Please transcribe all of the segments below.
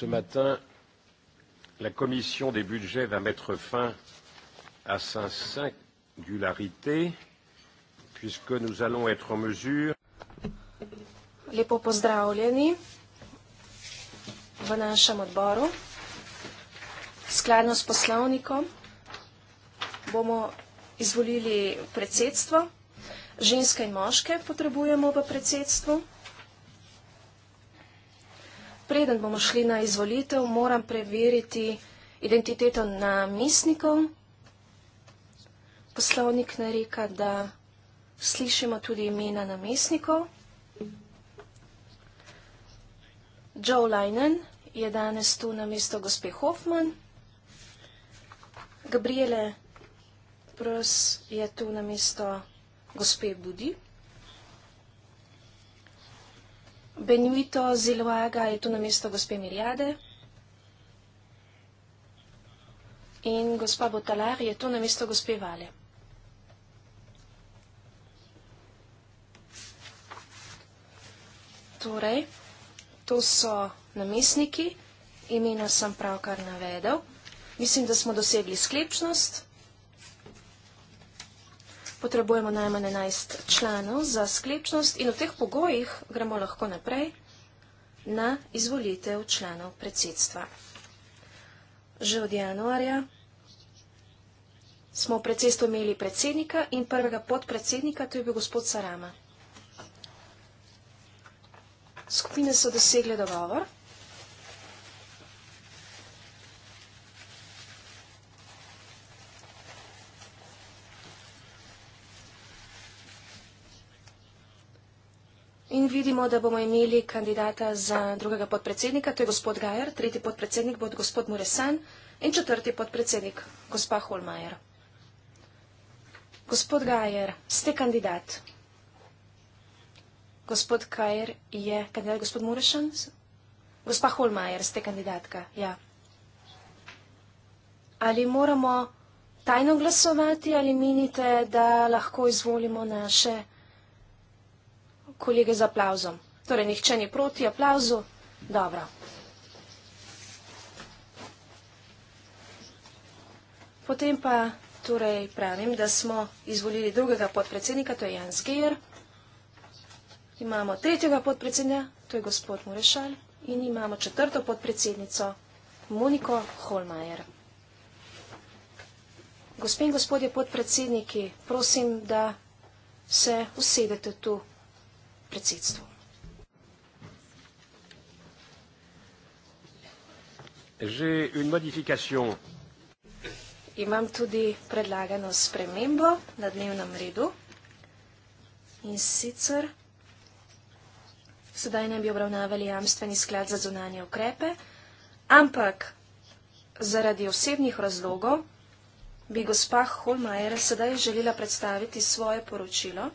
ce matin, la commission des budgets va mettre fin à sa singularité, puisque nous allons être en mesure. Lepo pozdravljeni v našem odboru. Skladno s poslovnikom bomo izvolili predsedstvo. Ženske in moške potrebujemo v predsedstvu preden bomo šli na izvolitev, moram preveriti identiteto namestnikov. Poslovnik ne reka, da slišimo tudi imena namestnikov. Joe Leinen je danes tu na mesto gospe Hoffman. Gabriele Pros je tu na mesto gospe Budi. Benjuito Ziloaga je tu na mesto gospe Mirjade. In gospa Botalar je tu na mesto gospe Vale. Torej, to so namestniki, imena sem pravkar navedel. Mislim, da smo dosegli sklepčnost potrebujemo najmanj 11 članov za sklepčnost in v teh pogojih gremo lahko naprej na izvolitev članov predsedstva. Že od januarja smo v predsedstvu imeli predsednika in prvega podpredsednika, to je bil gospod Sarama. Skupine so dosegle dogovor. vidimo, da bomo imeli kandidata za drugega podpredsednika, to je gospod Gajer, tretji podpredsednik bo gospod Muresan in četrti podpredsednik, gospa Holmajer. Gospod Gajer, ste kandidat. Gospod Gajer je kandidat, gospod Muresan? Gospa Holmajer, ste kandidatka, ja. Ali moramo tajno glasovati ali menite, da lahko izvolimo naše kandidatke? kolege z aplauzom. Torej, nihče ni proti aplauzu. Dobro. Potem pa torej pravim, da smo izvolili drugega podpredsednika, to je Jans Geir. Imamo tretjega podpredsednja, to je gospod Murešal. In imamo četrto podpredsednico, Moniko Holmajer. Gospe in gospodje podpredsedniki, prosim, da se usedete tu predsedstvu. Imam tudi predlagano spremembo na dnevnem redu in sicer sedaj ne bi obravnavali jamstveni sklad za zunanje ukrepe, ampak zaradi osebnih razlogov bi gospa Holmajer sedaj želila predstaviti svoje poročilo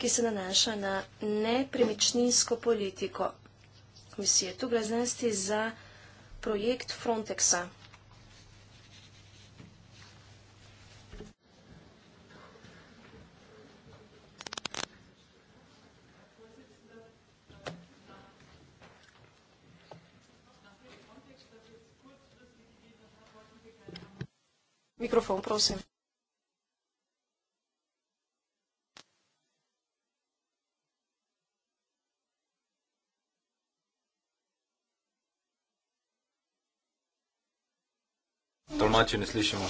ki se nanaša na nepremičninsko politiko. Komisije. Tu gre znesti za projekt Frontexa. Mikrofon, prosim. domače ne slišimo.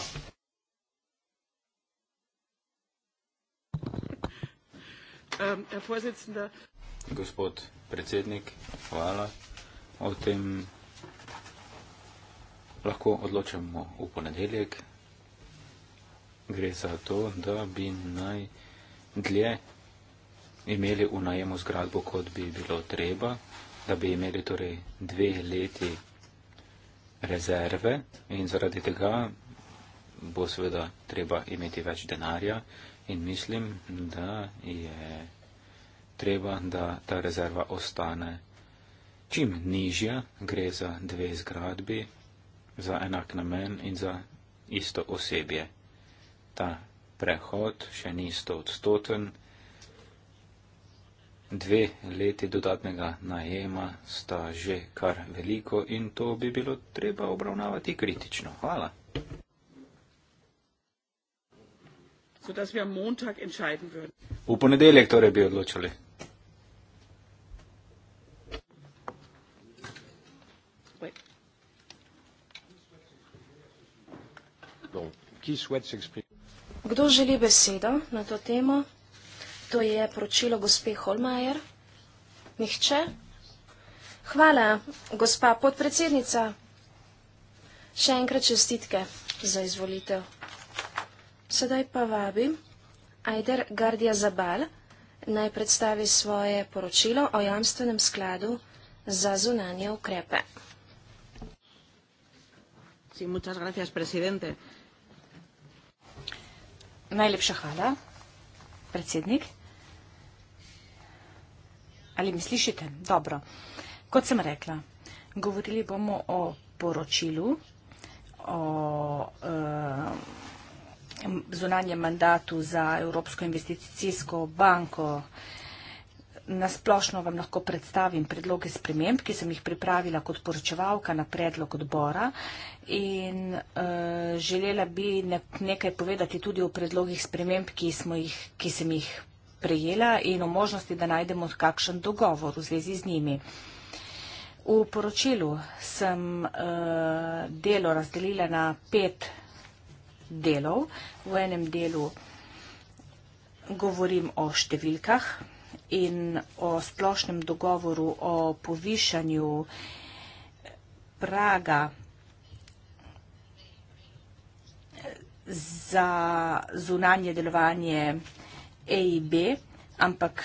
Um, Gospod predsednik, hvala. O tem lahko odločamo v ponedeljek. Gre za to, da bi najdlje imeli v najemu zgradbo, kot bi bilo treba, da bi imeli torej dve leti rezerve in zaradi tega bo seveda treba imeti več denarja in mislim, da je treba, da ta rezerva ostane čim nižja, gre za dve zgradbi, za enak namen in za isto osebje. Ta prehod še ni stotstoten. 100 dve leti dodatnega najema sta že kar veliko in to bi bilo treba obravnavati kritično. Hvala. V ponedeljek torej bi odločili. Kdo želi besedo na to temo? To je poročilo gospe Holmajer. Nihče? Hvala, gospa podpredsednica. Še enkrat čestitke za izvolitev. Sedaj pa vabim Ajder Gardija Zabal naj predstavi svoje poročilo o jamstvenem skladu za zunanje ukrepe. Sí, muchas gracias, presidente. Najlepša hvala, predsednik. Ali mi slišite? Dobro. Kot sem rekla, govorili bomo o poročilu, o eh, zunanjem mandatu za Evropsko investicijsko banko. Nasplošno vam lahko predstavim predloge sprememb, ki sem jih pripravila kot poročevalka na predlog odbora in eh, želela bi nekaj povedati tudi o predlogih sprememb, ki, jih, ki sem jih prejela in o možnosti, da najdemo kakšen dogovor v zvezi z njimi. V poročilu sem uh, delo razdelila na pet delov. V enem delu govorim o številkah in o splošnem dogovoru o povišanju praga za zunanje delovanje A e in B, ampak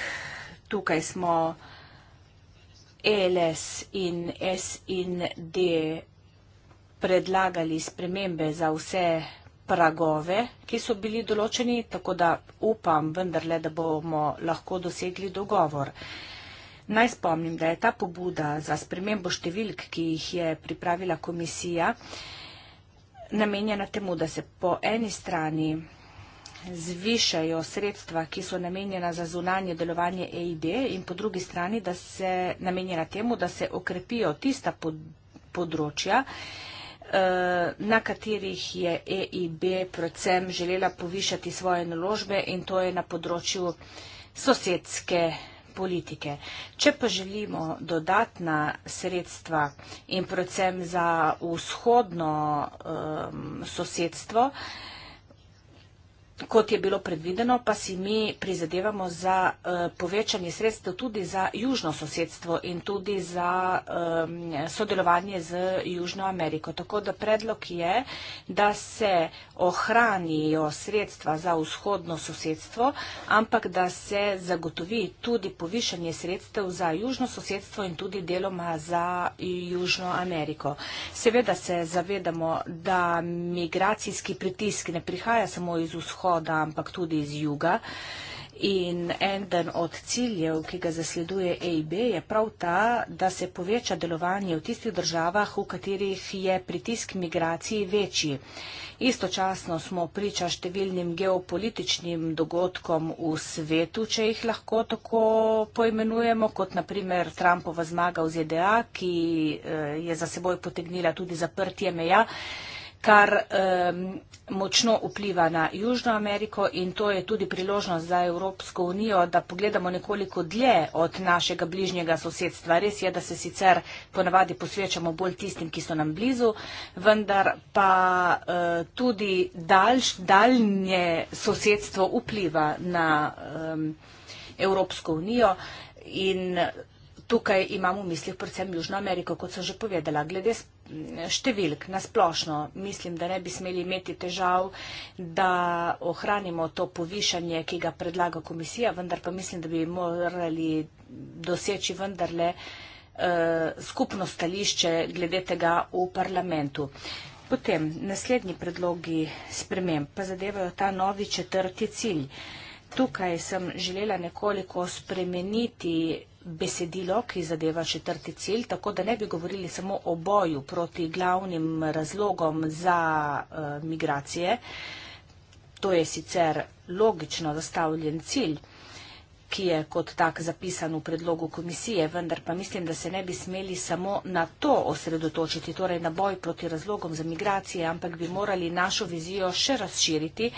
tukaj smo ELS in S in D predlagali spremembe za vse pragove, ki so bili določeni, tako da upam vendarle, da bomo lahko dosegli dogovor. Naj spomnim, da je ta pobuda za spremembo številk, ki jih je pripravila komisija, namenjena temu, da se po eni strani zvišajo sredstva, ki so namenjena za zunanje delovanje EID in po drugi strani, da se namenjena temu, da se okrepijo tista področja, eh, na katerih je EIB predvsem želela povišati svoje naložbe in to je na področju sosedske politike. Če pa želimo dodatna sredstva in predvsem za vzhodno um, sosedstvo, uh, kot je bilo predvideno, pa si mi prizadevamo za uh, povečanje sredstev tudi za južno sosedstvo in tudi za um, sodelovanje z Južno Ameriko. Tako da predlog je, da se ohranijo sredstva za vzhodno sosedstvo, ampak da se zagotovi tudi povišanje sredstev za južno sosedstvo in tudi deloma za Južno Ameriko. Seveda se zavedamo, da migracijski pritisk ne prihaja samo iz vzhoda, vzhoda, ampak tudi iz juga. In eden od ciljev, ki ga zasleduje EIB, je prav ta, da se poveča delovanje v tistih državah, v katerih je pritisk migraciji večji. Istočasno smo priča številnim geopolitičnim dogodkom v svetu, če jih lahko tako poimenujemo, kot naprimer Trumpova zmaga v ZDA, ki eh, je za seboj potegnila tudi zaprtje meja kar um, močno vpliva na Južno Ameriko in to je tudi priložnost za Evropsko unijo, da pogledamo nekoliko dlje od našega bližnjega sosedstva. Res je, da se sicer ponavadi posvečamo bolj tistim, ki so nam blizu, vendar pa uh, tudi daljš, daljnje sosedstvo vpliva na um, Evropsko unijo. In, Tukaj imamo v mislih predvsem Južno Ameriko, kot sem že povedala. Glede številk nasplošno. Mislim, da ne bi smeli imeti težav, da ohranimo to povišanje, ki ga predlaga komisija, vendar pa mislim, da bi morali doseči vendarle eh, skupno stališče glede tega v parlamentu. Potem naslednji predlogi spremem pa zadevajo ta novi četrti cilj. Tukaj sem želela nekoliko spremeniti besedilo, ki zadeva četrti cilj, tako da ne bi govorili samo o boju proti glavnim razlogom za uh, migracije. To je sicer logično zastavljen cilj ki je kot tak zapisan v predlogu komisije, vendar pa mislim, da se ne bi smeli samo na to osredotočiti, torej na boj proti razlogom za migracije, ampak bi morali našo vizijo še razširiti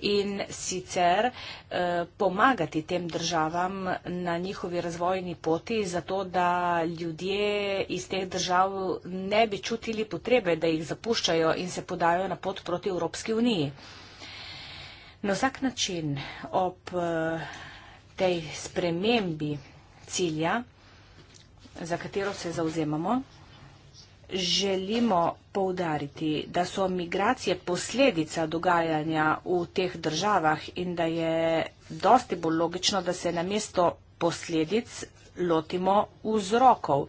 in sicer eh, pomagati tem državam na njihovi razvojni poti, zato da ljudje iz teh držav ne bi čutili potrebe, da jih zapuščajo in se podajo na pot proti Evropski uniji. Na vsak način ob. Eh, tej spremembi cilja, za katero se zauzemamo, želimo poudariti, da so migracije posledica dogajanja v teh državah in da je dosti bolj logično, da se na mesto posledic lotimo vzrokov.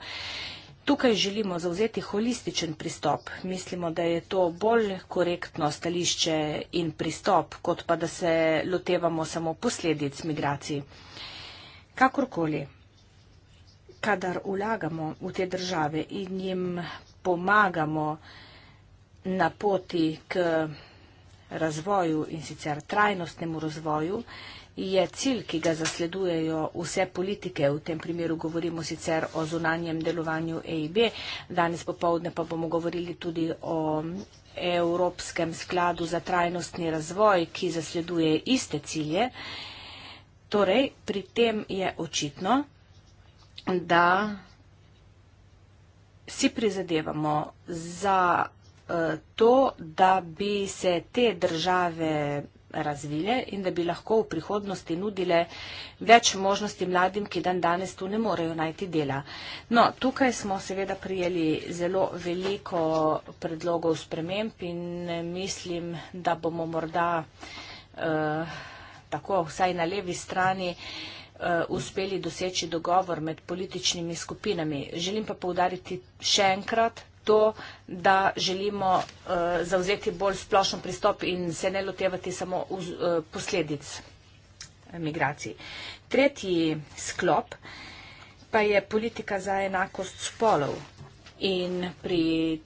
Tukaj želimo zauzeti holističen pristop. Mislimo, da je to bolj korektno stališče in pristop, kot pa da se lotevamo samo posledic migracij. Kakorkoli, kadar vlagamo v te države in jim pomagamo na poti k razvoju in sicer trajnostnemu razvoju, je cilj, ki ga zasledujejo vse politike, v tem primeru govorimo sicer o zunanjem delovanju EIB, danes popovdne pa bomo govorili tudi o Evropskem skladu za trajnostni razvoj, ki zasleduje iste cilje. Torej, pri tem je očitno, da si prizadevamo za eh, to, da bi se te države razvile in da bi lahko v prihodnosti nudile več možnosti mladim, ki dan danes tu ne morejo najti dela. No, tukaj smo seveda prijeli zelo veliko predlogov sprememb in mislim, da bomo morda eh, tako vsaj na levi strani eh, uspeli doseči dogovor med političnimi skupinami. Želim pa povdariti še enkrat, to, da želimo uh, eh, zauzeti bolj splošen pristop in se ne lotevati samo uz, uh, posledic eh, migracij. Tretji sklop pa je politika za enakost spolov. In pri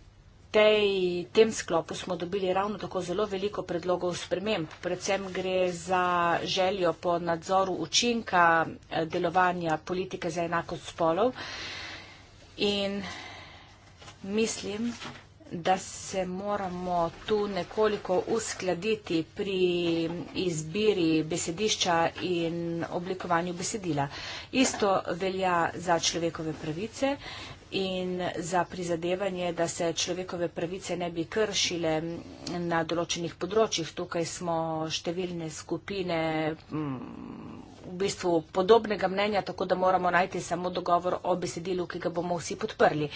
tej, tem sklopu smo dobili ravno tako zelo veliko predlogov sprememb. Predvsem gre za željo po nadzoru učinka delovanja politike za enakost spolov. In mislim, da se moramo tu nekoliko uskladiti pri izbiri besedišča in oblikovanju besedila. Isto velja za človekove pravice in za prizadevanje, da se človekove pravice ne bi kršile na določenih področjih. Tukaj smo številne skupine v bistvu podobnega mnenja, tako da moramo najti samo dogovor o besedilu, ki ga bomo vsi podprli.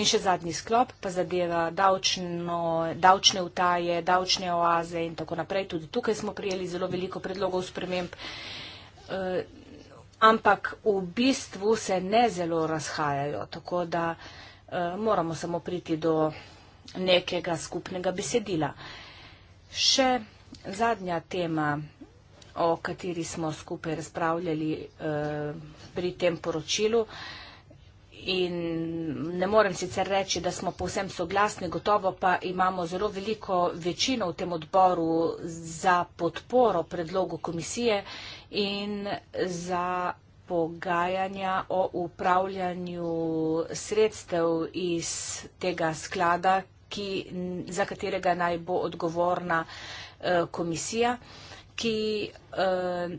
In še zadnji sklop pa zadeva davčno, davčne utaje, davčne oaze in tako naprej. Tudi tukaj smo prijeli zelo veliko predlogov sprememb. Eh, ampak v bistvu se ne zelo razhajajo, tako da eh, moramo samo priti do nekega skupnega besedila. Še zadnja tema o kateri smo skupaj razpravljali eh, pri tem poročilu. In ne morem sicer reči, da smo povsem soglasni, gotovo pa imamo zelo veliko večino v tem odboru za podporo predlogu komisije in za pogajanja o upravljanju sredstev iz tega sklada, ki, za katerega naj bo odgovorna eh, komisija ki eh,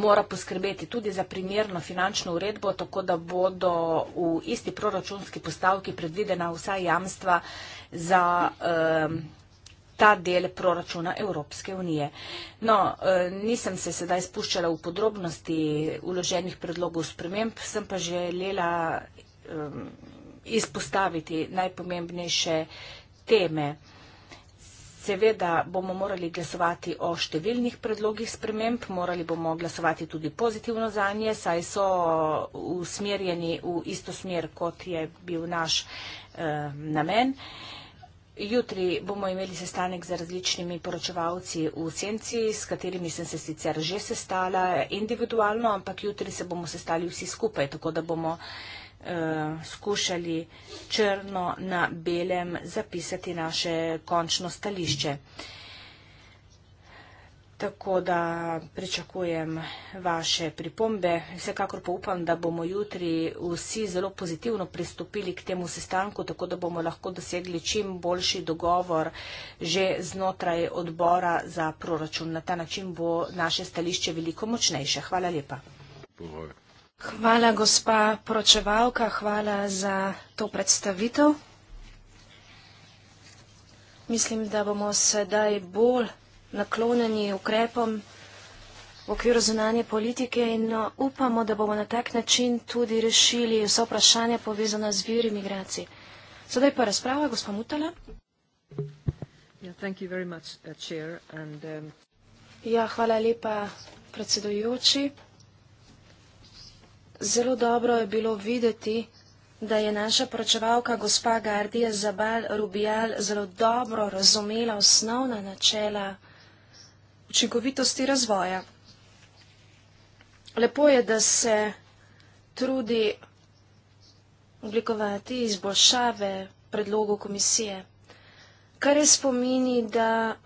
mora poskrbeti tudi za primerno finančno uredbo, tako da bodo v isti proračunski postavki predvidena vsa jamstva za eh, ta del proračuna Evropske unije. No, eh, nisem se sedaj spuščala v podrobnosti uloženih predlogov sprememb, sem pa želela izpostaviti najpomembnejše teme. Seveda bomo morali glasovati o številnih predlogih sprememb, morali bomo glasovati tudi pozitivno za nje, saj so usmerjeni v isto smer, kot je bil naš eh, namen. Jutri bomo imeli sestanek z različnimi poročevalci v Senci, s katerimi sem se sicer že sestala individualno, ampak jutri se bomo sestali vsi skupaj, tako da bomo. Eh, uh, skušali črno na belem zapisati naše končno stališče. Tako da pričakujem vaše pripombe. Vsekakor pa upam, da bomo jutri vsi zelo pozitivno pristopili k temu sestanku, tako da bomo lahko dosegli čim boljši dogovor že znotraj odbora za proračun. Na ta način bo naše stališče veliko močnejše. Hvala lepa. Bohaj. Hvala, gospa poročevalka, hvala za to predstavitev. Mislim, da bomo sedaj bolj naklonjeni ukrepom v okviru zunanje politike in no, upamo, da bomo na tak način tudi rešili vse vprašanja povezana z viri migracij. Sedaj pa razprava, gospa Mutala. Uh, um, ja, hvala lepa, predsedujoči. Zelo dobro je bilo videti, da je naša poročevalka gospa Gardija Zabal Rubijal zelo dobro razumela osnovna načela učinkovitosti razvoja. Lepo je, da se trudi oblikovati izboljšave predlogu komisije, kar je spomini, da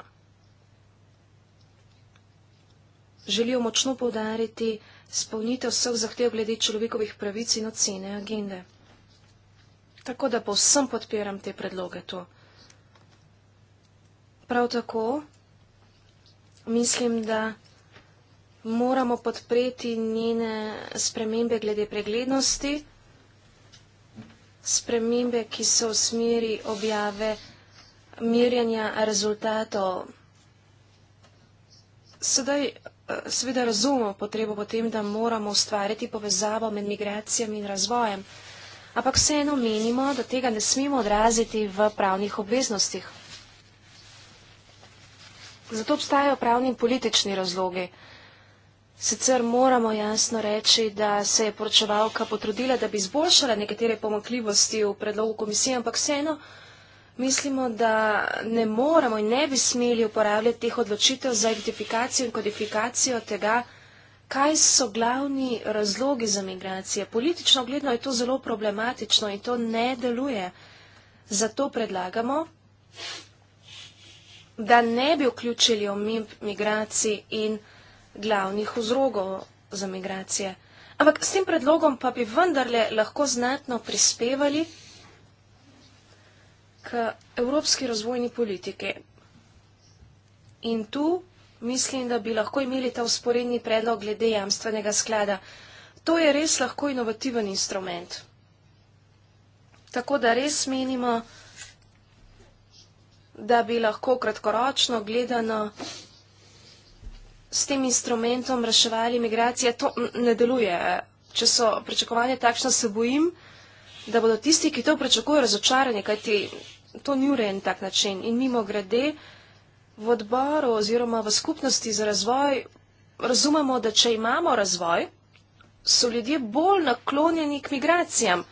želijo močno povdariti, spolnitev vseh zahtev glede človekovih pravic in ocene agende. Tako da povsem podpiram te predloge tu. Prav tako mislim, da moramo podpreti njene spremembe glede preglednosti, spremembe, ki so v smeri objave merjanja rezultatov. Sedaj Eh, seveda razumemo potrebo potem, da moramo ustvariti povezavo med migracijami in razvojem, ampak vseeno menimo, da tega ne smemo odraziti v pravnih obveznostih. Zato obstajajo pravni in politični razlogi. Sicer moramo jasno reči, da se je poročevalka potrudila, da bi izboljšala nekatere pomakljivosti v predlogu komisije, ampak vseeno mislimo, da ne moramo in ne bi smeli uporabljati teh odločitev za identifikacijo in kodifikacijo tega, kaj so glavni razlogi za migracije. Politično gledno je to zelo problematično in to ne deluje. Zato predlagamo, da ne bi vključili omimb migracij in glavnih vzrogov za migracije. Ampak s tem predlogom pa bi vendarle lahko znatno prispevali k evropski razvojni politiki. In tu mislim, da bi lahko imeli ta usporedni predlog glede jamstvenega sklada. To je res lahko inovativen instrument. Tako da res menimo, da bi lahko kratkoročno gledano s tem instrumentom reševali migracije. To ne deluje. Če so pričakovanja takšna, se bojim, da bodo tisti, ki to prečakujejo, razočarani, kajti to ni urejen tak način. In mimo grede, v odboru oziroma v skupnosti za razvoj razumemo, da če imamo razvoj, so ljudje bolj naklonjeni k migracijam,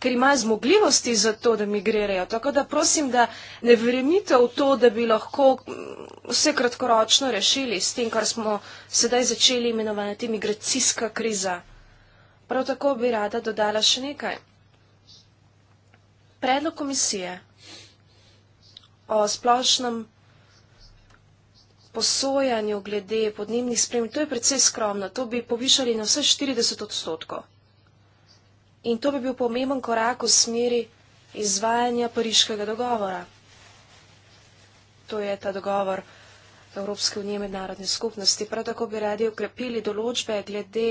ker imajo zmogljivosti za to, da migrirajo. Tako da prosim, da ne verjemite v to, da bi lahko mm, vse kratkoročno rešili s tem, kar smo sedaj začeli imenovati migracijska kriza. Prav tako bi rada dodala še nekaj predlog komisije o splošnem posojanju glede podnebnih sprememb, to je precej skromno, to bi povišali na vse 40 odstotkov. In to bi bil pomemben korak v smeri izvajanja pariškega dogovora. To je ta dogovor Evropske unije mednarodne skupnosti. Prav tako bi radi okrepili določbe glede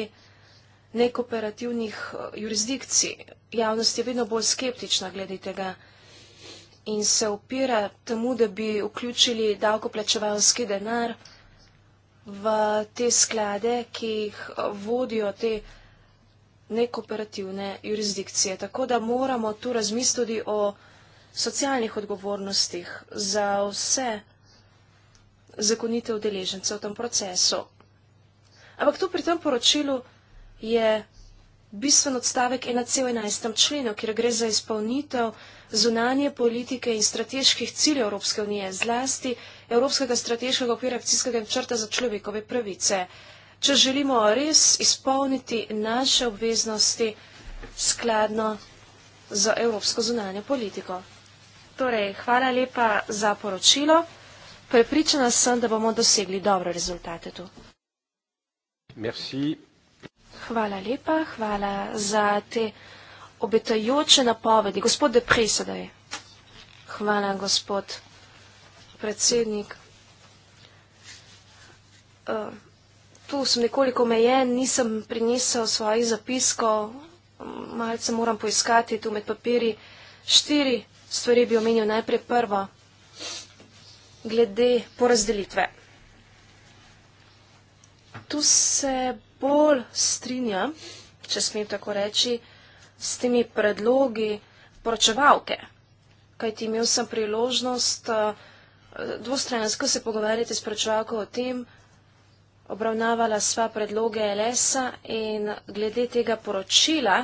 nekooperativnih eh, jurisdikcij, javnost je vedno bolj skeptična glede tega in se opira temu, da bi vključili davkoplačevalski denar v te sklade, ki jih vodijo te nekooperativne jurisdikcije. Tako da moramo tu razmisliti tudi o socialnih odgovornostih za vse zakonite udeležence v tem procesu. Ampak tu pri tem poročilu je bistven odstavek 1.11. členu, kjer gre za izpolnitev zunanje politike in strateških ciljev Evropske unije, zlasti Evropskega strateškega okvira akcijskega črta za človekove pravice. Če želimo res izpolniti naše obveznosti skladno za evropsko zunanje politiko. Torej, hvala lepa za poročilo. Prepričana sem, da bomo dosegli dobre rezultate tu. Merci. Hvala lepa, hvala za te obetajoče napovedi. Gospod De Presedaj. Hvala, gospod predsednik. Eh, tu sem nekoliko omejen, nisem prinesel svojih zapiskov, malce moram poiskati tu med papiri. Štiri stvari bi omenil najprej prvo, glede porazdelitve. Tu se bolj strinja, če smem tako reči, s temi predlogi poročevalke. Kaj ti imel sem priložnost eh, dvostransko se pogovarjati s poročevalko o tem, obravnavala sva predloge LS-a in glede tega poročila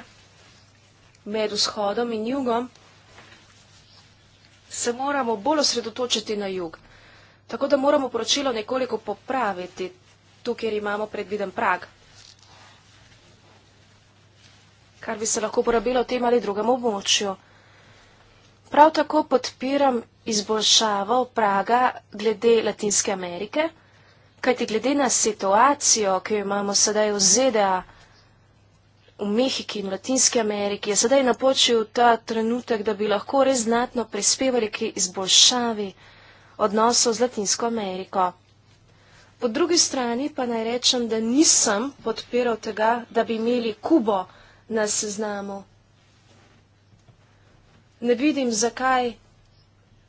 med vzhodom in jugom se moramo bolj osredotočiti na jug. Tako da moramo poročilo nekoliko popraviti, tu, kjer imamo predviden prag. kar bi se lahko uporabilo v tem ali drugem območju. Prav tako podpiram izboljšavo Praga glede Latinske Amerike, kajti glede na situacijo, ki jo imamo sedaj v ZDA, v Mehiki in Latinske Ameriki, je sedaj napočil ta trenutek, da bi lahko res znatno prispevali k izboljšavi odnosov z Latinsko Ameriko. Po drugi strani pa naj rečem, da nisem podpiral tega, da bi imeli Kubo, na seznamu. Ne vidim, zakaj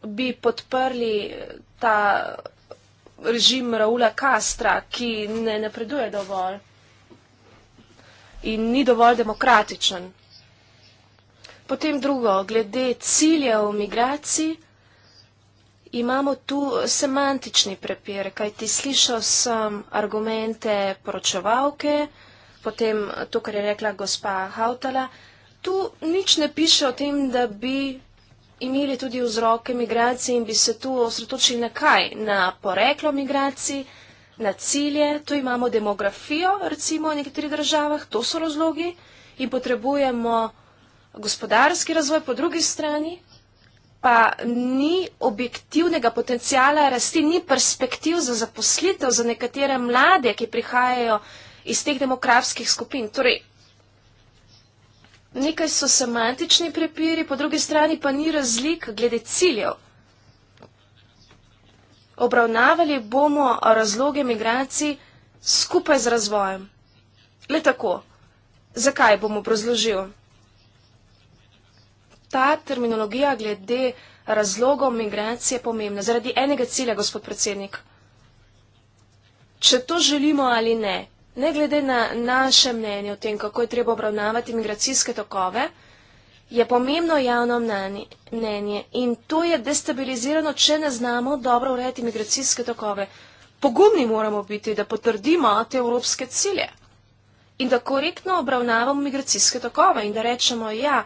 bi podprli eh, ta režim Raula Kastra, ki ne napreduje dovolj in ni dovolj demokratičen. Potem drugo, glede ciljev migracij, imamo tu semantični prepir, kajti slišal sem argumente poročevalke, potem to, kar je rekla gospa Hautala. Tu nič ne piše o tem, da bi imeli tudi vzroke migracije in bi se tu osredotočili na kaj? Na poreklo migracij, na cilje, tu imamo demografijo, recimo v nekaterih državah, to so razlogi in potrebujemo gospodarski razvoj po drugi strani, pa ni objektivnega potencijala rasti, ni perspektiv za zaposlitev za nekatere mlade, ki prihajajo iz teh demografskih skupin. Torej, nekaj so semantični prepiri, po drugi strani pa ni razlik glede ciljev. Obravnavali bomo razloge migracij skupaj z razvojem. Le tako. Zakaj bom obrazložil? Ta terminologija glede razlogov migracije je pomembna. Zaradi enega cilja, gospod predsednik. Če to želimo ali ne, Ne glede na naše mnenje o tem, kako je treba obravnavati migracijske tokove, je pomembno javno mnenje in to je destabilizirano, če ne znamo dobro urediti migracijske tokove. Pogumni moramo biti, da potrdimo te evropske cilje in da korektno obravnavamo migracijske tokove in da rečemo, ja,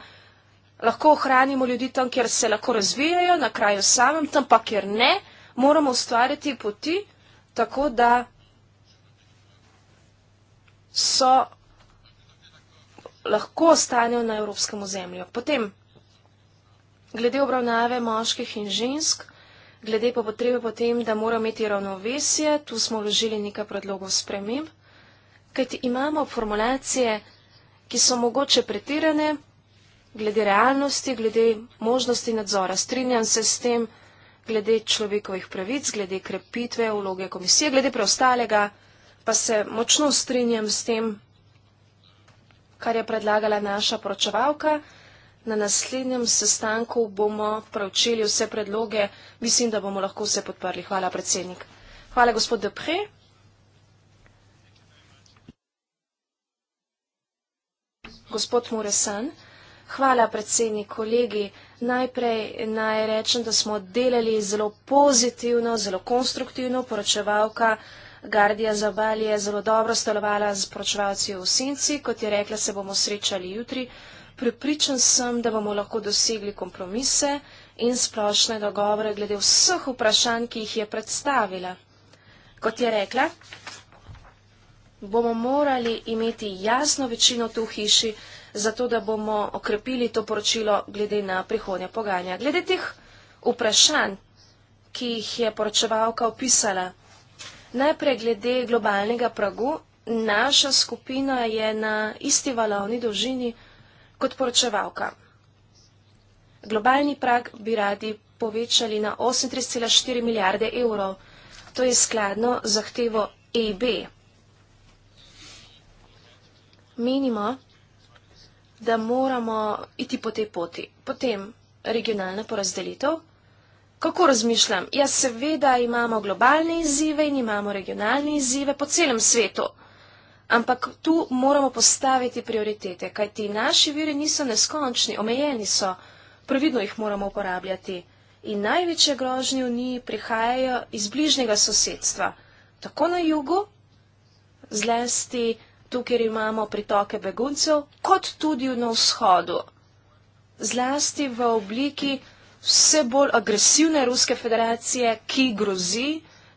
lahko ohranimo ljudi tam, kjer se lahko razvijajo, na kraju samem, tam pa kjer ne, moramo ustvarjati poti tako, da so lahko ostanejo na evropskem ozemlju. Potem, glede obravnave moških in žensk, glede pa potrebe potem, da mora imeti ravnovesje, tu smo vložili nekaj predlogov sprememb, kajti imamo formulacije, ki so mogoče pretirane, glede realnosti, glede možnosti nadzora. Strinjam se s tem, glede človekovih pravic, glede krepitve vloge komisije, glede preostalega pa se močno strinjam s tem, kar je predlagala naša pročevalka. Na naslednjem sestanku bomo pravčeli vse predloge. Mislim, da bomo lahko vse podprli. Hvala, predsednik. Hvala, gospod Depre. Gospod Muresan. Hvala, predsednik, kolegi. Najprej naj rečem, da smo delali zelo pozitivno, zelo konstruktivno poročevalka. Gardija Zabal je zelo dobro stalovala z poročevalci v senci, kot je rekla, se bomo srečali jutri. Pripričan sem, da bomo lahko dosegli kompromise in splošne dogovore glede vseh vprašanj, ki jih je predstavila. Kot je rekla, bomo morali imeti jasno večino tu v hiši, zato da bomo okrepili to poročilo glede na prihodnja pogajanja. Glede teh vprašanj, ki jih je poročevalka opisala, Najprej glede globalnega pragu. Naša skupina je na isti valovni dolžini kot poročevalka. Globalni prag bi radi povečali na 38,4 milijarde evrov. To je skladno zahtevo EB. Menimo, da moramo iti po tej poti. Potem regionalna porazdelitev. Kako razmišljam? Ja, seveda imamo globalne izzive in imamo regionalne izzive po celem svetu. Ampak tu moramo postaviti prioritete, kajti naši viri niso neskončni, omejeni so, previdno jih moramo uporabljati. In največje grožnje v njih prihajajo iz bližnjega sosedstva, tako na jugu, zlasti tukaj, kjer imamo pritoke beguncev, kot tudi na vzhodu, zlasti v obliki vse bolj agresivne Ruske federacije, ki grozi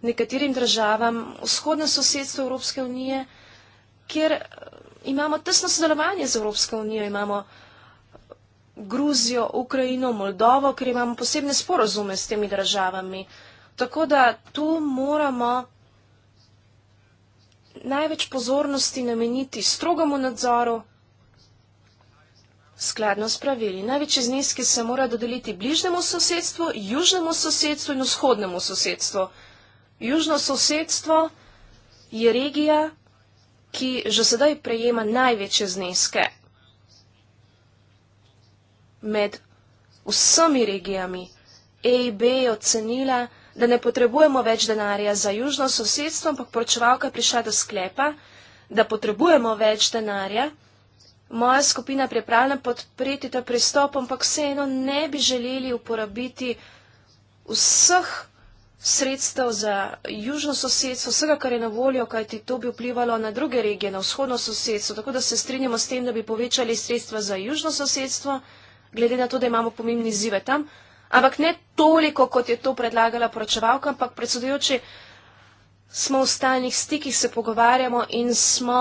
nekaterim državam vzhodne sosedstvo Evropske unije, kjer eh, imamo tesno sodelovanje z Evropsko unijo, imamo eh, Gruzijo, Ukrajino, Moldovo, ker imamo posebne sporozume s temi državami. Tako da tu moramo največ pozornosti nameniti strogomu nadzoru skladno s pravili. Največji zneski se mora dodeliti bližnjemu sosedstvu, južnemu sosedstvu in vzhodnemu sosedstvu. Južno sosedstvo je regija, ki že sedaj prejema največje zneske med vsemi regijami. EIB je ocenila, da ne potrebujemo več denarja za južno sosedstvo, ampak poročevalka je prišla do sklepa, da potrebujemo več denarja moja skupina pripravljena podpreti ta pristop, ampak vseeno ne bi želeli uporabiti vseh sredstev za južno sosedstvo, vsega, kar je na voljo, kajti to bi vplivalo na druge regije, na vzhodno sosedstvo. Tako da se strinjamo s tem, da bi povečali sredstva za južno sosedstvo, glede na to, da imamo pomembni zive tam. Ampak ne toliko, kot je to predlagala poročevalka, ampak predsedujoči smo v stalnih stikih, se pogovarjamo in smo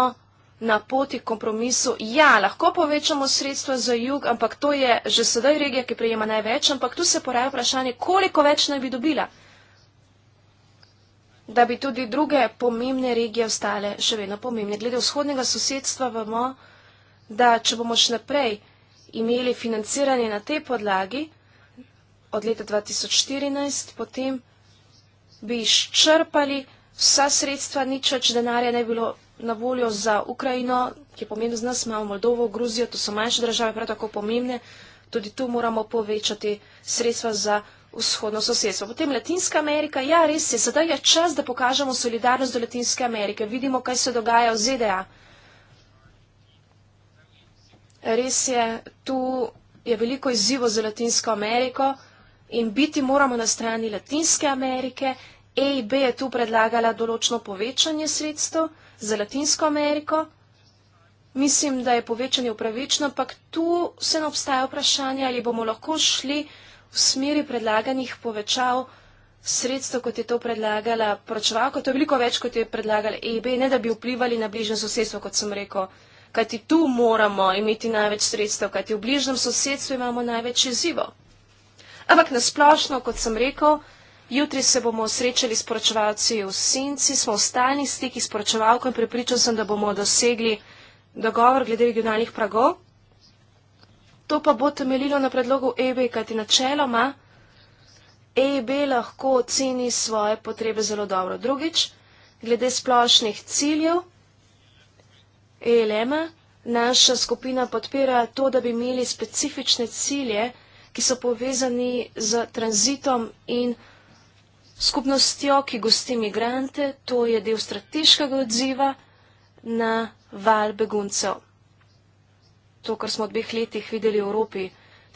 na poti kompromisu. Ja, lahko povečamo sredstva za jug, ampak to je že sedaj regija, ki prejema največ, ampak tu se poraja vprašanje, koliko več naj bi dobila, da bi tudi druge pomembne regije ostale še vedno pomembne. Glede vzhodnega sosedstva vemo, da če bomo še naprej imeli financiranje na tej podlagi od leta 2014, potem bi izčrpali vsa sredstva, nič več denarja ne bi bilo na voljo za Ukrajino, ki je pomembno z nas, imamo Moldovo, Gruzijo, to so manjše države, prav tako pomembne. Tudi tu moramo povečati sredstva za vzhodno sosedstvo. Potem Latinska Amerika, ja, res je, sedaj je čas, da pokažemo solidarnost do Latinske Amerike. Vidimo, kaj se dogaja v ZDA. Res je, tu je veliko izzivo za Latinsko Ameriko in biti moramo na strani Latinske Amerike. EIB je tu predlagala določno povečanje sredstev za Latinsko Ameriko. Mislim, da je povečanje upravično, pa tu se ne obstaja vprašanje, ali bomo lahko šli v smeri predlaganih povečav sredstev, kot je to predlagala pročevalka. To je veliko več, kot je predlagala EIB, ne da bi vplivali na bližnje sosedstvo, kot sem rekel. Kajti tu moramo imeti največ sredstev, kajti v bližnjem sosedstvu imamo največ izzivo. Ampak nasplošno, kot sem rekel, Jutri se bomo srečali s poročevalci v Sinci, smo v stalni stiki s poročevalko in pripričal sem, da bomo dosegli dogovor glede regionalnih pragov. To pa bo temeljilo na predlogu EB, kajti načeloma EB lahko oceni svoje potrebe zelo dobro. Drugič, glede splošnih ciljev ELM, naša skupina podpira to, da bi imeli specifične cilje, ki so povezani z tranzitom in vsega skupnostjo, ki gosti migrante, to je del strateškega odziva na val beguncev. To, kar smo v dveh letih videli v Evropi,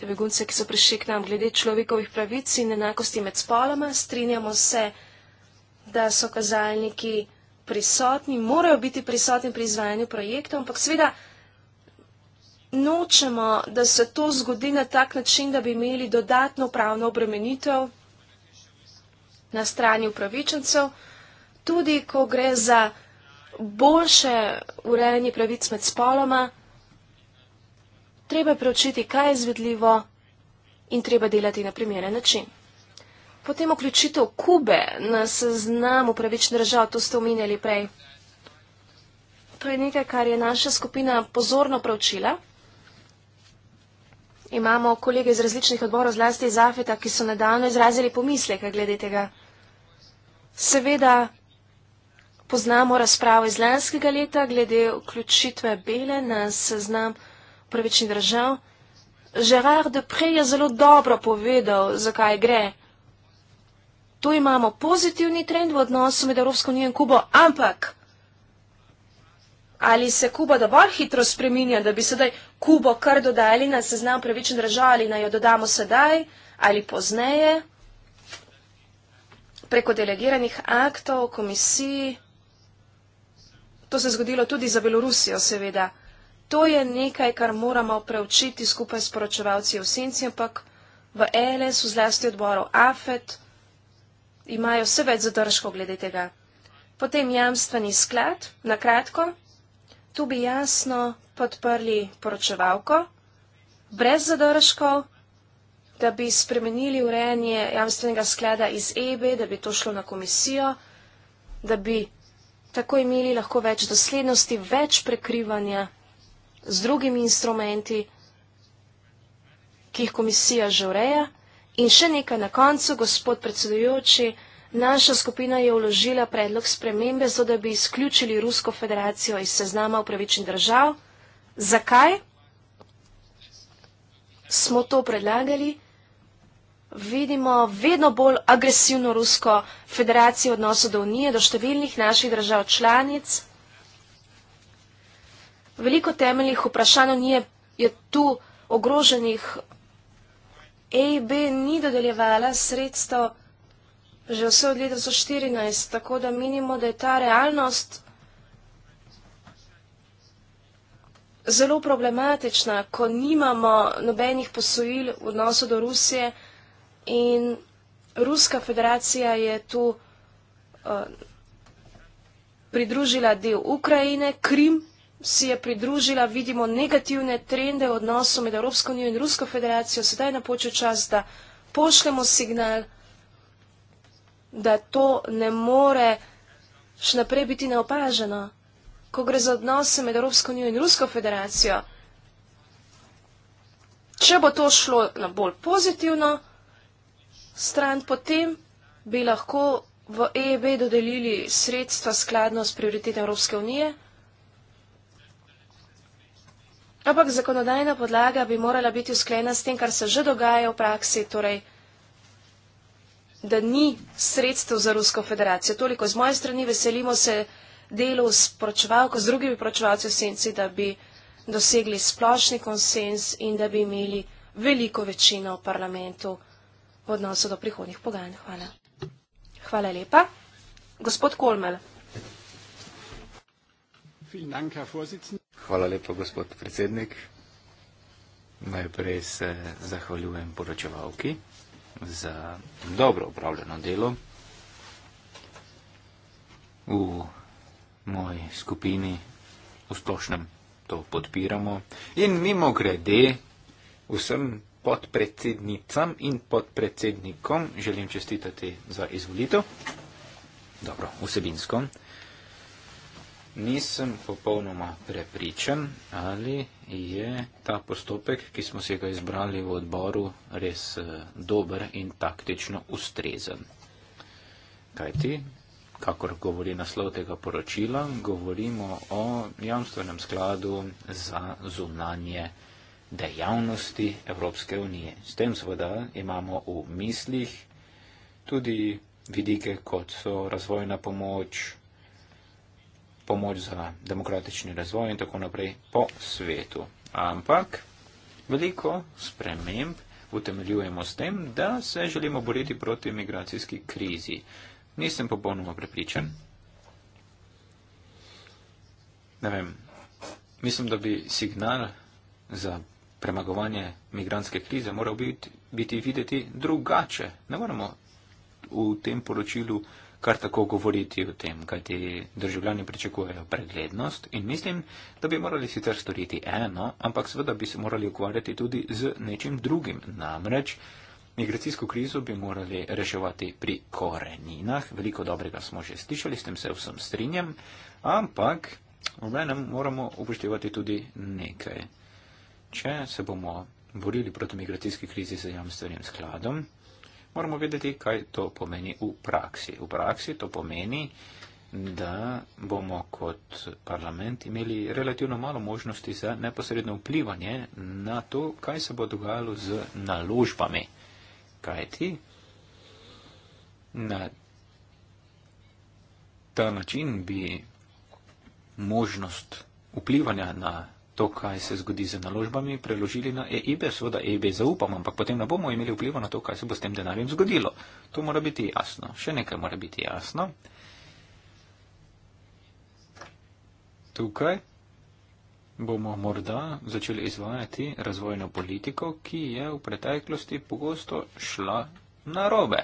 te begunce, ki so prišli k nam glede človekovih pravic in enakosti med spoloma, strinjamo se, da so kazalniki prisotni, morajo biti prisotni pri izvajanju projektov, ampak seveda nočemo, da se to zgodi na tak način, da bi imeli dodatno pravno obremenitev, na strani upravičencev, tudi ko gre za boljše urejanje pravic med spoloma, treba preučiti, kaj je izvedljivo in treba delati na primeren način. Potem vključitev Kube na seznam upravičnih držav, to ste omenjali prej. To je nekaj, kar je naša skupina pozorno preučila. Imamo kolege iz različnih odborov, zlasti iz Afeta, ki so nedavno izrazili pomisleke glede tega. Seveda poznamo razpravo iz lanskega leta glede vključitve Bele na seznam prvični držav. Gerard Depre je zelo dobro povedal, zakaj gre. Tu imamo pozitivni trend v odnosu med Evropsko unijo in Kubo, ampak ali se Kuba dovolj hitro spreminja, da bi sedaj Kubo kar dodali na seznam pravičen držav ali naj jo dodamo sedaj ali pozneje? preko delegiranih aktov, komisij. To se je zgodilo tudi za Belorusijo, seveda. To je nekaj, kar moramo preučiti skupaj s poročevalci v senci, ampak v LS, v zlasti odboru AFET, imajo vse več zadržkov glede tega. Potem jamstveni sklad, na kratko, tu bi jasno podprli poročevalko, brez zadržkov da bi spremenili urejanje jamstvenega skleda iz EB, da bi to šlo na komisijo, da bi tako imeli lahko več doslednosti, več prekrivanja z drugimi instrumenti, ki jih komisija že ureja. In še nekaj na koncu, gospod predsedujoči, naša skupina je uložila predlog spremembe, zato da bi izključili Rusko federacijo iz seznama upravičnih držav. Zakaj smo to predlagali? vidimo vedno bolj agresivno Rusko federacijo odnosu do Unije, do številnih naših držav članic. Veliko temeljih vprašanj Unije je tu ogroženih. EIB ni dodeljevala sredstvo že vse od leta 2014, tako da menimo, da je ta realnost zelo problematična, ko nimamo nobenih posojil v odnosu do Rusije, In Ruska federacija je tu uh, pridružila del Ukrajine, Krim si je pridružila, vidimo negativne trende v odnosu med Evropsko unijo in Rusko federacijo. Sedaj napoče čas, da pošljemo signal, da to ne more še naprej biti neopaženo. Ko gre za odnose med Evropsko unijo in Rusko federacijo, če bo to šlo na bolj pozitivno, stran, potem bi lahko v EEB dodelili sredstva skladno s prioritetom Evropske unije. Ampak zakonodajna podlaga bi morala biti usklena s tem, kar se že dogaja v praksi, torej, da ni sredstev za Rusko federacijo. Toliko z moje strani veselimo se delu s poročevalko, z drugimi poročevalci v senci, da bi dosegli splošni konsens in da bi imeli veliko večino v parlamentu v odnosu do prihodnih pogajanj. Hvala. Hvala lepa. Gospod Kolmel. Hvala lepa, gospod predsednik. Najprej se zahvaljujem poročevalki za dobro upravljeno delo. V moji skupini v splošnem to podpiramo. In mimo grede, vsem podpredsednicam in podpredsednikom želim čestitati za izvolitev. Dobro, vsebinsko. Nisem popolnoma prepričan, ali je ta postopek, ki smo se ga izbrali v odboru, res eh, dober in taktično ustrezen. Kajti, kakor govori naslov tega poročila, govorimo o jamstvenem skladu za zunanje dejavnosti Evropske unije. S tem seveda imamo v mislih tudi vidike, kot so razvojna pomoč, pomoč za demokratični razvoj in tako naprej po svetu. Ampak veliko sprememb utemeljujemo s tem, da se želimo boriti proti migracijski krizi. Nisem popolnoma prepričan. Ne vem, mislim, da bi signal za premagovanje migranske krize moral biti, biti videti drugače. Ne moramo v tem poročilu kar tako govoriti o tem, kajti državljani pričakujejo preglednost in mislim, da bi morali sicer storiti eno, ampak seveda bi se morali ukvarjati tudi z nečim drugim. Namreč migracijsko krizo bi morali reševati pri koreninah, veliko dobrega smo že slišali, s tem se vsem strinjam, ampak. Obenem moramo upoštevati tudi nekaj če se bomo borili proti migracijski krizi z jamstvenim skladom, moramo vedeti, kaj to pomeni v praksi. V praksi to pomeni, da bomo kot parlament imeli relativno malo možnosti za neposredno vplivanje na to, kaj se bo dogajalo z naložbami. Kaj ti? Na ta način bi možnost vplivanja na to, kaj se zgodi z naložbami, preložili na EIB, seveda EIB zaupamo, ampak potem ne bomo imeli vpliva na to, kaj se bo s tem denarjem zgodilo. To mora biti jasno. Še nekaj mora biti jasno. Tukaj bomo morda začeli izvajati razvojno politiko, ki je v preteklosti pogosto šla na robe.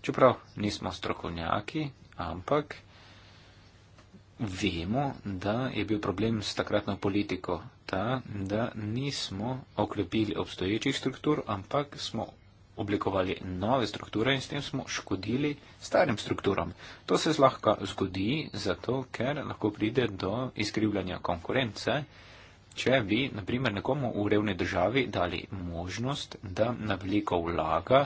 Čeprav nismo strokovnjaki, ampak vemo, da je bil problem s takratno politiko ta, da nismo okrepili obstoječih struktur, ampak smo oblikovali nove strukture in s tem smo škodili starim strukturam. To se zlahka zgodi, zato ker lahko pride do izkrivljanja konkurence, če bi, na primer, nekomu v revni državi dali možnost, da na veliko vlaga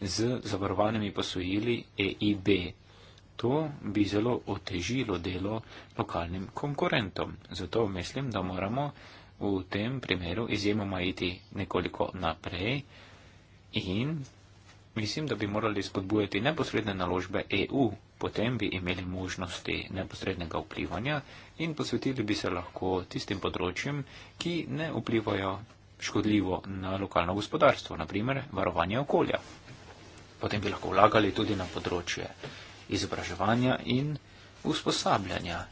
z zavarovanimi posojili EIB to bi zelo otežilo delo lokalnim konkurentom. Zato mislim, da moramo v tem primeru izjemoma iti nekoliko naprej in mislim, da bi morali spodbujati neposredne naložbe EU, potem bi imeli možnosti neposrednega vplivanja in posvetili bi se lahko tistim področjem, ki ne vplivajo škodljivo na lokalno gospodarstvo, naprimer varovanje okolja. Potem bi lahko vlagali tudi na področje izobraževanja in usposabljanja.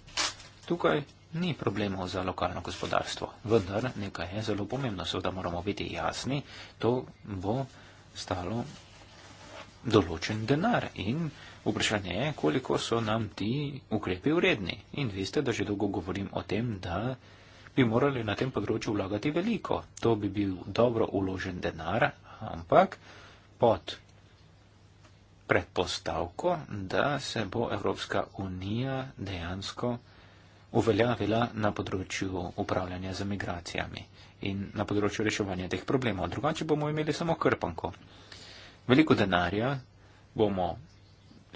Tukaj ni problemov za lokalno gospodarstvo, vendar nekaj je zelo pomembno, seveda moramo biti jasni, to bo stalo določen denar in vprašanje je, koliko so nam ti ukrepi vredni. In vi ste, da že dolgo govorim o tem, da bi morali na tem področju vlagati veliko. To bi bil dobro uložen denar, ampak pod predpostavko, da se bo Evropska unija dejansko uveljavila na področju upravljanja z migracijami in na področju reševanja teh problemov. Drugače bomo imeli samo krpanko. Veliko denarja bomo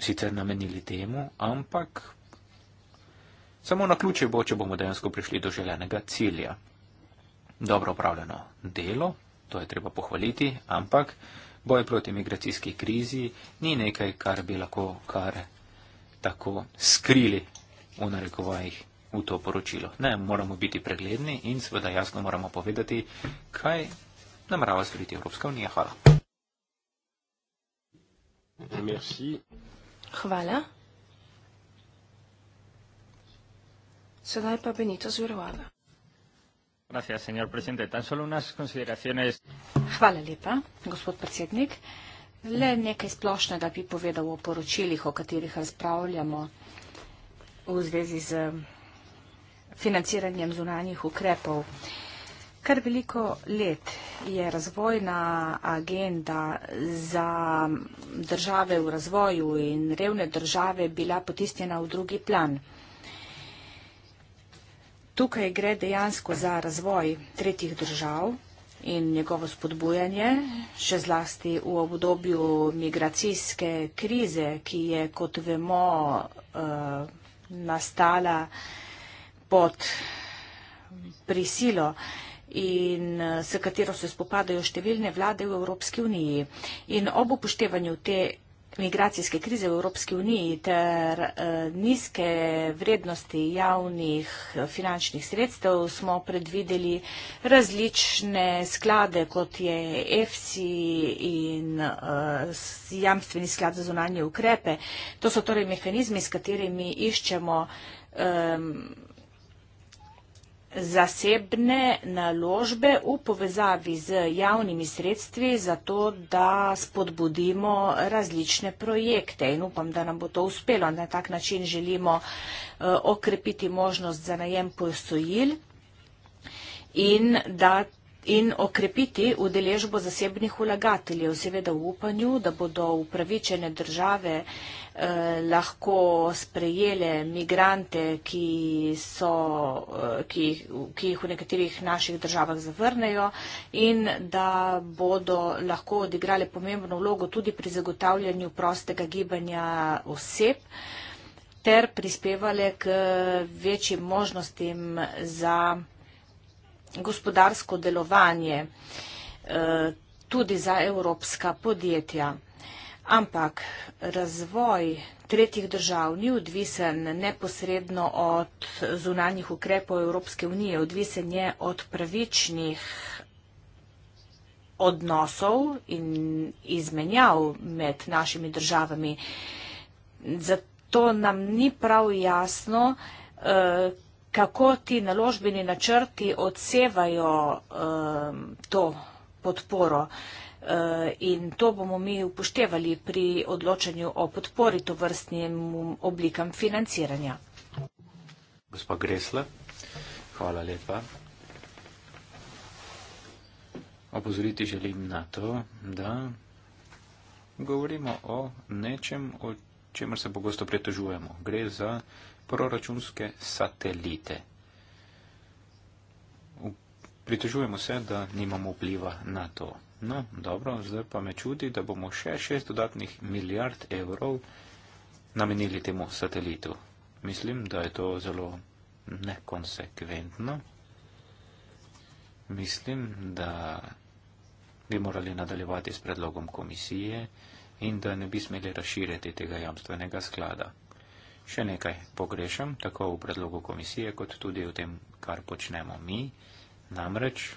sicer namenili temu, ampak samo na ključe bo, če bomo dejansko prišli do želenega cilja. Dobro upravljeno delo, to je treba pohvaliti, ampak boj proti migracijski krizi ni nekaj, kar bi lahko kar tako skrili v narekovajih v to poročilo. Ne, moramo biti pregledni in seveda jasno moramo povedati, kaj namrava storiti Evropska unija. Hvala. Merci. Hvala. Sedaj pa Benito Zverovada. Gracias, señor presidente. Tan solo unas consideraciones. Hvala lepa, gospod predsednik. Le nekaj splošnega bi povedal o poročilih, o katerih razpravljamo v zvezi z financiranjem zunanjih ukrepov. Kar veliko let je razvojna agenda za države v razvoju in revne države bila potisnjena v drugi plan. Tukaj gre dejansko za razvoj tretjih držav in njegovo spodbujanje, še zlasti v obdobju migracijske krize, ki je, kot vemo, eh, nastala pod prisilo in eh, s katero se spopadajo številne vlade v Evropski uniji. In ob upoštevanju te migracijske krize v Evropski uniji ter eh, nizke vrednosti javnih eh, finančnih sredstev smo predvideli različne sklade, kot je EFSI in eh, jamstveni sklad za zunanje ukrepe. To so torej mehanizmi, s katerimi iščemo um, zasebne naložbe v povezavi z javnimi sredstvi za to, da spodbudimo različne projekte in upam, da nam bo to uspelo. Na tak način želimo eh, okrepiti možnost za najem posojil in da in okrepiti udeležbo zasebnih vlagateljev, seveda v upanju, da bodo upravičene države eh, lahko sprejele migrante, ki, so, eh, ki, ki jih v nekaterih naših državah zavrnejo in da bodo lahko odigrale pomembno vlogo tudi pri zagotavljanju prostega gibanja oseb ter prispevale k večjim možnostim za gospodarsko delovanje eh, tudi za evropska podjetja. Ampak razvoj tretjih držav ni odvisen neposredno od zunanjih ukrepov Evropske unije, odvisen je od pravičnih odnosov in izmenjav med našimi državami. Zato nam ni prav jasno, eh, kako ti naložbeni načrti odsevajo um, to podporo. Uh, in to bomo mi upoštevali pri odločanju o podpori to vrstnim oblikam financiranja. Gospa Gresla, hvala lepa. Opozoriti želim na to, da govorimo o nečem, o čemer se pogosto pretožujemo. Gre za proračunske satelite. Pritežujemo se, da nimamo vpliva na to. No, dobro, zdaj pa me čudi, da bomo še šest dodatnih milijard evrov namenili temu satelitu. Mislim, da je to zelo nekonsekventno. Mislim, da bi morali nadaljevati s predlogom komisije in da ne bi smeli razširiti tega jamstvenega sklada še nekaj pogrešam, tako v predlogu komisije, kot tudi v tem, kar počnemo mi, namreč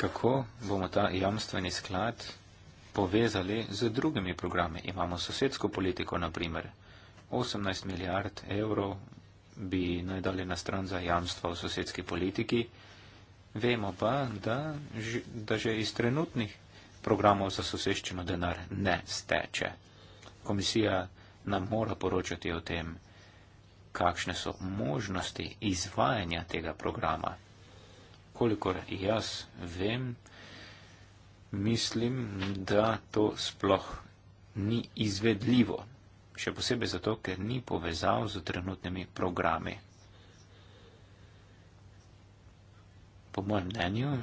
kako bomo ta jamstveni sklad povezali z drugimi programi. Imamo sosedsko politiko, naprimer 18 milijard evrov bi naj dali na stran za jamstva v sosedski politiki. Vemo pa, da, da že iz trenutnih programov za soseščino denar ne steče. Komisija nam mora poročati o tem, kakšne so možnosti izvajanja tega programa. Kolikor jaz vem, mislim, da to sploh ni izvedljivo, še posebej zato, ker ni povezal z trenutnimi programi. Po mojem mnenju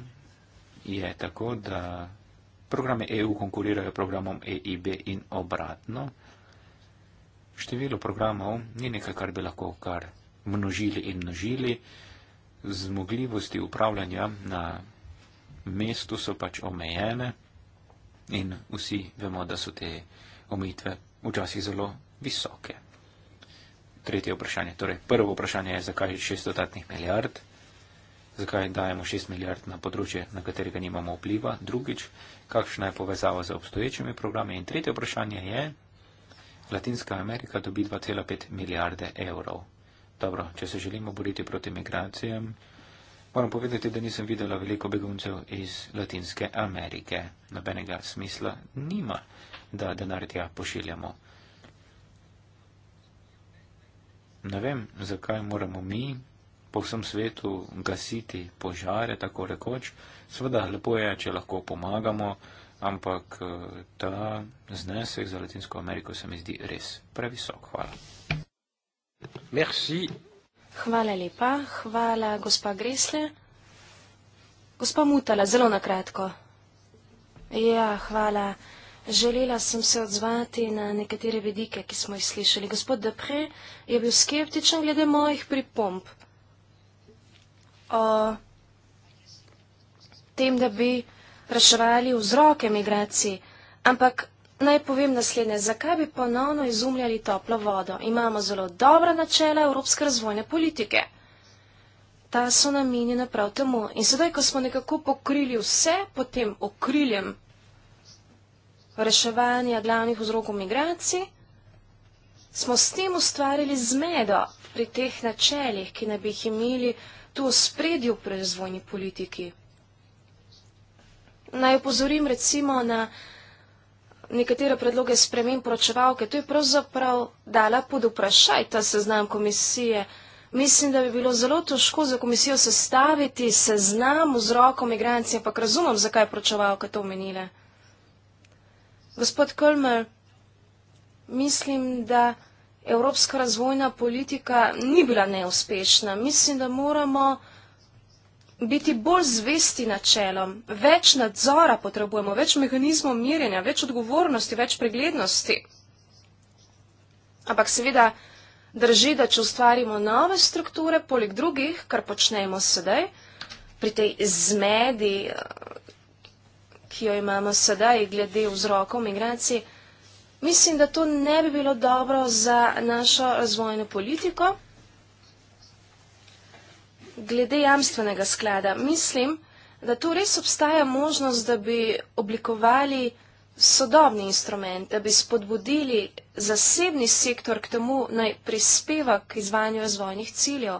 je tako, da Programe EU konkurirajo programom EIB in obratno. Število programov ni nekaj, kar bi lahko kar množili in množili. Zmogljivosti upravljanja na mestu so pač omejene in vsi vemo, da so te omejitve včasih zelo visoke. Tretje vprašanje. Torej, prvo vprašanje je, zakaj šest dodatnih milijard zakaj dajemo 6 milijard na področje, na katerega nimamo vpliva, drugič, kakšna je povezava z obstoječimi programi in tretje vprašanje je, Latinska Amerika dobi 2,5 milijarde evrov. Dobro, če se želimo boriti proti migracijam, moram povedati, da nisem videla veliko beguncev iz Latinske Amerike. Nobenega smisla nima, da denar tja pošiljamo. Ne vem, zakaj moramo mi po vsem svetu gasiti požare, tako rekoč. Sveda lepo je, če lahko pomagamo, ampak eh, ta znesek za Latinsko Ameriko se mi zdi res previsok. Hvala. Merci. Hvala lepa, hvala gospa Gresle. Gospa Mutala, zelo na kratko. Ja, hvala. Želela sem se odzvati na nekatere vedike, ki smo jih slišali. Gospod Depre je bil skeptičen glede mojih pripomp o tem, da bi reševali vzroke migracij, ampak naj povem naslednje, zakaj bi ponovno izumljali toplo vodo? Imamo zelo dobra načela evropske razvojne politike. Ta so namenjena prav temu. In sedaj, ko smo nekako pokrili vse pod tem okriljem reševanja glavnih vzrokov migracij, smo s tem ustvarili zmedo pri teh načeljih, ki naj bi jih imeli tu spredju proizvodni politiki. Naj opozorim recimo na nekatere predloge spremen poročevalke. To je pravzaprav dala pod vprašaj ta seznam komisije. Mislim, da bi bilo zelo težko za komisijo sestaviti seznam vzrokov migrancij, ampak razumem, zakaj je poročevalka to omenila. Gospod Kölmer, mislim, da evropska razvojna politika ni bila neuspešna. Mislim, da moramo biti bolj zvesti načelom, več nadzora potrebujemo, več mehanizmov mirjenja, več odgovornosti, več preglednosti. Ampak seveda drži, da če ustvarimo nove strukture, poleg drugih, kar počnemo sedaj, pri tej zmedi, eh, ki jo imamo sedaj glede vzrokov migracije, Mislim, da to ne bi bilo dobro za našo razvojno politiko. Glede jamstvenega sklada, mislim, da tu res obstaja možnost, da bi oblikovali sodobni instrument, da bi spodbudili zasebni sektor k temu, naj prispeva k izvanju razvojnih ciljev.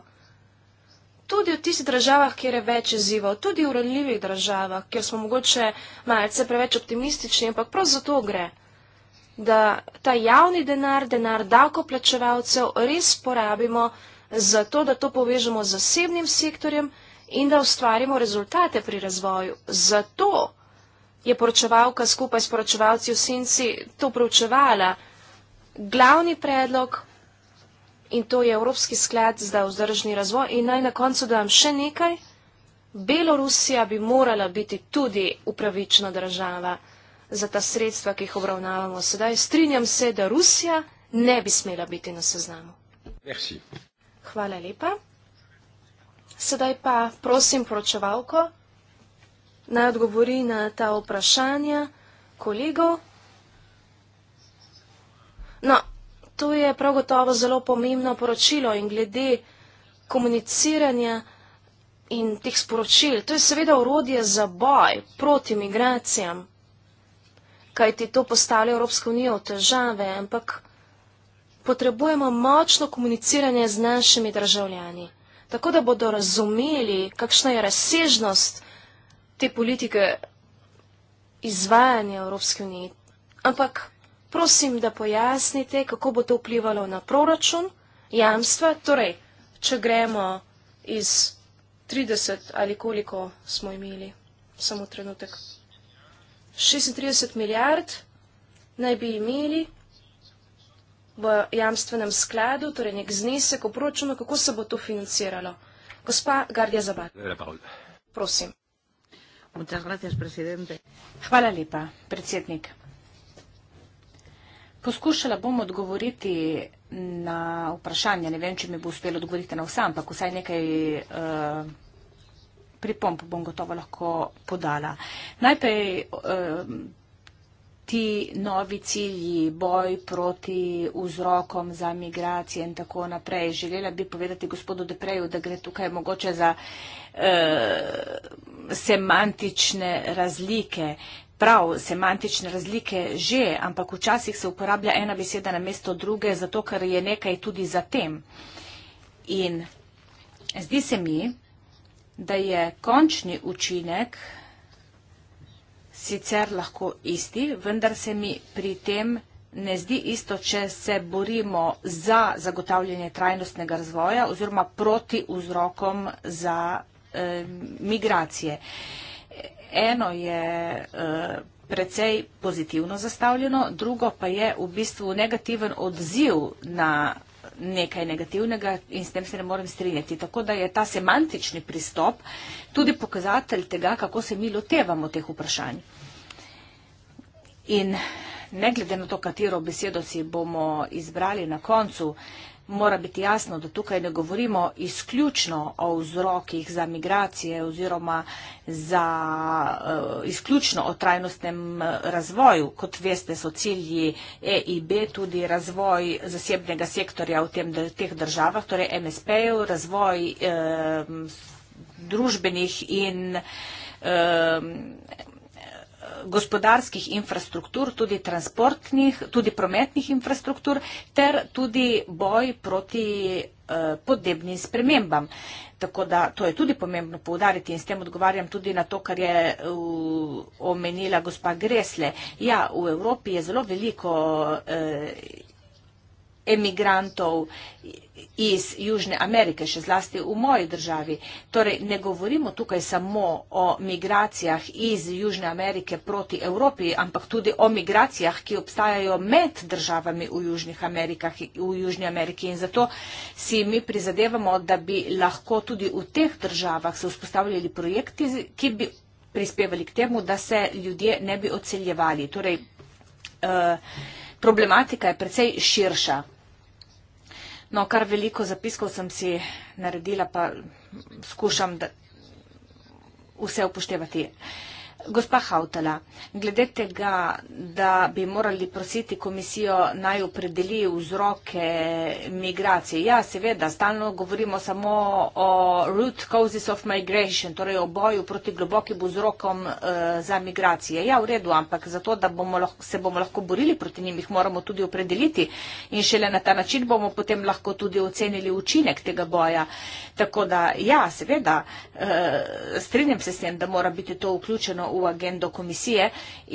Tudi v tistih državah, kjer je več izzivov, tudi v ranljivih državah, kjer smo mogoče malce preveč optimistični, ampak prav za to gre da ta javni denar, denar davkoplačevalcev res porabimo za to, da to povežemo z zasebnim sektorjem in da ustvarimo rezultate pri razvoju. Zato je poročevalka skupaj s poročevalci v Sinci to preučevala. Glavni predlog in to je Evropski sklad za vzdržni razvoj in naj na koncu dam še nekaj. Belorusija bi morala biti tudi upravična država za ta sredstva, ki jih obravnavamo sedaj. Strinjam se, da Rusija ne bi smela biti na seznamu. Merci. Hvala lepa. Sedaj pa prosim poročevalko, naj odgovori na ta vprašanja kolegov. No, to je prav gotovo zelo pomembno poročilo in glede komuniciranja in teh sporočil. To je seveda urodje za boj proti migracijam kaj ti to postavlja Evropsko unijo v težave, ampak potrebujemo močno komuniciranje z našimi državljani, tako da bodo razumeli, kakšna je razsežnost te politike izvajanja Evropske unije. Ampak prosim, da pojasnite, kako bo to vplivalo na proračun, jamstva, torej, če gremo iz 30 ali koliko smo imeli. Samo trenutek. 36 milijard naj bi imeli v jamstvenem skladu, torej nek znesek v proračunu, kako se bo to financiralo. Gospa Gardija Zabat. Prosim. Hvala lepa, predsednik. Poskušala bom odgovoriti na vprašanje, ne vem, če mi bo uspelo odgovoriti na vse, ampak vsaj nekaj uh, pripomp bom gotovo lahko podala. Najprej ti novi cilji, boj proti vzrokom za migracije in tako naprej. Želela bi povedati gospodu Depreju, da gre tukaj mogoče za eh, semantične razlike. Prav, semantične razlike že, ampak včasih se uporablja ena beseda na mesto druge, zato ker je nekaj tudi za tem. In zdi se mi, da je končni učinek sicer lahko isti, vendar se mi pri tem ne zdi isto, če se borimo za zagotavljanje trajnostnega razvoja oziroma proti vzrokom za e, migracije. Eno je e, precej pozitivno zastavljeno, drugo pa je v bistvu negativen odziv na nekaj negativnega in s tem se ne morem strinjati. Tako da je ta semantični pristop tudi pokazatelj tega, kako se mi lotevamo teh vprašanj. In ne glede na to, katero besedo si bomo izbrali na koncu, mora biti jasno, da tukaj ne govorimo izključno o vzrokih za migracije oziroma za uh, izključno o trajnostnem eh, razvoju. Kot veste, so cilji EIB tudi razvoj zasebnega sektorja v tem, da, teh državah, torej MSP-ju, razvoj uh, družbenih in gospodarskih infrastruktur, tudi transportnih, tudi prometnih infrastruktur ter tudi boj proti eh, podnebnim spremembam. Tako da to je tudi pomembno povdariti in s tem odgovarjam tudi na to, kar je eh, omenila gospa Gresle. Ja, v Evropi je zelo veliko eh, emigrantov iz Južne Amerike, še zlasti v moji državi. Torej, ne govorimo tukaj samo o migracijah iz Južne Amerike proti Evropi, ampak tudi o migracijah, ki obstajajo med državami v, Amerikah, v Južni Ameriki. In zato si mi prizadevamo, da bi lahko tudi v teh državah se vzpostavljali projekti, ki bi prispevali k temu, da se ljudje ne bi odseljevali. Torej, uh, problematika je precej širša. No, kar veliko zapiskov sem si naredila, pa skušam vse upoštevati. Uh, Gospa Hautala, glede tega, da bi morali prositi komisijo naj opredeli vzroke migracije. Ja, seveda, stalno govorimo samo o root causes of migration, torej o boju proti globokim vzrokom uh, za migracije. Ja, v redu, ampak zato, da bomo lahko, se bomo lahko borili proti njim, jih moramo tudi opredeliti in šele na ta način bomo potem lahko tudi ocenili učinek tega boja. Tako da, ja, seveda, uh, strinjam se s tem, da mora biti to vključeno v agendo komisije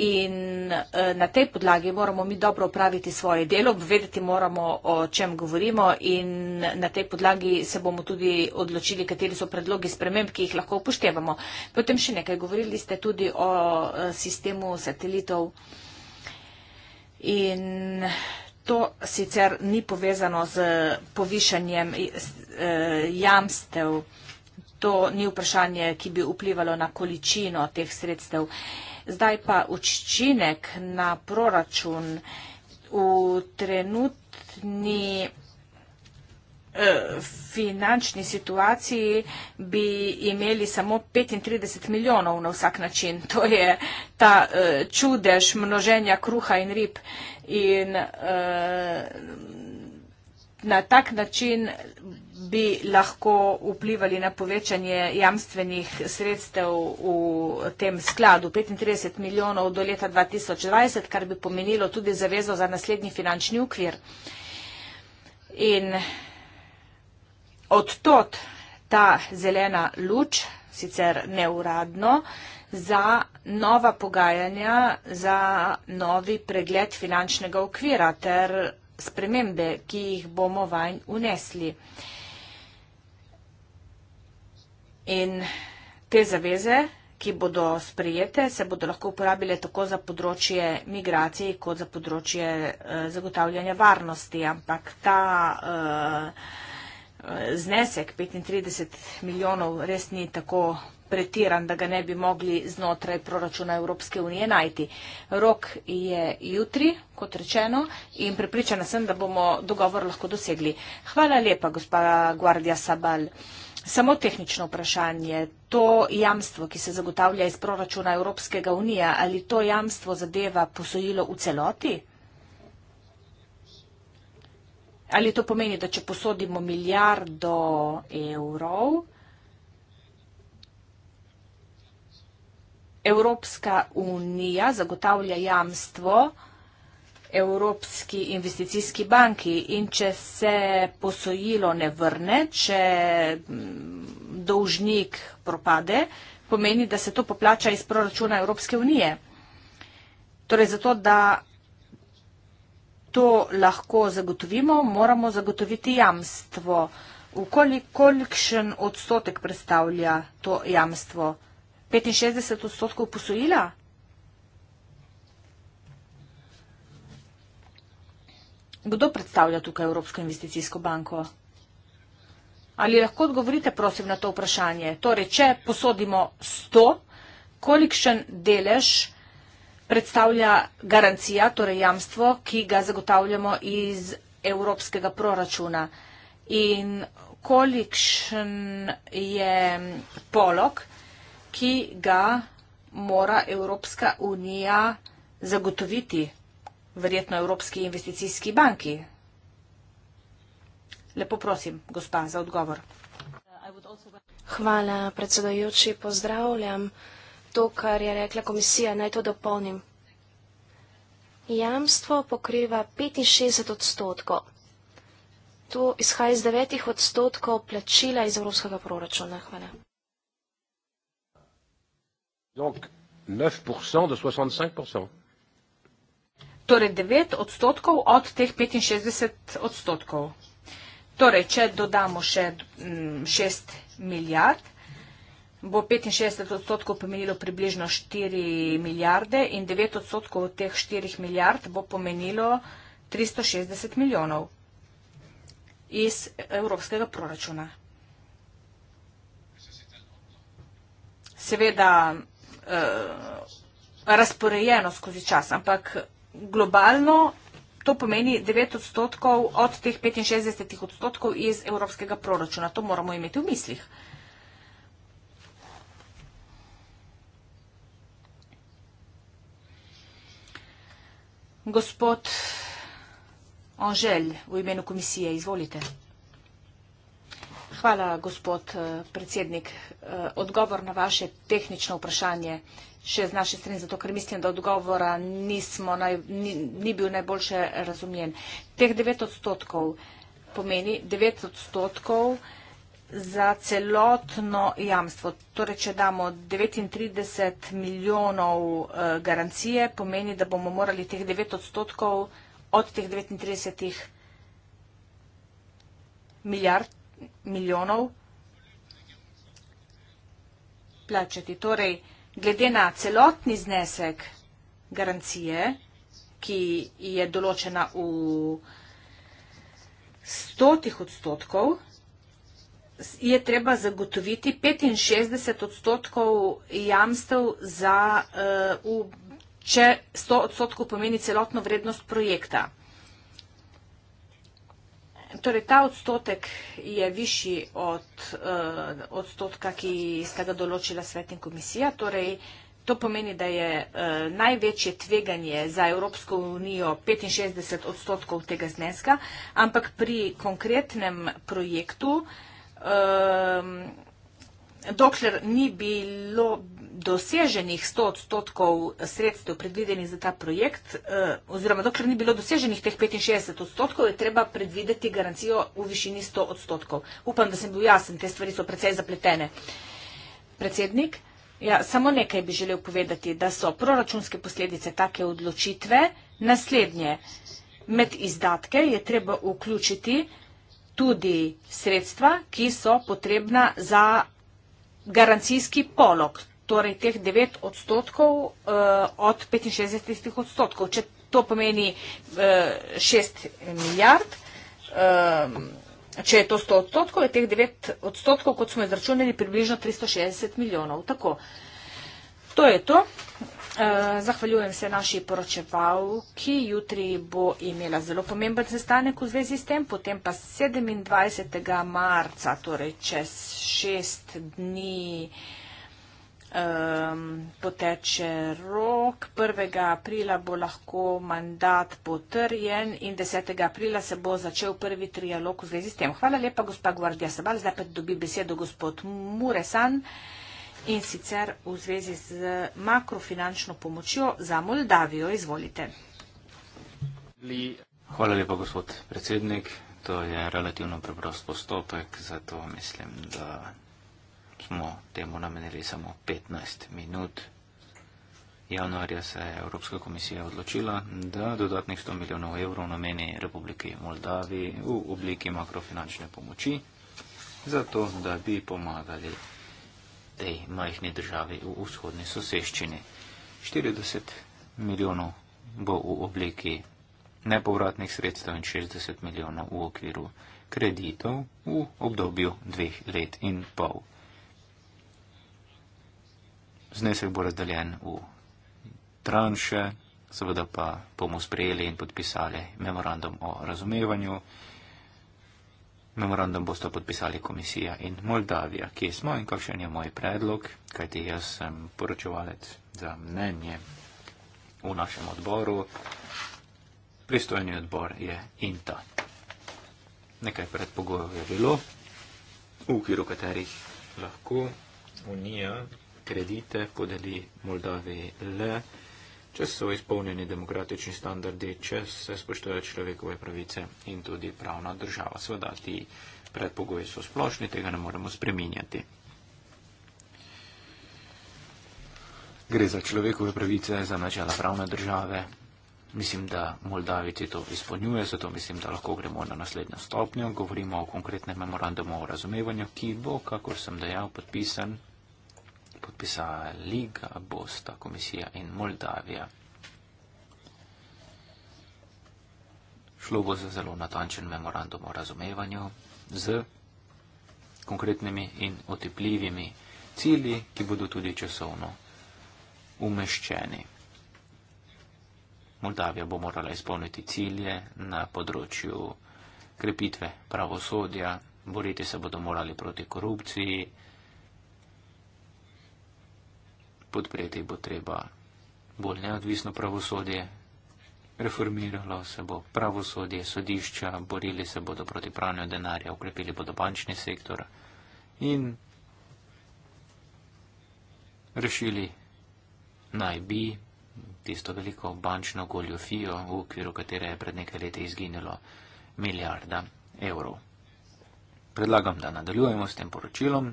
in eh, na tej podlagi moramo mi dobro upraviti svoje delo, vedeti moramo, o čem govorimo in na tej podlagi se bomo tudi odločili, kateri so predlogi sprememb, ki jih lahko upoštevamo. Potem še nekaj, govorili ste tudi o eh, sistemu satelitov in to sicer ni povezano z povišanjem eh, jamstev to ni vprašanje, ki bi vplivalo na količino teh sredstev. Zdaj pa učinek na proračun v trenutni eh, finančni situaciji bi imeli samo 35 milijonov na vsak način. To je ta eh, čudež množenja kruha in rib. In eh, na tak način bi lahko vplivali na povečanje jamstvenih sredstev v tem skladu. 35 milijonov do leta 2020, kar bi pomenilo tudi zavezo za naslednji finančni ukvir. In odtot ta zelena luč, sicer neuradno, za nova pogajanja, za novi pregled finančnega okvira ter spremembe, ki jih bomo vanj unesli. In te zaveze, ki bodo sprejete, se bodo lahko uporabile tako za področje migracij, kot za področje eh, zagotavljanja varnosti. Ampak ta eh, znesek 35 milijonov res ni tako pretiran, da ga ne bi mogli znotraj proračuna Evropske unije najti. Rok je jutri, kot rečeno, in pripričana sem, da bomo dogovor lahko dosegli. Hvala lepa, gospa Guardia Sabal. Samo tehnično vprašanje. To jamstvo, ki se zagotavlja iz proračuna Evropskega unija, ali to jamstvo zadeva posojilo v celoti? Ali to pomeni, da če posodimo milijardo evrov, Evropska unija zagotavlja jamstvo, Evropski investicijski banki in če se posojilo ne vrne, če mm, dolžnik propade, pomeni, da se to poplača iz proračuna Evropske unije. Torej, zato, da to lahko zagotovimo, moramo zagotoviti jamstvo. Kolikšen odstotek predstavlja to jamstvo? 65 odstotkov posojila? Kdo predstavlja tukaj Evropsko investicijsko banko? Ali lahko odgovorite, prosim, na to vprašanje? Torej, če posodimo 100, kolikšen delež predstavlja garancija, torej jamstvo, ki ga zagotavljamo iz evropskega proračuna? In kolikšen je polog, ki ga mora Evropska unija zagotoviti verjetno Evropski investicijski banki. Lepo prosim, gospa, za odgovor. Hvala, predsedojoči. Pozdravljam to, kar je rekla komisija. Naj to dopolnim. Jamstvo pokriva 65 odstotkov. To izhaja iz devetih odstotkov plačila iz evropskega proračuna. Hvala. Donc, 9% de 65%. Torej 9 odstotkov od teh 65 odstotkov. Torej, če dodamo še 6 mm, milijard, bo 65 odstotkov pomenilo približno 4 milijarde in 9 odstotkov od teh 4 milijard bo pomenilo 360 milijonov iz evropskega proračuna. Seveda, eh, razporejeno skozi čas, ampak globalno to pomeni 9 odstotkov od teh 65 odstotkov iz evropskega proračuna. To moramo imeti v mislih. Gospod Anželj, v imenu komisije, izvolite. Hvala, gospod eh, predsednik. Eh, odgovor na vaše tehnično vprašanje še z naše strani, zato ker mislim, da odgovora nismo, naj, ni, ni bil najboljše razumljen. Teh 9 odstotkov pomeni 9 odstotkov za celotno jamstvo. Torej, če damo 39 milijonov eh, garancije, pomeni, da bomo morali teh 9 odstotkov od teh 39 milijard milijonov plačati. Torej, glede na celotni znesek garancije, ki je določena v stotih odstotkov, je treba zagotoviti 65 odstotkov jamstev za, uh, v, če 100 odstotkov pomeni celotno vrednost projekta. Torej, ta odstotek je višji od uh, odstotka, ki sta ga določila svet in komisija. Torej, to pomeni, da je uh, največje tveganje za Evropsko unijo 65 odstotkov tega zneska, ampak pri konkretnem projektu uh, dokler ni bilo doseženih 100 odstotkov sredstev predvidenih za ta projekt, eh, oziroma dokler ni bilo doseženih teh 65 odstotkov, je treba predvideti garancijo v višini 100 odstotkov. Upam, da sem bil jasen, te stvari so precej zapletene. Predsednik, ja, samo nekaj bi želel povedati, da so proračunske posledice take odločitve naslednje. Med izdatke je treba vključiti tudi sredstva, ki so potrebna za garancijski polog, torej teh 9 odstotkov uh, od 65 odstotkov. Če to pomeni uh, eh, 6 milijard, uh, če je to 100 odstotkov, je teh 9 odstotkov, kot smo izračunali, približno 360 milijonov. Tako. To je to. Eh, zahvaljujem se naši poročevalki, jutri bo imela zelo pomemben sestanek v zvezi s tem, potem pa 27. marca, torej čez šest dni, um, poteče rok. 1. aprila bo lahko mandat potrjen in 10. aprila se bo začel prvi trialog v zvezi s tem. Hvala lepa, gospa Guardia Sabal. Zdaj pa dobi besedo gospod Muresan. Uh, in sicer v zvezi z makrofinančno pomočjo za Moldavijo. Izvolite. Hvala lepa, gospod predsednik. To je relativno preprost postopek, zato mislim, da smo temu namenili samo 15 minut. Januarja se je Evropska komisija odločila, da dodatnih 100 milijonov evrov nameni Republiki Moldavi v obliki makrofinančne pomoči, zato da bi pomagali tej majhni državi v vzhodni soseščini. 40 milijonov bo v obliki nepovratnih sredstev in 60 milijonov v okviru kreditov v obdobju dveh let in pol. Znesek bo razdeljen v tranše, seveda pa bomo sprejeli in podpisali memorandum o razumevanju memorandum boste podpisali komisija in Moldavija. Kje smo in kakšen je moj predlog, kajti jaz sem poročevalec za mnenje v našem odboru. Pristojni odbor je INTA. Nekaj predpogojev je bilo, v okviru katerih lahko Unija kredite podeli Moldaviji le če so izpolnjeni demokratični standardi, če se spoštuje človekove pravice in tudi pravna država. Sveda ti predpogoji so splošni, tega ne moremo spreminjati. Gre za človekove pravice, za načela pravne države. Mislim, da Moldavici to izpolnjuje, zato mislim, da lahko gremo na naslednjo stopnjo. Govorimo o konkretnem memorandumu o razumevanju, ki bo, kakor sem dejal, podpisan podpisala Liga, Bosta, Komisija in Moldavija. Šlo bo za zelo natančen memorandum o razumevanju z konkretnimi in otepljivimi cilji, ki bodo tudi časovno umeščeni. Moldavija bo morala izpolniti cilje na področju krepitve pravosodja, boriti se bodo morali proti korupciji, podpreti bo treba bolj neodvisno pravosodje, reformiralo se bo pravosodje, sodišča, borili se bodo proti pranju denarja, ukrepili bodo bančni sektor in rešili naj bi tisto veliko bančno goljofijo, v okviru katere je pred nekaj leti izginilo milijarda evrov. Predlagam, da nadaljujemo s tem poročilom.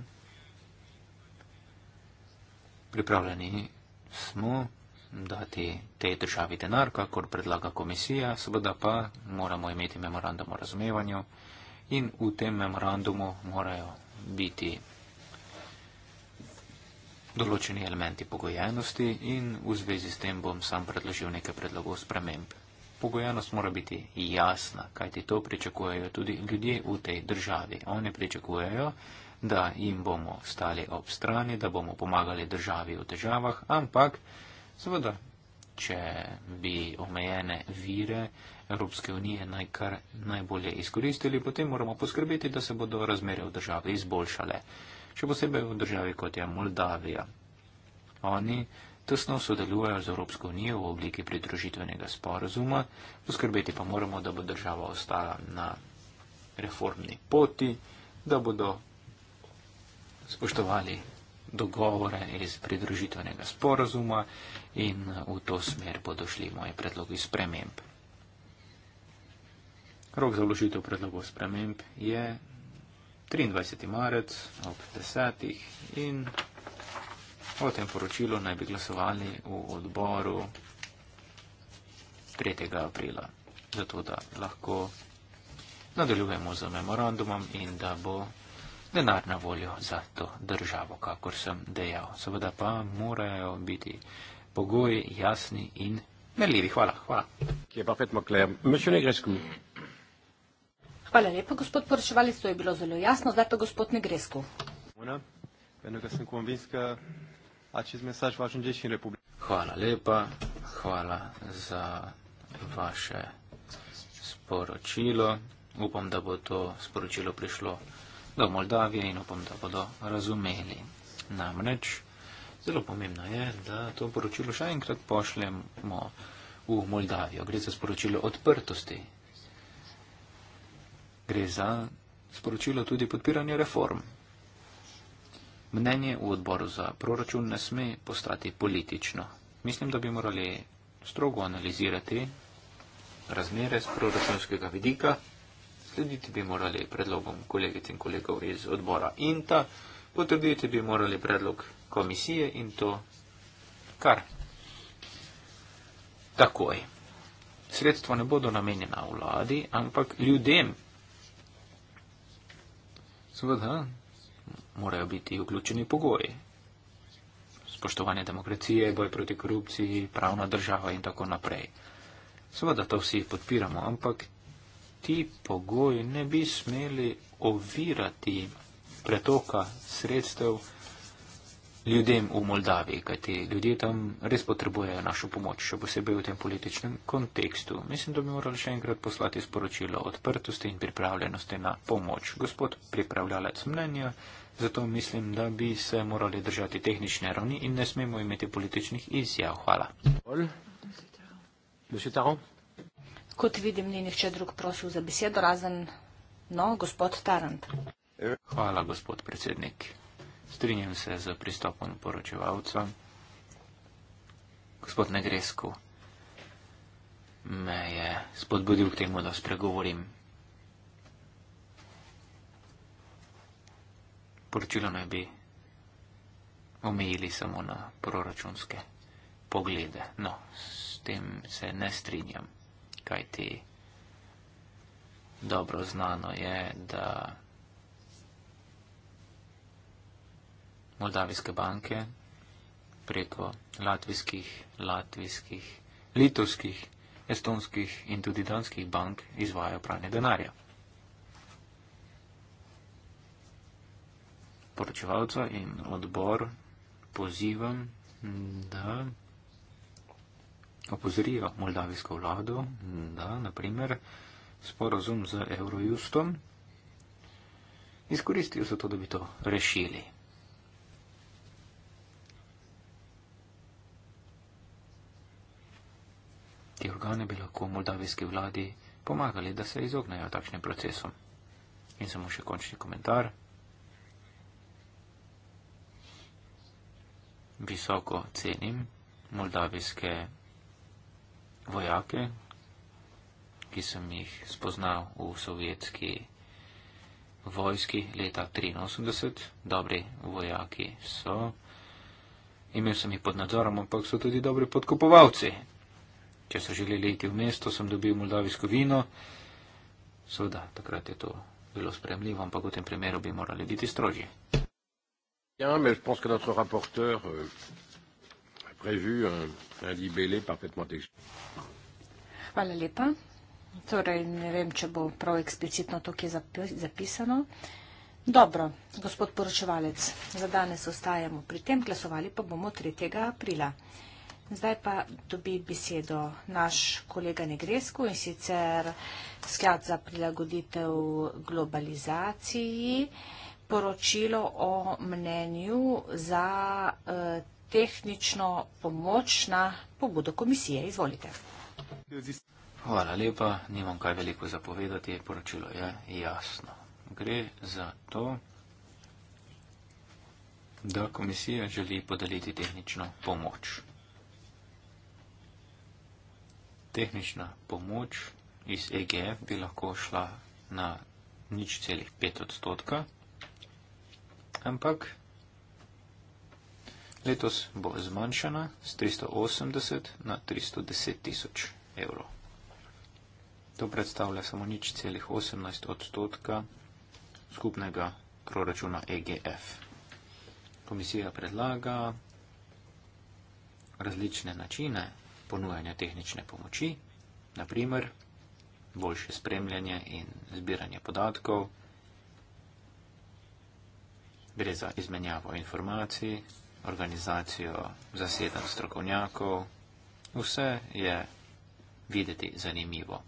Pripravljeni smo dati tej državi denar, kakor predlaga komisija, seveda pa moramo imeti memorandum o razumevanju in v tem memorandumu morajo biti določeni elementi pogojenosti in v zvezi s tem bom sam predložil nekaj predlogov sprememb. Pogojenost mora biti jasna, kajti to pričakujejo tudi ljudje v tej državi. Oni pričakujejo, da da jim bomo stali ob strani, da bomo pomagali državi v težavah, ampak seveda, če bi omejene vire Evropske unije najkar najbolje izkoristili, potem moramo poskrbeti, da se bodo razmere v državi izboljšale. Še posebej v državi kot je Moldavija. Oni tesno sodelujejo z Evropsko unijo v obliki pridružitvenega sporazuma, poskrbeti pa moramo, da bo država ostala na reformni poti, da bodo spoštovali dogovore iz pridružitvenega sporazuma in v to smer bodo šli moji predlogi sprememb. Rok za vložitev predlogov sprememb je 23. marec ob 10. in o tem poročilu naj bi glasovali v odboru 3. aprila, zato da lahko nadaljujemo z memorandumom in da bo denar na voljo za to državo, kakor sem dejal. Seveda pa morajo biti pogoji jasni in merljivi. Hvala. Hvala. Hvala lepa, gospod poročevalec, to je bilo zelo jasno, zdaj pa gospod Negresko. Hvala lepa, hvala za vaše sporočilo. Upam, da bo to sporočilo prišlo v Moldavije in upam, da bodo razumeli. Namreč zelo pomembno je, da to poročilo še enkrat pošljemo v Moldavijo. Gre za sporočilo odprtosti. Gre za sporočilo tudi podpiranja reform. Mnenje v odboru za proračun ne sme postati politično. Mislim, da bi morali strogo analizirati razmere z proračunskega vidika. Slediti bi morali predlogom kolegic in kolegov iz odbora INTA, potrditi bi morali predlog komisije in to kar takoj. Sredstva ne bodo namenjena vladi, ampak ljudem. Seveda morajo biti vključeni pogoji. Spoštovanje demokracije, boj proti korupciji, pravna država in tako naprej. Seveda to vsi podpiramo, ampak ti pogoji ne bi smeli ovirati pretoka sredstev ljudem v Moldaviji, kajti ljudje tam res potrebujejo našo pomoč, še posebej v tem političnem kontekstu. Mislim, da bi morali še enkrat poslati sporočilo odprtosti in pripravljenosti na pomoč. Gospod pripravljalec mnenja, zato mislim, da bi se morali držati tehnične ravni in ne smemo imeti političnih izjav. Hvala. Monsieur Taron. Kot vidim, ni nihče drug prosil za besedo, razen, no, gospod Tarant. Hvala, gospod predsednik. Strinjam se z pristopom poročevalca. Gospod Negresku me je spodbudil k temu, da spregovorim. Poročilo naj bi omejili samo na proračunske poglede. No, s tem se ne strinjam kajti dobro znano je, da moldavijske banke preko latvijskih, latvijskih, litovskih, estonskih in tudi danskih bank izvajajo pranje denarja. Poročevalca in odbor pozivam, da opozorijo moldavijsko vlado, da naprimer sporozum z Eurojustom izkoristijo za to, da bi to rešili. Ti organi bi lahko moldavijski vladi pomagali, da se izognejo takšnim procesom. In samo še končni komentar. Visoko cenim moldavijske vojake, ki sem jih spoznal v sovjetski vojski leta 83, dobri vojaki so, imel sem jih pod nadzorom, ampak so tudi dobri podkupovalci. Če so želeli iti v mesto, sem dobil moldavijsko vino, seveda, takrat je to bilo spremljivo, ampak v tem primeru bi morali biti strožji. Ja, prévu un, euh, un libellé parfaitement exclu. Hvala lepa. Torej, ne vem, če bo prav eksplicitno tukaj zapisano. Dobro, gospod poročevalec, za danes ostajamo pri tem, glasovali pa bomo 3. aprila. Zdaj pa dobi besedo naš kolega Negresko in sicer sklad za prilagoditev globalizaciji, poročilo o mnenju za eh, tehnično pomoč na pobudo komisije. Izvolite. Hvala lepa, nimam kaj veliko zapovedati, poročilo je jasno. Gre za to, da komisija želi podeliti tehnično pomoč. Tehnična pomoč iz EGF bi lahko šla na nič celih pet odstotka, ampak letos bo zmanjšana z 380 na 310 tisoč evrov. To predstavlja samo nič celih 18 odstotka skupnega proračuna EGF. Komisija predlaga različne načine ponujanja tehnične pomoči, naprimer boljše spremljanje in zbiranje podatkov, gre za izmenjavo informacij, organizacijo, za sedem strokovnjakov. Vse je videti zanimivo.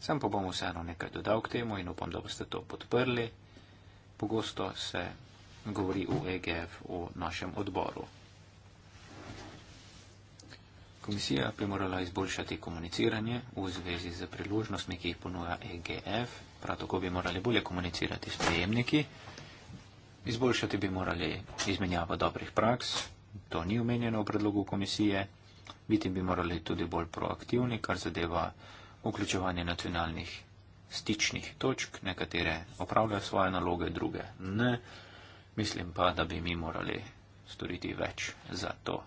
Sam pa bom vseeno nekaj dodal k temu in upam, da boste to podprli. Pogosto se govori v EGF v našem odboru. Komisija bi morala izboljšati komuniciranje v zvezi z priložnostmi, ki jih ponuja EGF, prav tako bi morali bolje komunicirati s prejemniki, Izboljšati bi morali izmenjavo dobrih praks, to ni omenjeno v predlogu komisije, biti bi morali tudi bolj proaktivni, kar zadeva vključevanje nacionalnih stičnih točk, nekatere opravljajo svoje naloge, druge ne, mislim pa, da bi mi morali storiti več za to.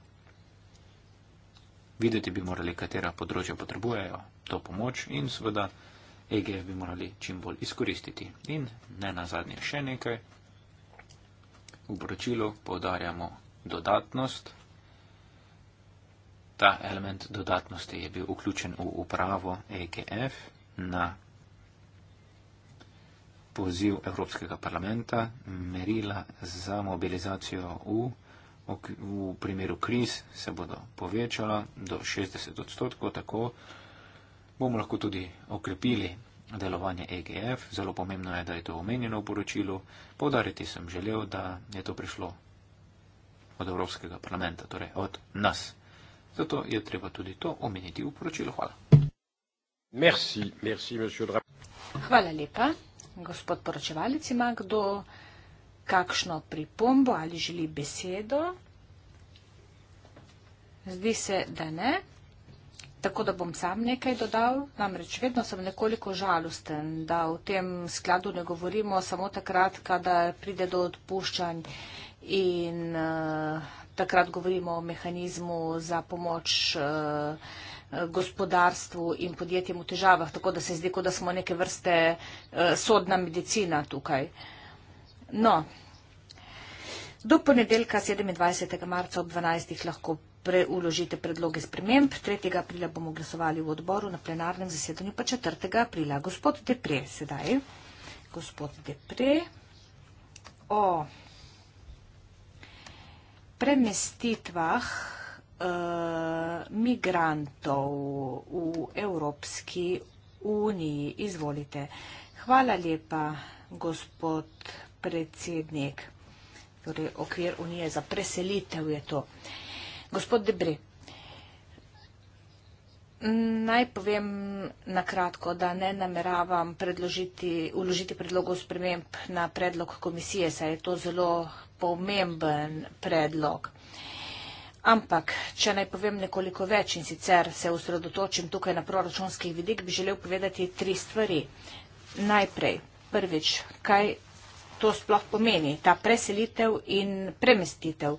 Videti bi morali, katera področja potrebujejo to pomoč in seveda EGF bi morali čim bolj izkoristiti. In ne nazadnje še nekaj v poročilu povdarjamo dodatnost. Ta element dodatnosti je bil vključen v upravo EGF na poziv Evropskega parlamenta, merila za mobilizacijo EU v primeru kriz se bodo povečala do 60 odstotkov, tako bomo lahko tudi okrepili delovanje EGF. Zelo pomembno je, da je to omenjeno v poročilu. Podariti sem želel, da je to prišlo od Evropskega parlamenta, torej od nas. Zato je treba tudi to omeniti v poročilu. Hvala. Merci, merci, Hvala lepa. Gospod poročevalec ima kdo kakšno pripombo ali želi besedo? Zdi se, da ne. Tako da bom sam nekaj dodal, namreč vedno sem nekoliko žalosten, da o tem skladu ne govorimo samo takrat, kadar pride do odpuščanj in uh, takrat govorimo o mehanizmu za pomoč uh, gospodarstvu in podjetjem v težavah, tako da se zdi, kot da smo neke vrste uh, sodna medicina tukaj. No, do ponedeljka 27. marca ob 12. lahko pre, uložite predloge sprememb. 3. aprila bomo glasovali v odboru na plenarnem zasedanju, pa 4. aprila. Gospod Depre, sedaj. Gospod Depre, o premestitvah uh, migrantov v Evropski uniji. Izvolite. Hvala lepa, gospod predsednik. Torej, okvir unije za preselitev je to. Uh, Gospod Debri, naj povem nakratko, da ne nameravam uložiti predlogov sprememb na predlog komisije, saj je to zelo pomemben predlog. Ampak, če naj povem nekoliko več in sicer se usredotočim tukaj na proračunskih vidik, bi želel povedati tri stvari. Najprej, prvič, kaj to sploh pomeni, ta preselitev in premestitev.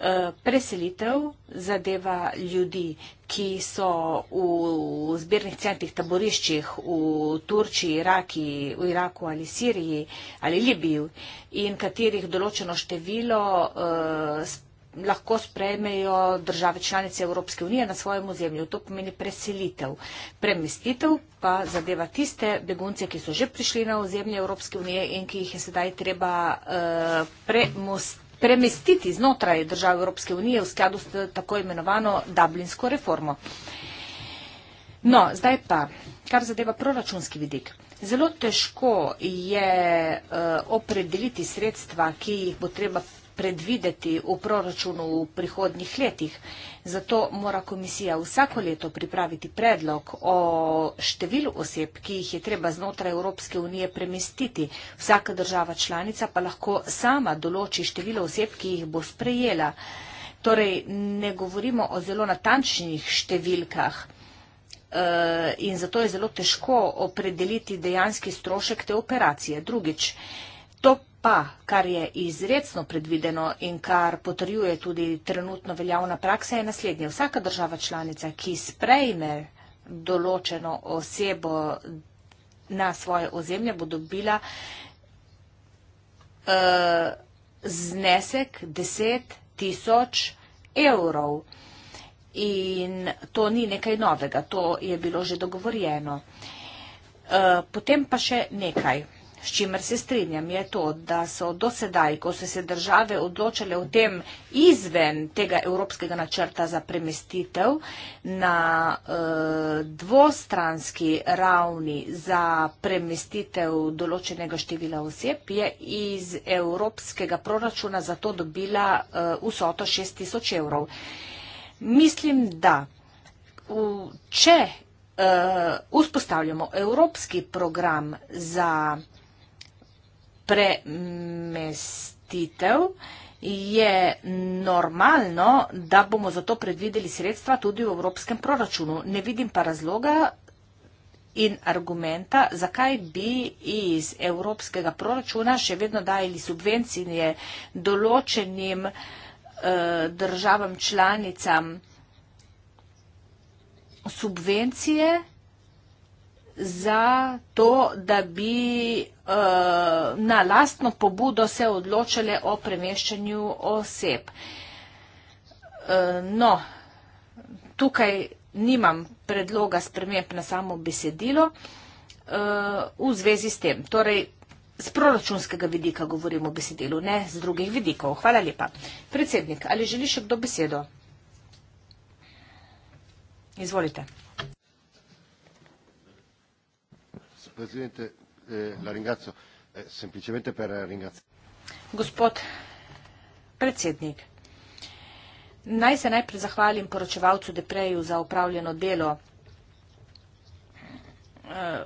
Eh, preselitev zadeva ljudi, ki so v zbirnih centrih, taboriščih v Turčiji, Iraki, v Iraku ali Siriji ali Libiji in katerih določeno število uh, lahko sprejmejo države članice Evropske unije na svojem ozemlju. To pomeni preselitev. Premestitev pa zadeva tiste begunce, ki so že prišli na ozemlje Evropske unije in ki jih je sedaj treba uh, premostiti premestiti znotraj držav Evropske unije v skladu s tako imenovano Dublinsko reformo. No, zdaj pa, kar zadeva proračunski vidik. Zelo težko je uh, opredeliti sredstva, ki jih bo treba predvideti v proračunu v prihodnjih letih. Zato mora komisija vsako leto pripraviti predlog o številu oseb, ki jih je treba znotraj Evropske unije premestiti. Vsaka država članica pa lahko sama določi število oseb, ki jih bo sprejela. Torej, ne govorimo o zelo natančnih številkah eh, in zato je zelo težko opredeliti dejanski strošek te operacije. Drugič, to pa, kar je izredno predvideno in kar potrjuje tudi trenutno veljavna praksa, je naslednje. Vsaka država članica, ki sprejme določeno osebo na svoje ozemlje, bo dobila uh, znesek 10 tisoč evrov. In to ni nekaj novega, to je bilo že dogovorjeno. Uh, potem pa še nekaj. S čimer se strinjam je to, da so do sedaj, ko so se države odločale o tem izven tega evropskega načrta za premestitev na e, dvostranski ravni za premestitev določenega števila oseb, je iz evropskega proračuna za to dobila e, vsoto 6000 evrov. Mislim, da v, če e, vzpostavljamo evropski program za premestitev, premestitev, je normalno, da bomo zato predvideli sredstva tudi v evropskem proračunu. Ne vidim pa razloga in argumenta, zakaj bi iz evropskega proračuna še vedno dajali subvencije določenim eh, državam članicam subvencije, za to, da bi uh, na lastno pobudo se odločile o premeščanju oseb. Uh, no, tukaj nimam predloga sprememb na samo besedilo uh, v zvezi s tem. Torej, z proračunskega vidika govorimo o besedilu, ne z drugih vidikov. Hvala lepa. Predsednik, ali želi še kdo besedo? Izvolite. Presidente, eh, la ringrazio eh, semplicemente per ringraziare. Gospod predsednik, naj se najprej zahvalim poročevalcu Depreju za upravljeno delo, eh,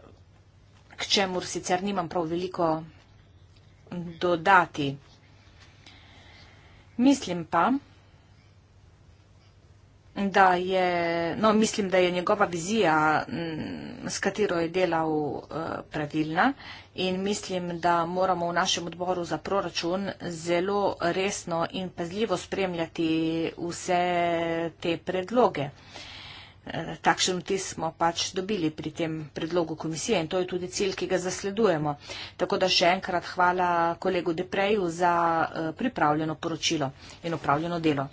k čemu sicer nimam prav veliko dodati. Mislim pa, da je, no, mislim, da je njegova vizija, mm, s katero je delal, eh, pravilna in mislim, da moramo v našem odboru za proračun zelo resno in pazljivo spremljati vse te predloge. Eh, takšen vtis smo pač dobili pri tem predlogu komisije in to je tudi cilj, ki ga zasledujemo. Tako da še enkrat hvala kolegu Depreju za eh, pripravljeno poročilo in upravljeno delo.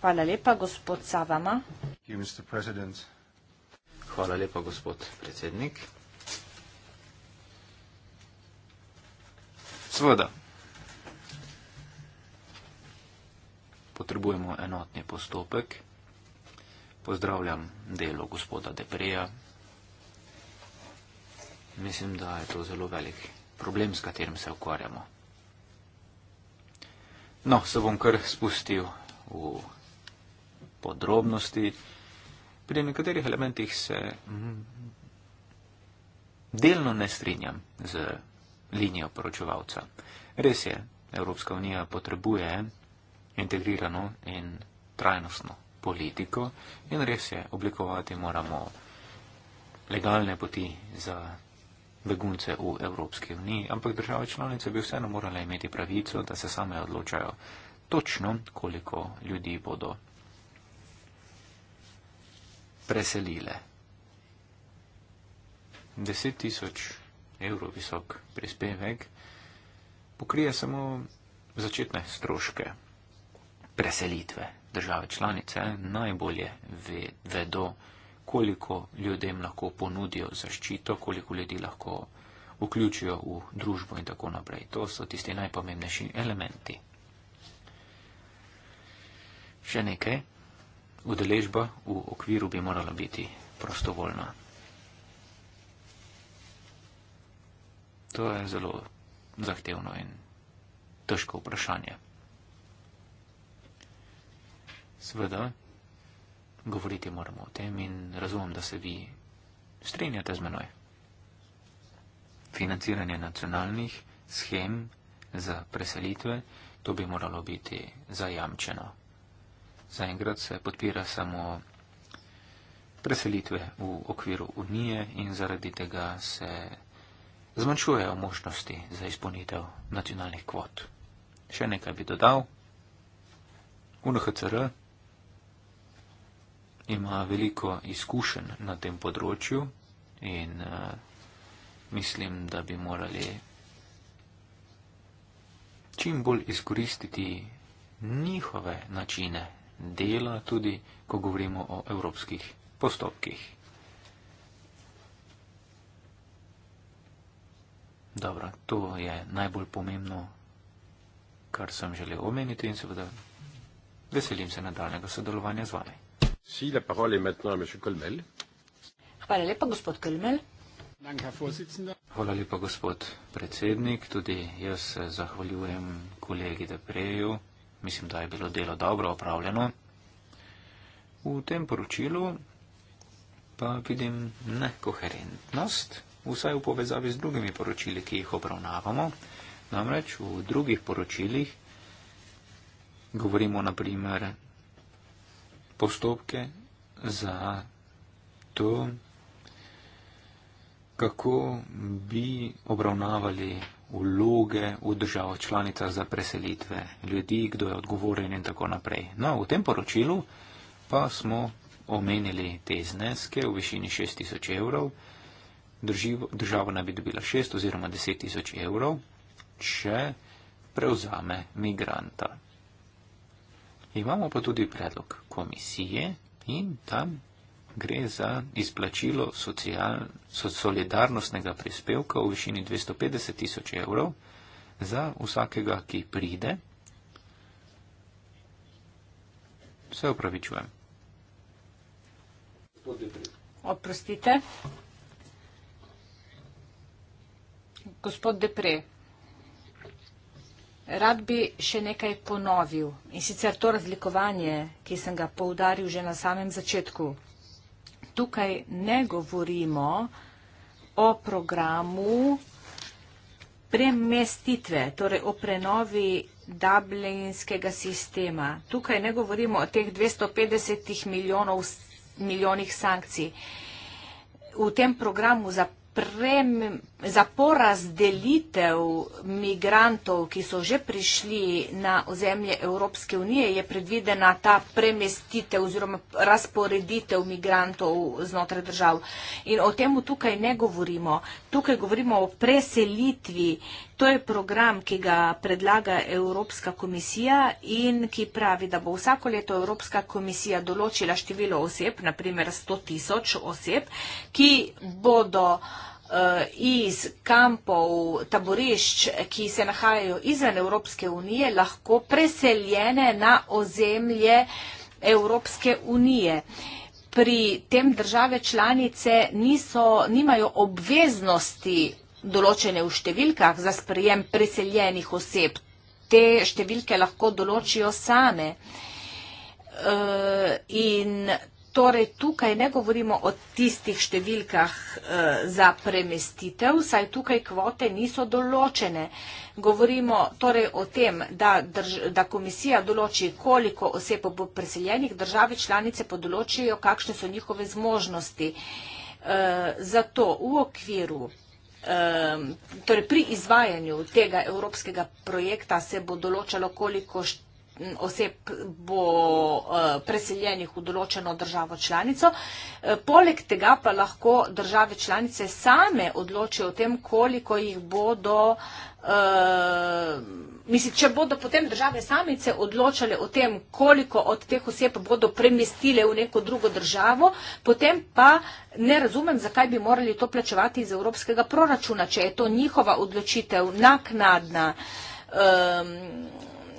Hvala lepa, gospod Savama. Hvala lepa, gospod predsednik. Sveda, potrebujemo enotni postopek. Pozdravljam delo gospoda Depreja. Mislim, da je to zelo velik problem, s katerim se ukvarjamo. No, se bom kar spustil v podrobnosti. Pri nekaterih elementih se delno ne strinjam z linijo poročevalca. Res je, Evropska unija potrebuje integrirano in trajnostno politiko in res je, oblikovati moramo legalne poti za begunce v Evropski uniji, ampak države članice bi vseeno morale imeti pravico, da se same odločajo točno, koliko ljudi bodo preselile. Deset tisoč evrov visok prispevek pokrije samo začetne stroške preselitve države članice. Najbolje ve, vedo, koliko ljudem lahko ponudijo zaščito, koliko ljudi lahko vključijo v družbo in tako naprej. To so tisti najpomembnejši elementi. Še nekaj. Udeležba v okviru bi morala biti prostovoljna. To je zelo zahtevno in težko vprašanje. Sveda, govoriti moramo o tem in razumem, da se vi strinjate z menoj. Financiranje nacionalnih schem za preselitve, to bi moralo biti zajamčeno zaenkrat se podpira samo preselitve v okviru Unije in zaradi tega se zmanjšujejo možnosti za izpolnitev nacionalnih kvot. Še nekaj bi dodal. UNHCR ima veliko izkušenj na tem področju in uh, mislim, da bi morali čim bolj izkoristiti njihove načine dela, tudi ko govorimo o evropskih postopkih. Dobro, to je najbolj pomembno, kar sem želel omeniti in seveda veselim se nadaljnega sodelovanja z vami. Si la parole maintenant, monsieur Colmel. Hvala lepa, gospod Colmel. Hvala lepa, gospod predsednik. Tudi jaz zahvaljujem kolegi Depreju. Mislim, da je bilo delo dobro opravljeno. V tem poročilu pa vidim nekoherentnost, vsaj v povezavi z drugimi poročili, ki jih obravnavamo. Namreč v drugih poročilih govorimo naprimer postopke za to, kako bi obravnavali vloge v državah članicah za preselitve ljudi, kdo je odgovoren in tako naprej. No, v tem poročilu pa smo omenili te zneske v višini 6 tisoč evrov. Država naj bi dobila 6 oziroma 10 tisoč evrov, če prevzame migranta. Imamo pa tudi predlog komisije in tam gre za izplačilo social, so solidarnostnega prispevka v višini 250 tisoč evrov za vsakega, ki pride. Se upravičujem. Oprostite. Gospod Depre, rad bi še nekaj ponovil in sicer to razlikovanje, ki sem ga poudaril že na samem začetku tukaj ne govorimo o programu premestitve, torej o prenovi dublinskega sistema. Tukaj ne govorimo o teh 250 milijonov, milijonih sankcij. V tem programu za sprem, za porazdelitev migrantov, ki so že prišli na ozemlje Evropske unije, je predvidena ta premestitev oziroma razporeditev migrantov znotraj držav. In o tem tukaj ne govorimo. Tukaj govorimo o preselitvi. To je program, ki ga predlaga Evropska komisija in ki pravi, da bo vsako leto Evropska komisija določila število oseb, naprimer 100 tisoč oseb, ki bodo uh, Eh, iz kampov, taborišč, ki se nahajajo izven Evropske unije, lahko preseljene na ozemlje Evropske unije. Pri tem države članice niso, nimajo obveznosti določene v številkah za sprejem preseljenih oseb. Te številke lahko določijo same. Eh, in Torej, tukaj ne govorimo o tistih številkah eh, za premestitev, saj tukaj kvote niso določene. Govorimo torej o tem, da, drž, da komisija določi, koliko oseb bo preseljenih, države članice pa določijo, kakšne so njihove zmožnosti. Eh, zato v okviru, eh, torej pri izvajanju tega evropskega projekta se bo določalo, koliko št, oseb bo eh, preseljenih v določeno državo članico. Eh, poleg tega pa lahko države članice same odločijo o tem, koliko jih bodo. Eh, mislim, če bodo potem države samice odločale o tem, koliko od teh oseb bodo premestile v neko drugo državo, potem pa ne razumem, zakaj bi morali to plačevati iz evropskega proračuna, če je to njihova odločitev, naknadna. Um,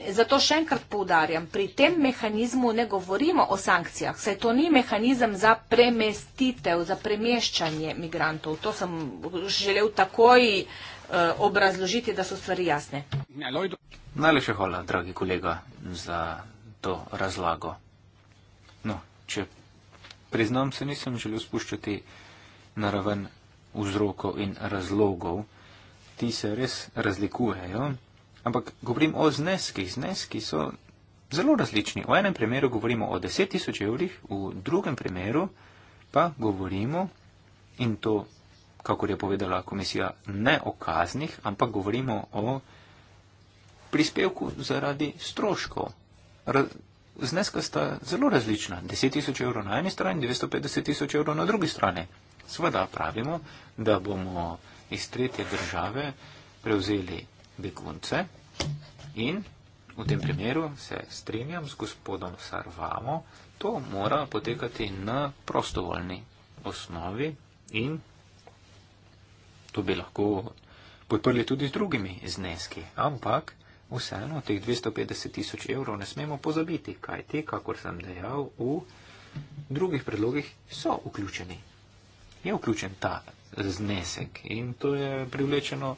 zato še enkrat poudarjam, pri tem mehanizmu ne govorimo o sankcijah, saj to ni mehanizem za premestitev, za premeščanje migrantov. To sem želel takoj uh, obrazložiti, da so stvari jasne. Najlepša hvala, dragi kolega, za to razlago. No, če priznam, se nisem želel spuščati na raven vzrokov in razlogov. Ti se res razlikujejo ampak govorim o zneskih. Zneski so zelo različni. V enem primeru govorimo o 10.000 evrih, v drugem primeru pa govorimo in to, kako je povedala komisija, ne o kaznih, ampak govorimo o prispevku zaradi stroškov. Zneska sta zelo različna. 10.000 evrov na eni strani, 950.000 evrov na drugi strani. Sveda pravimo, da bomo iz tretje države prevzeli begunce in v tem primeru se strinjam z gospodom Sarvamo, to mora potekati na prostovoljni osnovi in to bi lahko podprli tudi z drugimi zneski, ampak vseeno teh 250 tisoč evrov ne smemo pozabiti, kaj ti, kakor sem dejal, v drugih predlogih so vključeni. Je vključen ta znesek in to je privlečeno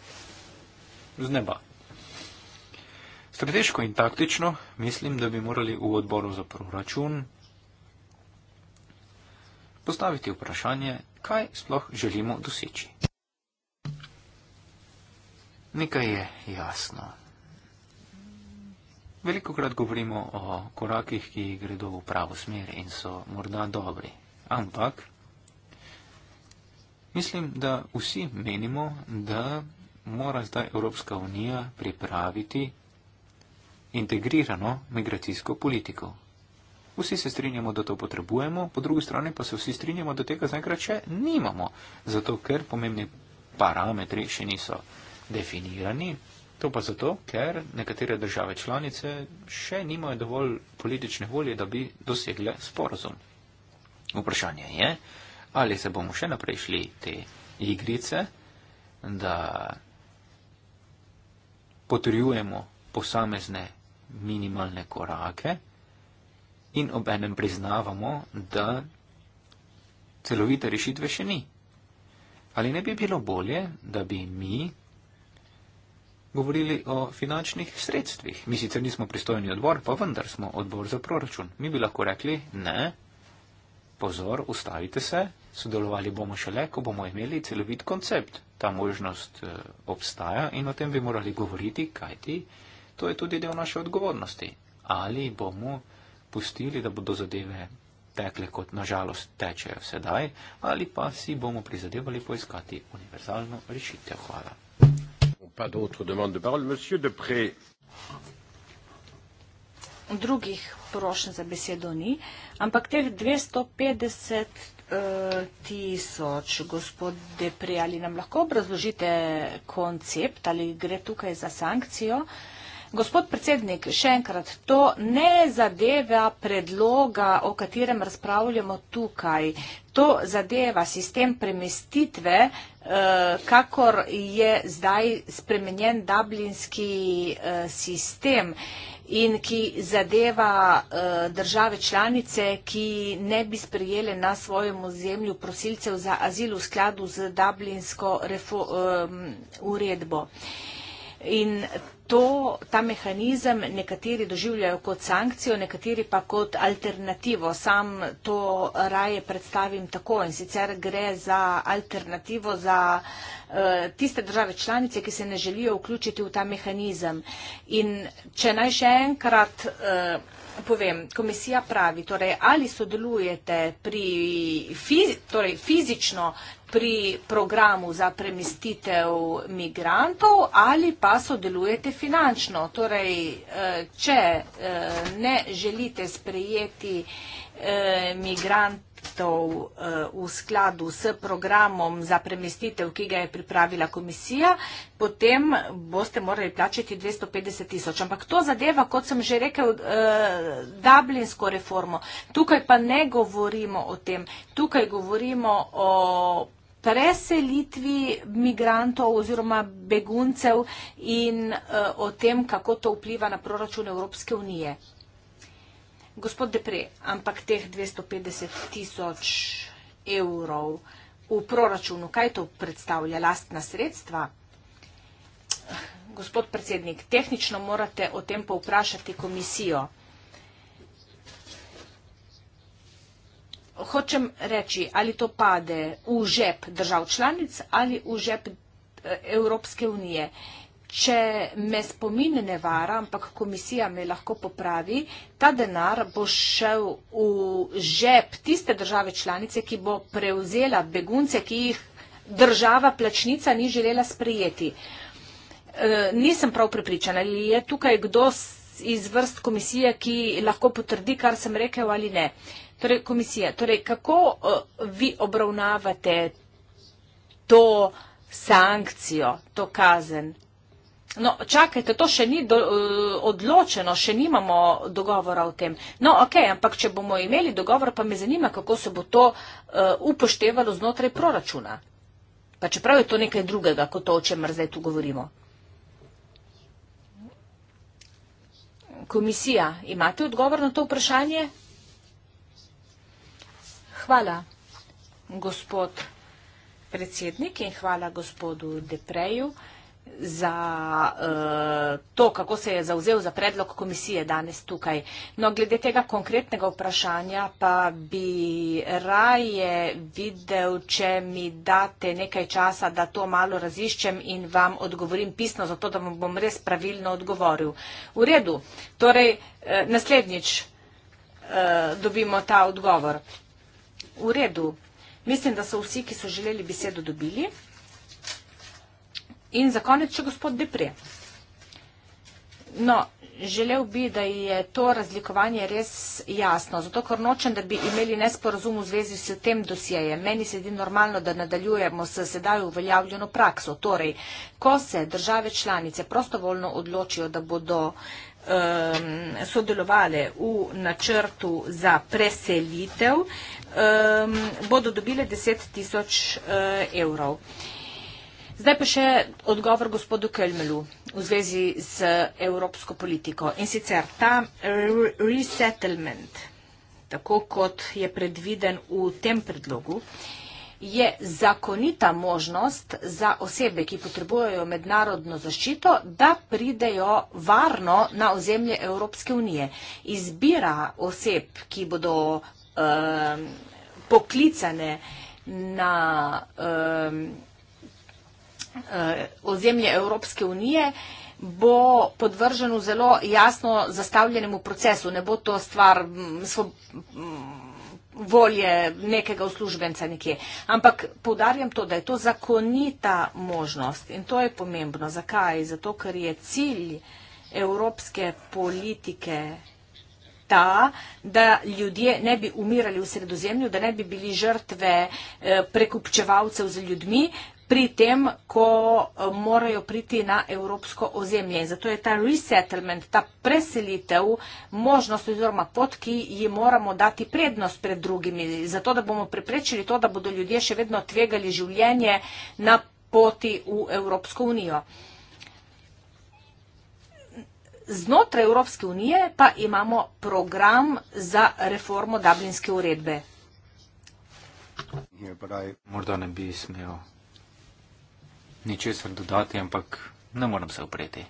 z neba. Strateško in taktično mislim, da bi morali v odboru za proračun postaviti vprašanje, kaj sploh želimo doseči. Nekaj je jasno. Veliko krat govorimo o korakih, ki gredo v pravo smer in so morda dobri. Ampak mislim, da vsi menimo, da mora zdaj Evropska unija pripraviti integrirano migracijsko politiko. Vsi se strinjamo, da to potrebujemo, po drugi strani pa se vsi strinjamo, da tega zaenkrat še nimamo, zato ker pomembni parametri še niso definirani. To pa zato, ker nekatere države članice še nimajo dovolj politične volje, da bi dosegle sporozum. Vprašanje je, ali se bomo še naprej šli te igrice, da potrjujemo posamezne minimalne korake in ob enem priznavamo, da celovite rešitve še ni. Ali ne bi bilo bolje, da bi mi govorili o finančnih sredstvih? Mi sicer nismo pristojni odbor, pa vendar smo odbor za proračun. Mi bi lahko rekli ne, pozor, ustavite se, sodelovali bomo šele, ko bomo imeli celovit koncept ta možnost eh, obstaja in o tem bi morali govoriti, kajti to je tudi del naše odgovornosti. Ali bomo pustili, da bodo zadeve tekle, kot nažalost tečejo sedaj, ali pa si bomo prizadevali poiskati univerzalno rešitev. Hvala. Drugih prošen za besedo ni, ampak teh 250 tisoč. Gospod Depre, ali nam lahko obrazložite koncept, ali gre tukaj za sankcijo? Gospod predsednik, še enkrat, to ne zadeva predloga, o katerem razpravljamo tukaj. To zadeva sistem premestitve, eh, kakor je zdaj spremenjen dublinski eh, sistem in ki zadeva eh, države članice, ki ne bi sprejele na svojem ozemlju prosilcev za azil v skladu z Dublinsko uredbo. In to, ta mehanizem nekateri doživljajo kot sankcijo, nekateri pa kot alternativo. Sam to raje predstavim tako in sicer gre za alternativo za eh, tiste države članice, ki se ne želijo vključiti v ta mehanizem. In če naj še enkrat. Eh, povem, komisija pravi, torej, ali sodelujete pri, fizi, torej, fizično pri programu za premestitev migrantov ali pa sodelujete finančno. Torej, eh, če eh, ne želite sprejeti eh, migrantov, projektov eh, v skladu s programom za premestitev, ki ga je pripravila komisija, potem boste morali plačati 250 tisoč. Ampak to zadeva, kot sem že rekel, eh, dublinsko reformo. Tukaj pa ne govorimo o tem. Tukaj govorimo o preselitvi migrantov oziroma beguncev in uh, o tem, kako to vpliva na proračun Evropske unije. Gospod Depre, ampak teh 250 tisoč evrov v proračunu, kaj to predstavlja? Lastna sredstva? Gospod predsednik, tehnično morate o tem povprašati komisijo. Hočem reči, ali to pade v žep držav članic ali v žep eh, Evropske unije. Če me spomin ne vara, ampak komisija me lahko popravi, ta denar bo šel v žep tiste države članice, ki bo prevzela begunce, ki jih država plačnica ni želela sprijeti. E, nisem prav prepričana, ali je tukaj kdo iz vrst komisije, ki lahko potrdi, kar sem rekel ali ne. Torej, komisija, torej, kako uh, vi obravnavate to sankcijo, to kazen? No, čakajte, to še ni do, uh, odločeno, še nimamo dogovora o tem. No, ok, ampak če bomo imeli dogovor, pa me zanima, kako se bo to uh, upoštevalo znotraj proračuna. Pa čeprav je to nekaj drugega, kot to, o čemer zdaj tu govorimo. Komisija, imate odgovor na to vprašanje? Hvala, gospod predsednik in hvala gospodu Depreju za uh, to, kako se je zauzel za predlog komisije danes tukaj. No, glede tega konkretnega vprašanja pa bi raje videl, če mi date nekaj časa, da to malo raziščem in vam odgovorim pisno, zato da vam bom res pravilno odgovoril. V redu, torej uh, naslednjič uh, dobimo ta odgovor. V redu, mislim, da so vsi, ki so želeli besedo, dobili. In za konec še gospod Depre. No, želel bi, da je to razlikovanje res jasno, zato ker nočem, da bi imeli nesporazum v zvezi s tem dosjejem. Meni se zdi normalno, da nadaljujemo s sedaj uveljavljeno prakso. Torej, ko se države članice prostovoljno odločijo, da bodo um, sodelovali v načrtu za preselitev, um, bodo dobile 10 tisoč uh, evrov. Uh, Zdaj pa še odgovor gospodu Kelmelu v zvezi z evropsko politiko. In sicer ta resettlement, tako kot je predviden v tem predlogu, je zakonita možnost za osebe, ki potrebujejo mednarodno zaščito, da pridejo varno na ozemlje Evropske unije. Izbira oseb, ki bodo um, poklicane na um, Eh, ozemlje Evropske unije, bo podvrženo zelo jasno zastavljenemu procesu. Ne bo to stvar mm, mm, volje nekega uslužbenca nekje. Ampak povdarjam to, da je to zakonita možnost in to je pomembno. Zakaj? Zato, ker je cilj evropske politike ta, da ljudje ne bi umirali v sredozemlju, da ne bi bili žrtve eh, prekupčevalcev z ljudmi, pri tem, ko eh, morajo priti na evropsko ozemlje. In zato je ta resettlement, ta preselitev, možnost oziroma pot, ki ji moramo dati prednost pred drugimi, zato da bomo preprečili to, da bodo ljudje še vedno tvegali življenje na poti v Evropsko unijo. Znotraj Evropske unije pa imamo program za reformo Dublinske uredbe. Morda ne bi smel ničesar dodati, ampak ne moram se upreti.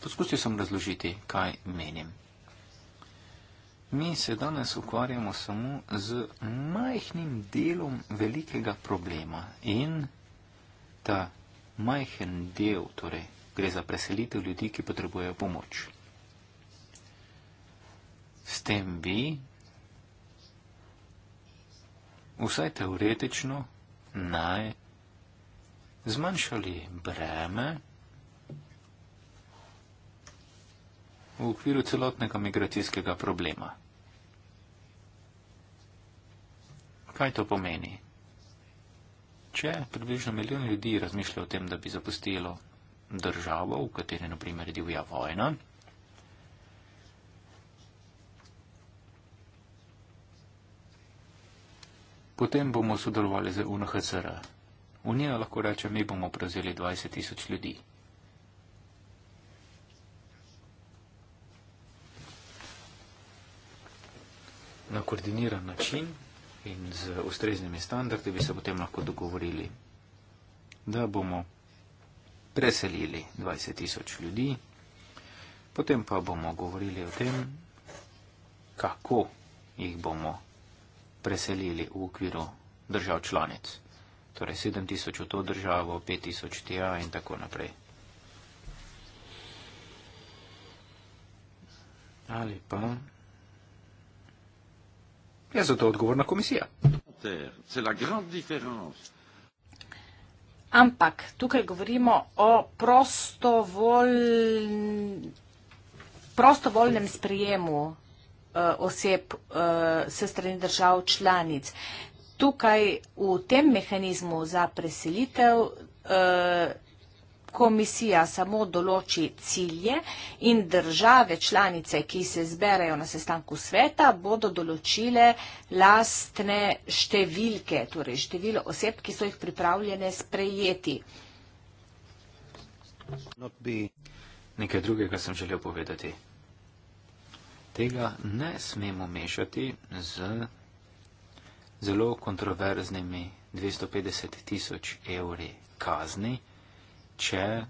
Poskusil sem razložiti, kaj menim. Mi se danes ukvarjamo samo z majhnim delom velikega problema in ta majhen del, torej gre za preselitev ljudi, ki potrebujejo pomoč. S tem bi vsaj teoretično naj zmanjšali breme v okviru celotnega migracijskega problema. Kaj to pomeni? Če približno milijon ljudi razmišlja o tem, da bi zapustilo državo, v kateri je naprimer divja vojna, potem bomo sodelovali z UNHCR. Unija lahko reče, mi bomo prevzeli 20 tisoč ljudi. Na koordiniran način in z ustreznimi standardi bi se potem lahko dogovorili, da bomo preselili 20 tisoč ljudi, potem pa bomo govorili o tem, kako jih bomo preselili v okviru držav članic torej 7000 v to državo, 5000 tja in tako naprej. Ali pa. Je za to odgovorna komisija. Ampak tukaj govorimo o prostovoljn, prostovoljnem sprijemu uh, eh, oseb uh, eh, se strani držav članic tukaj v tem mehanizmu za preselitev eh, komisija samo določi cilje in države članice, ki se zberejo na sestanku sveta, bodo določile lastne številke, torej število oseb, ki so jih pripravljene sprejeti. Nekaj drugega sem želel povedati. Tega ne smemo mešati z zelo kontroverznimi 250 tisoč evri kazni, če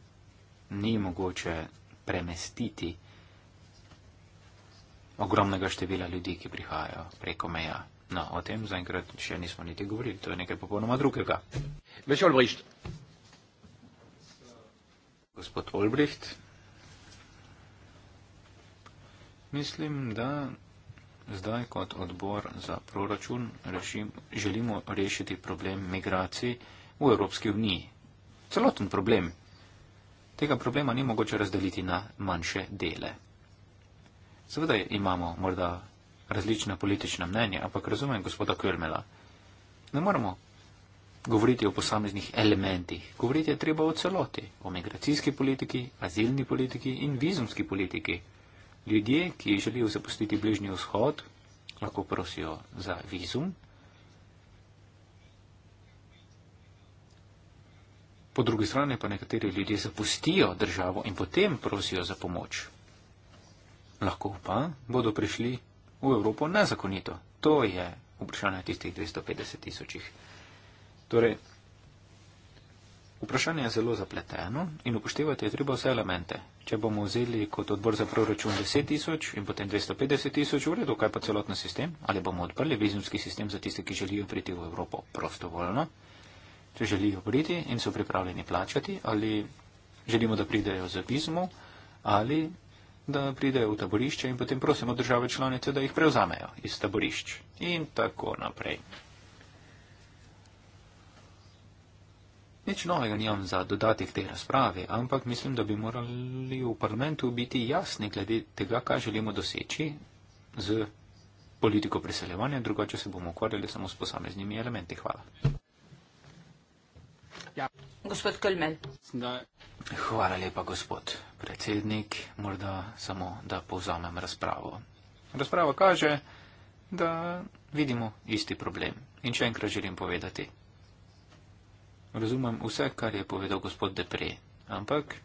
ni mogoče premestiti ogromnega števila ljudi, ki prihajajo preko meja. No, o tem zaenkrat še nismo niti govorili, to je nekaj popolnoma drugega. Gospod Olbricht, mislim, da zdaj kot odbor za proračun rešim, želimo rešiti problem migracij v Evropski uniji. Celoten problem. Tega problema ni mogoče razdeliti na manjše dele. Seveda imamo morda različna politična mnenja, ampak razumem gospoda Kjörmela. Ne moramo govoriti o posameznih elementih. Govoriti je treba o celoti, o migracijski politiki, azilni politiki in vizumski politiki. Ljudje, ki želijo zapustiti bližnji vzhod, lahko prosijo za vizum. Po drugi strani pa nekateri ljudje zapustijo državo in potem prosijo za pomoč. Lahko pa bodo prišli v Evropo nezakonito. To je vprašanje tistih 250 tisočih. Torej, Vprašanje je zelo zapleteno in upoštevati je treba vse elemente. Če bomo vzeli kot odbor za proračun 10 tisoč in potem 250 tisoč v redu, kaj pa celotno sistem? Ali bomo odprli vizumski sistem za tiste, ki želijo priti v Evropo prostovoljno? Če želijo priti in so pripravljeni plačati, ali želimo, da pridejo za vizumo, ali da pridejo v taborišče in potem prosimo države članice, da jih prevzamejo iz taborišč in tako naprej. Nič novega nimam za dodati k tej razpravi, ampak mislim, da bi morali v parlamentu biti jasni glede tega, kaj želimo doseči z politiko priseljevanja, drugače se bomo ukvarjali samo s posameznimi elementi. Hvala. Ja. Gospod Kölmel. Hvala lepa, gospod predsednik. Morda samo, da povzamem razpravo. Razprava kaže, da vidimo isti problem. In še enkrat želim povedati razumem vse, kar je povedal gospod Depre, ampak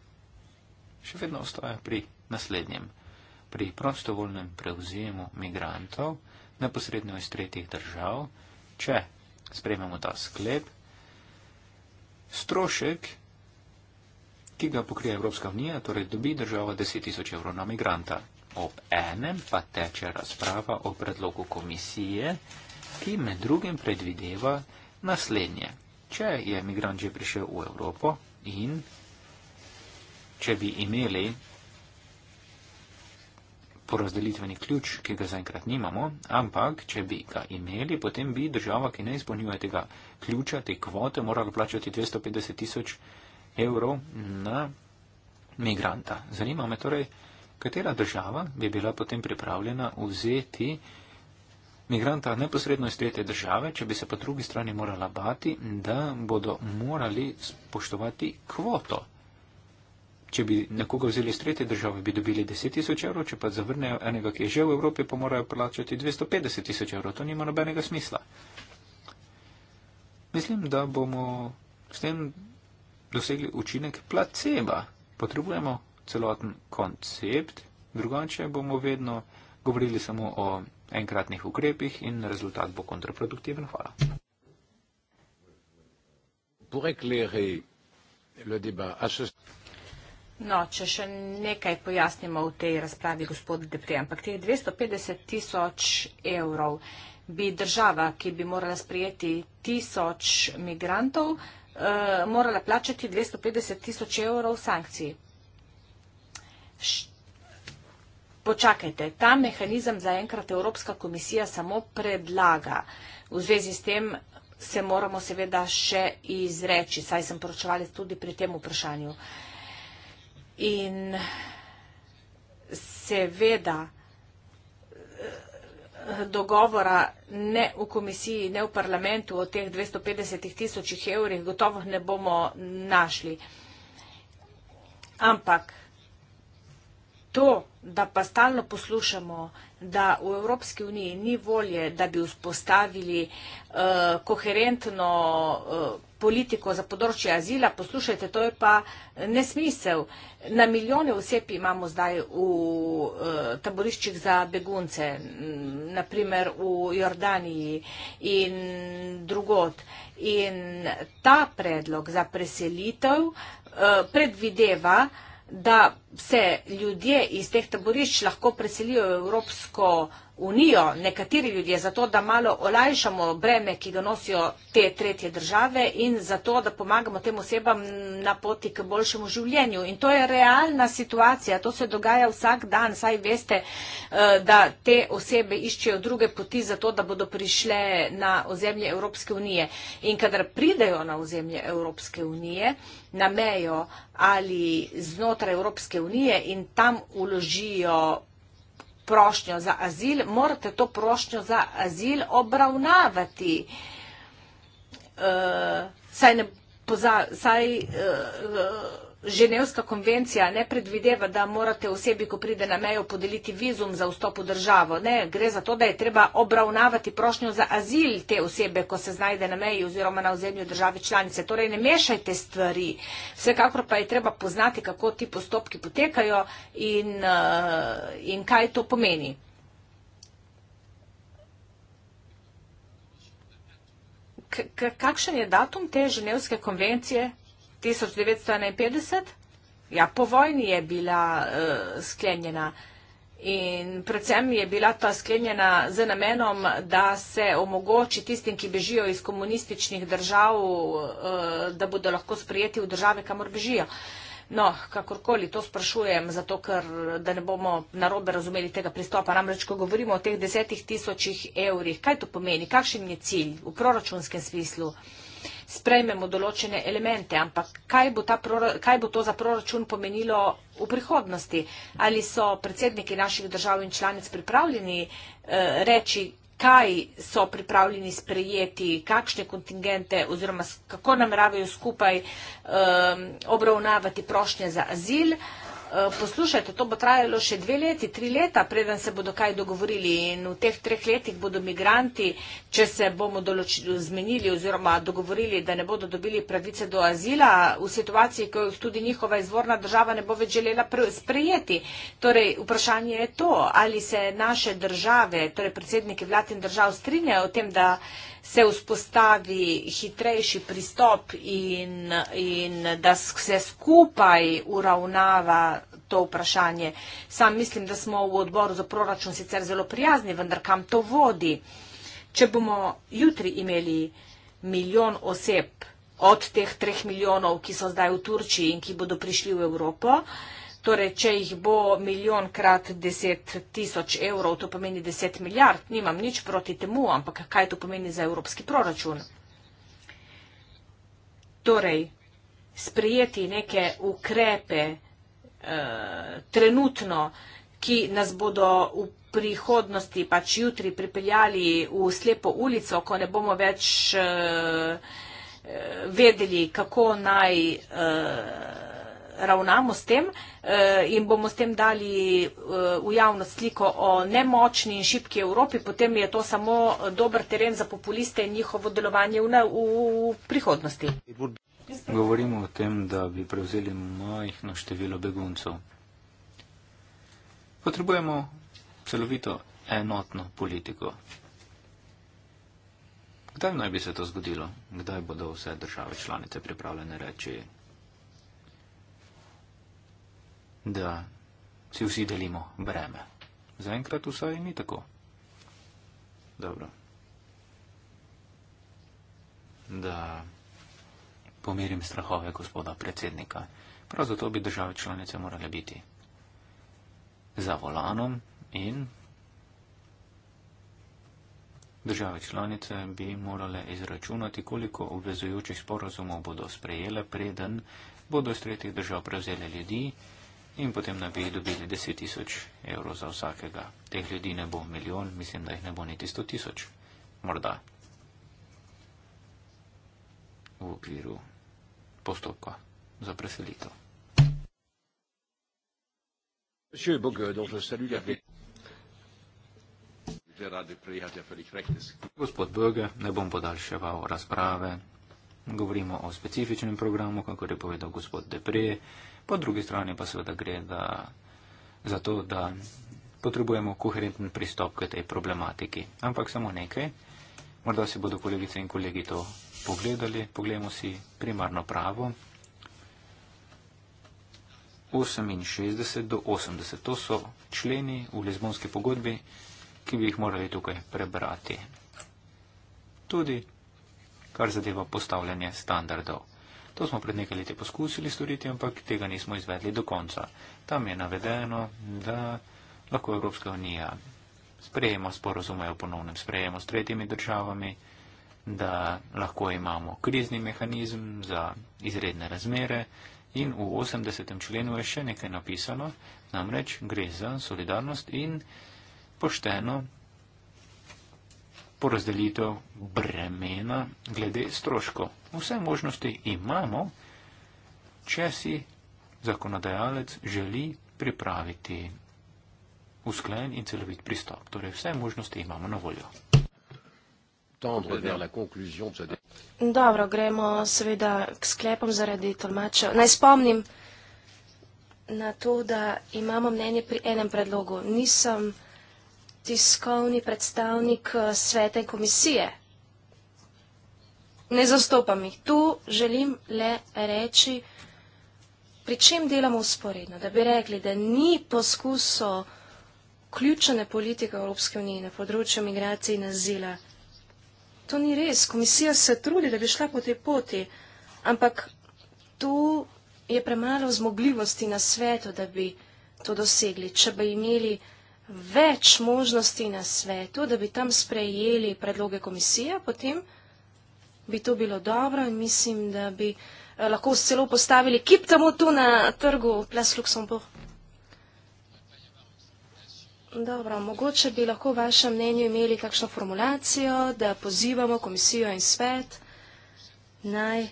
še vedno ostaja pri naslednjem, pri prostovoljnem prevzemu migrantov neposredno iz tretjih držav, če sprememo ta sklep, strošek, ki ga pokrije Evropska unija, torej dobi država 10 tisoč evrov na migranta. Ob enem pa teče razprava o predlogu komisije, ki med drugim predvideva naslednje če je migrant že prišel v Evropo in če bi imeli porazdelitveni ključ, ki ga zaenkrat nimamo, ampak če bi ga imeli, potem bi država, ki ne izpolnjuje tega ključa, te kvote, morala plačati 250 tisoč evrov na migranta. Zanima me torej, katera država bi bila potem pripravljena vzeti Migranta neposredno iz tretje države, če bi se pa drugi strani morala bati, da bodo morali spoštovati kvoto. Če bi nekoga vzeli iz tretje države, bi dobili 10 tisoč evrov, če pa zavrnejo enega, ki je že v Evropi, pa morajo plačati 250 tisoč evrov. To nima nobenega smisla. Mislim, da bomo s tem dosegli učinek placeba. Potrebujemo celoten koncept, drugače bomo vedno govorili samo o enkratnih ukrepih in rezultat bo kontraproduktiven. Hvala. No, če še nekaj pojasnimo v tej razpravi, gospod Deprej, ampak teh 250 tisoč evrov bi država, ki bi morala sprijeti tisoč migrantov, eh, morala plačati 250 tisoč evrov sankcij počakajte, ta mehanizem zaenkrat Evropska komisija samo predlaga. V zvezi s tem se moramo seveda še izreči, saj sem poročevalec tudi pri tem vprašanju. In seveda eh, dogovora ne v komisiji, ne v parlamentu o teh 250 tisočih evrih gotovo ne bomo našli. Ampak to, da pa stalno poslušamo, da v Evropski uniji ni volje, da bi vzpostavili uh, koherentno uh, politiko za področje azila, poslušajte, to je pa eh, nesmisel. Na milijone oseb imamo zdaj v uh, taboriščih za begunce, mm, naprimer v Jordaniji in drugot. In ta predlog za preselitev uh, predvideva, uh, da se ljudje iz teh taborišč lahko preselijo v Evropsko unijo unijo nekateri ljudje, zato da malo olajšamo breme, ki ga nosijo te tretje države in zato, da pomagamo tem osebam na poti k boljšemu življenju. In to je realna situacija, to se dogaja vsak dan, saj veste, eh, da te osebe iščejo druge poti za to, da bodo prišle na ozemlje Evropske unije. In kadar pridejo na ozemlje Evropske unije, na mejo ali znotraj Evropske unije in tam uložijo prošnjo za azil, morate to prošnjo za azil obravnavati. Uh, saj ne poza, saj uh, uh, Ženevska konvencija ne predvideva, da morate osebi, ko pride na mejo, podeliti vizum za vstop v državo. Ne, gre za to, da je treba obravnavati prošnjo za azil te osebe, ko se znajde na meji oziroma na ozemlju države članice. Torej, ne mešajte stvari. Vsekakor pa je treba poznati, kako ti postopki potekajo in, eh, in kaj to pomeni. K kakšen je datum te Ženevske konvencije? 1951, ja, po vojni je bila uh, sklenjena in predvsem je bila ta sklenjena z namenom, da se omogoči tistim, ki bežijo iz komunističnih držav, uh, da bodo lahko sprijeti v države, kamor bežijo. No, kakorkoli to sprašujem, zato ker da ne bomo narobe razumeli tega pristopa, namreč, ko govorimo o teh desetih tisočih evrih, kaj to pomeni, kakšen je cilj v proračunskem smislu? Uh, sprejmemo določene elemente, ampak kaj bo, kaj bo to za proračun pomenilo v prihodnosti? Ali so predsedniki naših držav in članic pripravljeni eh, reči, kaj so pripravljeni sprejeti, kakšne kontingente oziroma kako nameravajo skupaj eh, obravnavati prošnje za azil? Eh, poslušajte, to bo trajalo še dve leti, tri leta, preden se bodo kaj dogovorili in v teh treh letih bodo migranti, če se bomo zmenili oziroma dogovorili, da ne bodo dobili pravice do azila v situaciji, ko jih tudi njihova izvorna država ne bo več želela sprejeti. Torej, vprašanje je to, ali se naše države, torej predsedniki vlad in držav strinjajo o tem, da se vzpostavi hitrejši pristop in, in da se skupaj uravnava to vprašanje. Sam mislim, da smo v odboru za proračun sicer zelo prijazni, vendar kam to vodi? Če bomo jutri imeli milijon oseb od teh treh milijonov, ki so zdaj v Turčiji in ki bodo prišli v Evropo, Torej, če jih bo milijon krat deset tisoč evrov, to pomeni deset milijard. Nimam nič proti temu, ampak kaj to pomeni za evropski proračun? Torej, sprejeti neke ukrepe eh, trenutno, ki nas bodo v prihodnosti, pač jutri, pripeljali v slepo ulico, ko ne bomo več eh, eh vedeli, kako naj. Eh, ravnamo s tem eh, in bomo s tem dali eh, v javnost sliko o nemočni in šipki Evropi, potem je to samo dober teren za populiste in njihovo delovanje v, v prihodnosti. Govorimo o tem, da bi prevzeli majhno število beguncev. Potrebujemo celovito enotno politiko. Kdaj naj bi se to zgodilo? Kdaj bodo vse države članice pripravljene reči, da si vsi delimo breme. Zaenkrat vsaj ni tako. Dobro. Da pomirim strahove gospoda predsednika. Prav zato bi države članice morale biti za volanom in države članice bi morale izračunati, koliko obvezujočih sporazumov bodo sprejele, preden bodo iz tretjih držav prevzeli ljudi in potem naj bi dobili 10 tisoč evrov za vsakega. Teh ljudi ne bo milijon, mislim, da jih ne bo niti 100 tisoč. Morda. V okviru postopka za preselitev. Gospod Böge, ne bom podaljševal razprave. Govorimo o specifičnem programu, kako je povedal gospod Depreje. Po drugi strani pa seveda gre da, za to, da potrebujemo koherenten pristop k tej problematiki. Ampak samo nekaj. Morda si bodo kolegice in kolegi to pogledali. Poglejmo si primarno pravo. 68 do 80. To so členi v Lizbonski pogodbi, ki bi jih morali tukaj prebrati. Tudi kar zadeva postavljanje standardov. To smo pred nekaj leti poskusili storiti, ampak tega nismo izvedli do konca. Tam je navedeno, da lahko Evropska unija sprejema sporozume o ponovnem sprejemu s tretjimi državami, da lahko imamo krizni mehanizem za izredne razmere in v 80. členu je še nekaj napisano, namreč gre za solidarnost in pošteno porazdelitev bremena glede stroškov. Vse možnosti imamo, če si zakonodajalec želi pripraviti usklen in celovit pristop. Torej, vse možnosti imamo na voljo. Dobro, gremo seveda k sklepom zaradi tolmačev. Naj spomnim na to, da imamo mnenje pri enem predlogu. Nisem tiskovni predstavnik eh, svete komisije. Ne zastopam jih. Tu želim le reči, pri čem delamo usporedno, da bi rekli, da ni poskuso ključene politike Evropske unije na področju migracije in azila. To ni res. Komisija se trudi, da bi šla po tej poti, ampak tu je premalo zmogljivosti na svetu, da bi to dosegli. Če bi imeli več možnosti na svetu, da bi tam sprejeli predloge komisije, potem bi to bilo dobro in mislim, da bi eh, lahko se celo postavili kip tamo tu na trgu Ples Luxemburg. Dobro, mogoče bi lahko v vašem mnenju imeli kakšno formulacijo, da pozivamo komisijo in svet naj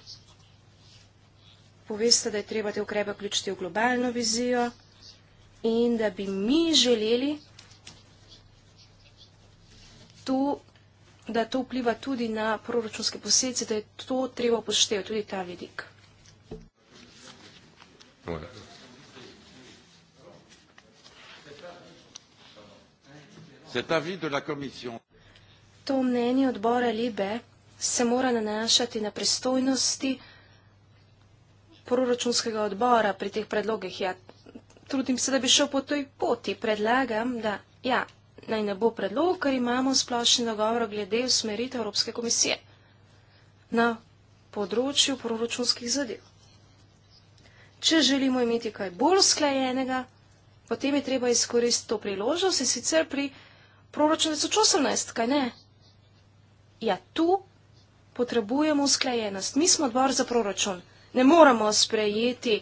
poveste, da je treba te ukrepe vključiti v globalno vizijo in da bi mi želeli, to, da to vpliva tudi na proračunske posledice, da je to treba upoštevati, tudi ta vidik. Moja. To mnenje odbora Libe se mora nanašati na pristojnosti proračunskega odbora pri teh predlogih. Ja, trudim se, da bi šel po toj poti. Predlagam, da ja, naj ne bo predlog, ker imamo splošni dogovor glede usmeritev Evropske komisije na področju proračunskih zadev. Če želimo imeti kaj bolj sklajenega, potem je treba izkoristiti to priložnost in sicer pri proračunu 2018, kaj ne? Ja, tu potrebujemo sklajenost. Mi smo odbor za proračun. Ne moramo sprejeti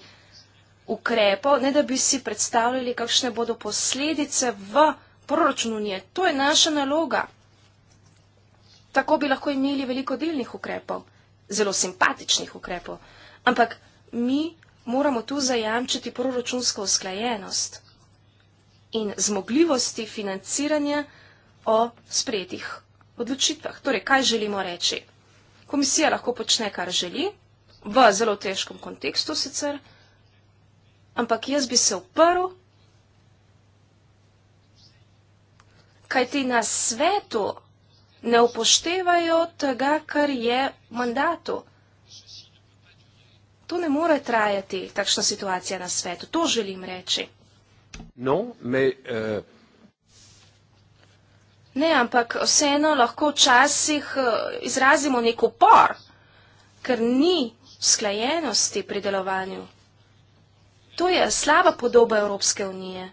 ukrepov, ne da bi si predstavljali, kakšne bodo posledice v proračunu nje. To je naša naloga. Tako bi lahko imeli veliko delnih ukrepov, zelo simpatičnih ukrepov. Ampak mi moramo tu zajamčiti proračunsko usklajenost in zmogljivosti financiranja o sprejetih odločitvah. Torej, kaj želimo reči? Komisija lahko počne, kar želi, v zelo težkem kontekstu sicer, ampak jaz bi se uprl, kaj ti na svetu ne upoštevajo tega, kar je v mandatu. To ne more trajati, takšna situacija na svetu. To želim reči. No, me, uh... Ne, ampak vseeno lahko včasih eh, izrazimo nek upor, ker ni sklajenosti pri delovanju To je slaba podoba Evropske unije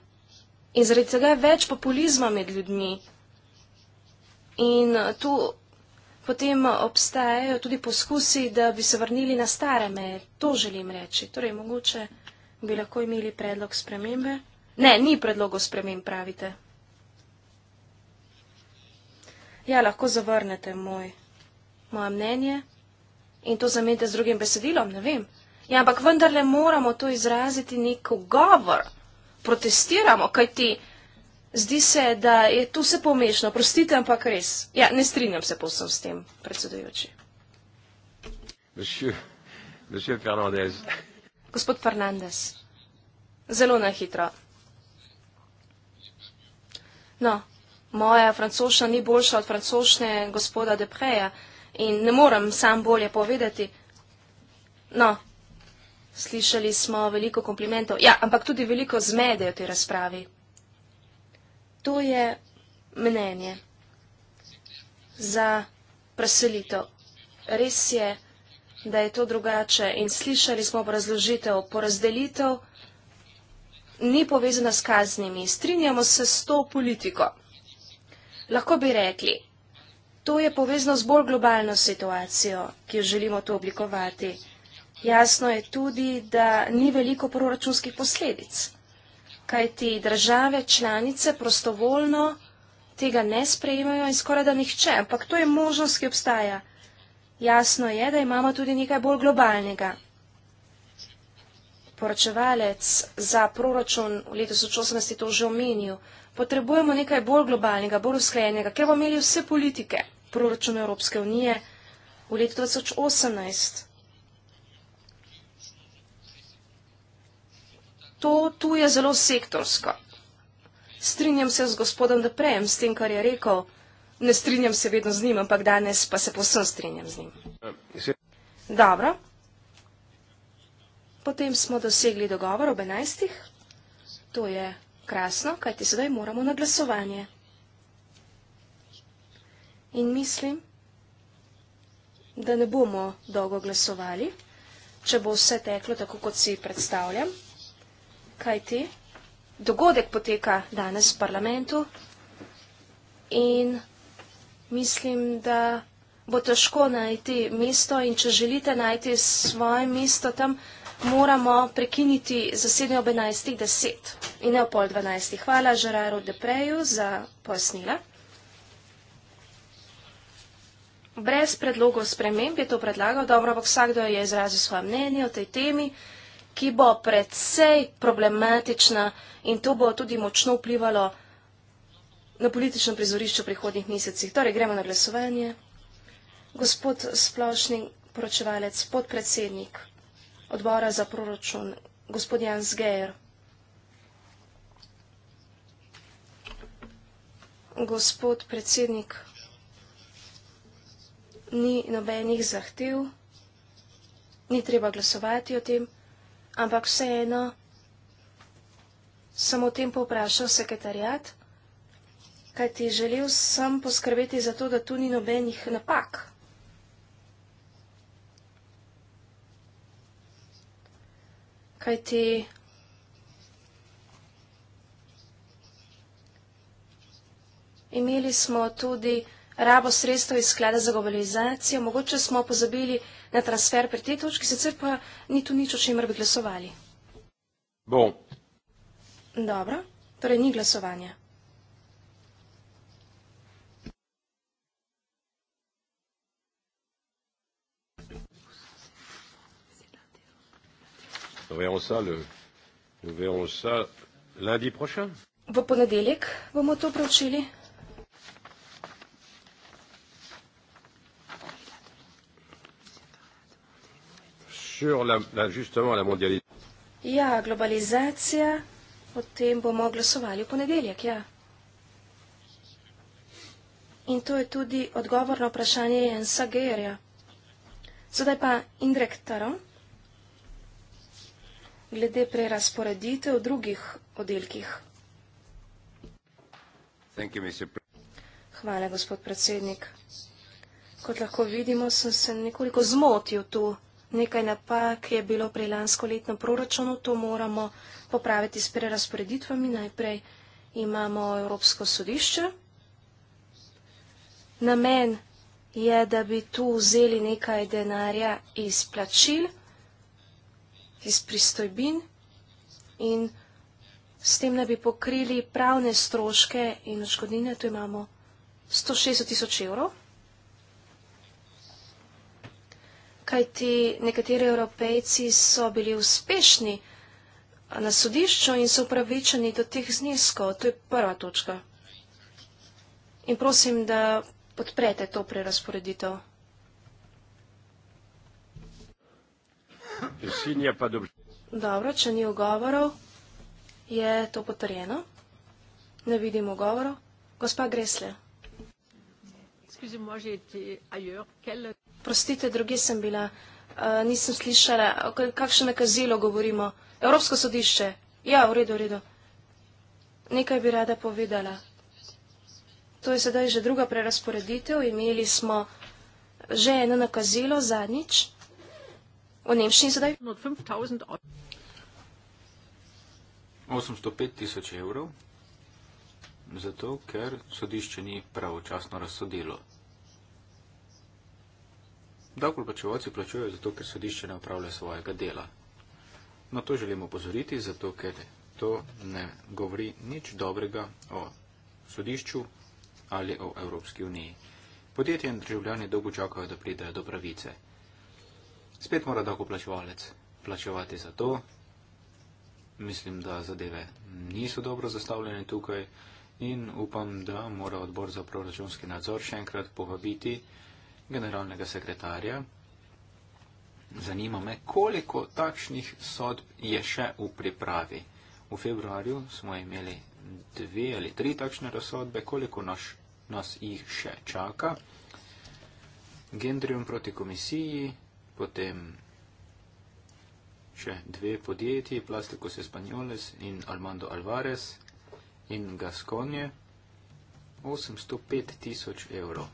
in zaradi tega je več populizma med ljudmi. In eh, tu potem eh, obstajajo tudi poskusi, da bi se vrnili na stare meje. To želim reči. Torej, mogoče bi lahko imeli predlog spremembe. Ne, ni predlogo sprememb, pravite. Ja, lahko zavrnete moj, moje mnenje in to zamete z drugim besedilom, ne vem. Ja, ampak vendarle moramo to izraziti nek govor. Protestiramo, kajti zdi se, da je tu vse pomešno. Prostite, ampak res. Ja, ne strinjam se posebno s tem, predsedujoči. Gospod Fernandez, zelo na hitro. No, moja francoščina ni boljša od francoščine gospoda Depreja in ne morem sam bolje povedati. No, Slišali smo veliko komplimentov, ja, ampak tudi veliko zmede v tej razpravi. To je mnenje za preselitev. Res je, da je to drugače in slišali smo razložitev porazdelitev, ni povezana s kaznimi. Strinjamo se s to politiko. Lahko bi rekli, to je povezano z bolj globalno situacijo, ki jo želimo to oblikovati. Jasno je tudi, da ni veliko proračunskih posledic, kajti države članice prostovoljno tega ne sprejemajo in skoraj da nihče, ampak to je možnost, ki obstaja. Jasno je, da imamo tudi nekaj bolj globalnega. Poročevalec za proračun v letu 2018 je to že omenil. Potrebujemo nekaj bolj globalnega, bolj usklajenega, ker bomo imeli vse politike proračuna Evropske unije v letu 2018. to tu je zelo sektorsko. Strinjam se z gospodom Deprejem, s tem, kar je rekel. Ne strinjam se vedno z njim, ampak danes pa se posem strinjam z njim. Dobro. Potem smo dosegli dogovor ob enajstih. To je krasno, kajti sedaj moramo na glasovanje. In mislim, da ne bomo dolgo glasovali, če bo vse teklo tako, kot si predstavljam kaj ti? Dogodek poteka danes v parlamentu in mislim, da bo težko najti mesto in če želite najti svoje mesto tam, moramo prekiniti zasedne ob 11.10 in ne ob pol 12. Hvala Žeraru Depreju za pojasnila. Brez predlogov sprememb je to predlagal, dobro, ampak vsakdo je izrazil svoje mnenje o tej temi ki bo predvsej problematična in to bo tudi močno vplivalo na politično prizorišče v prihodnjih mesecih. Torej, gremo na glasovanje. Gospod splošni poročevalec, podpredsednik odbora za proračun, gospod Jan Zgejer. Gospod predsednik, ni nobenih zahtev, ni treba glasovati o tem ampak vseeno sem o tem poprašal sekretarjat, kajti želel sem poskrbeti za to, da tu ni nobenih napak. Kajti imeli smo tudi rabo sredstva iz sklada za globalizacijo, mogoče smo pozabili, na transfer pri tej točki, sicer pa ni tu nič, o čemer bi glasovali. Bo. Dobro, torej ni glasovanja. V ponedeljek bomo to preučili. sur la, la, justement la mondialisation. Ja, globalizacija, o tem bomo glasovali v ponedeljek, ja. In to je tudi odgovor na vprašanje Jensa Gerja. Zdaj pa Indrek Taro, glede prerasporeditev v drugih oddelkih. Hvala, gospod predsednik. Kot lahko vidimo, sem se nekoliko zmotil tu nekaj napak je bilo pri lansko letno proračunu, to moramo popraviti s prerasporeditvami. Najprej imamo Evropsko sodišče. Namen je, da bi tu vzeli nekaj denarja iz plačil, iz pristojbin in s tem ne bi pokrili pravne stroške in odškodnine. Tu imamo 160 tisoč evrov. kajti nekateri evropejci so bili uspešni na sodišču in so upravičeni do teh zniskov. To je prva točka. In prosim, da podprete to prerasporeditev. Dobro, če ni ogovorov, je to potrjeno. Ne vidim ogovorov. Gospa Gresle. Excuse-moi, j'ai été ailleurs. Quelle oprostite, druge sem bila, uh, nisem slišala, kakšno nakazilo govorimo. Evropsko sodišče. Ja, v redu, v redu. Nekaj bi rada povedala. To je sedaj že druga prerasporeditev. Imeli smo že eno nakazilo zadnjič. V Nemčiji sedaj. 805 tisoč evrov. Zato, ker sodišče ni pravočasno razsodilo. Davkoplačevalci plačujejo zato, ker sodišče ne upravlja svojega dela. Na to želimo pozoriti, zato ker to ne govori nič dobrega o sodišču ali o Evropski uniji. Podjetje in državljani dolgo čakajo, da pridejo do pravice. Spet mora davkoplačevalec plačevati za to. Mislim, da zadeve niso dobro zastavljene tukaj in upam, da mora odbor za proračunski nadzor še enkrat povabiti generalnega sekretarja. Zanima me, koliko takšnih sodb je še v pripravi. V februarju smo imeli dve ali tri takšne razsodbe, koliko nas, nas jih še čaka. Gendrium proti komisiji, potem še dve podjetji, Plasticos Espanoles in Armando Alvarez in Gasconje, 805 tisoč evrov.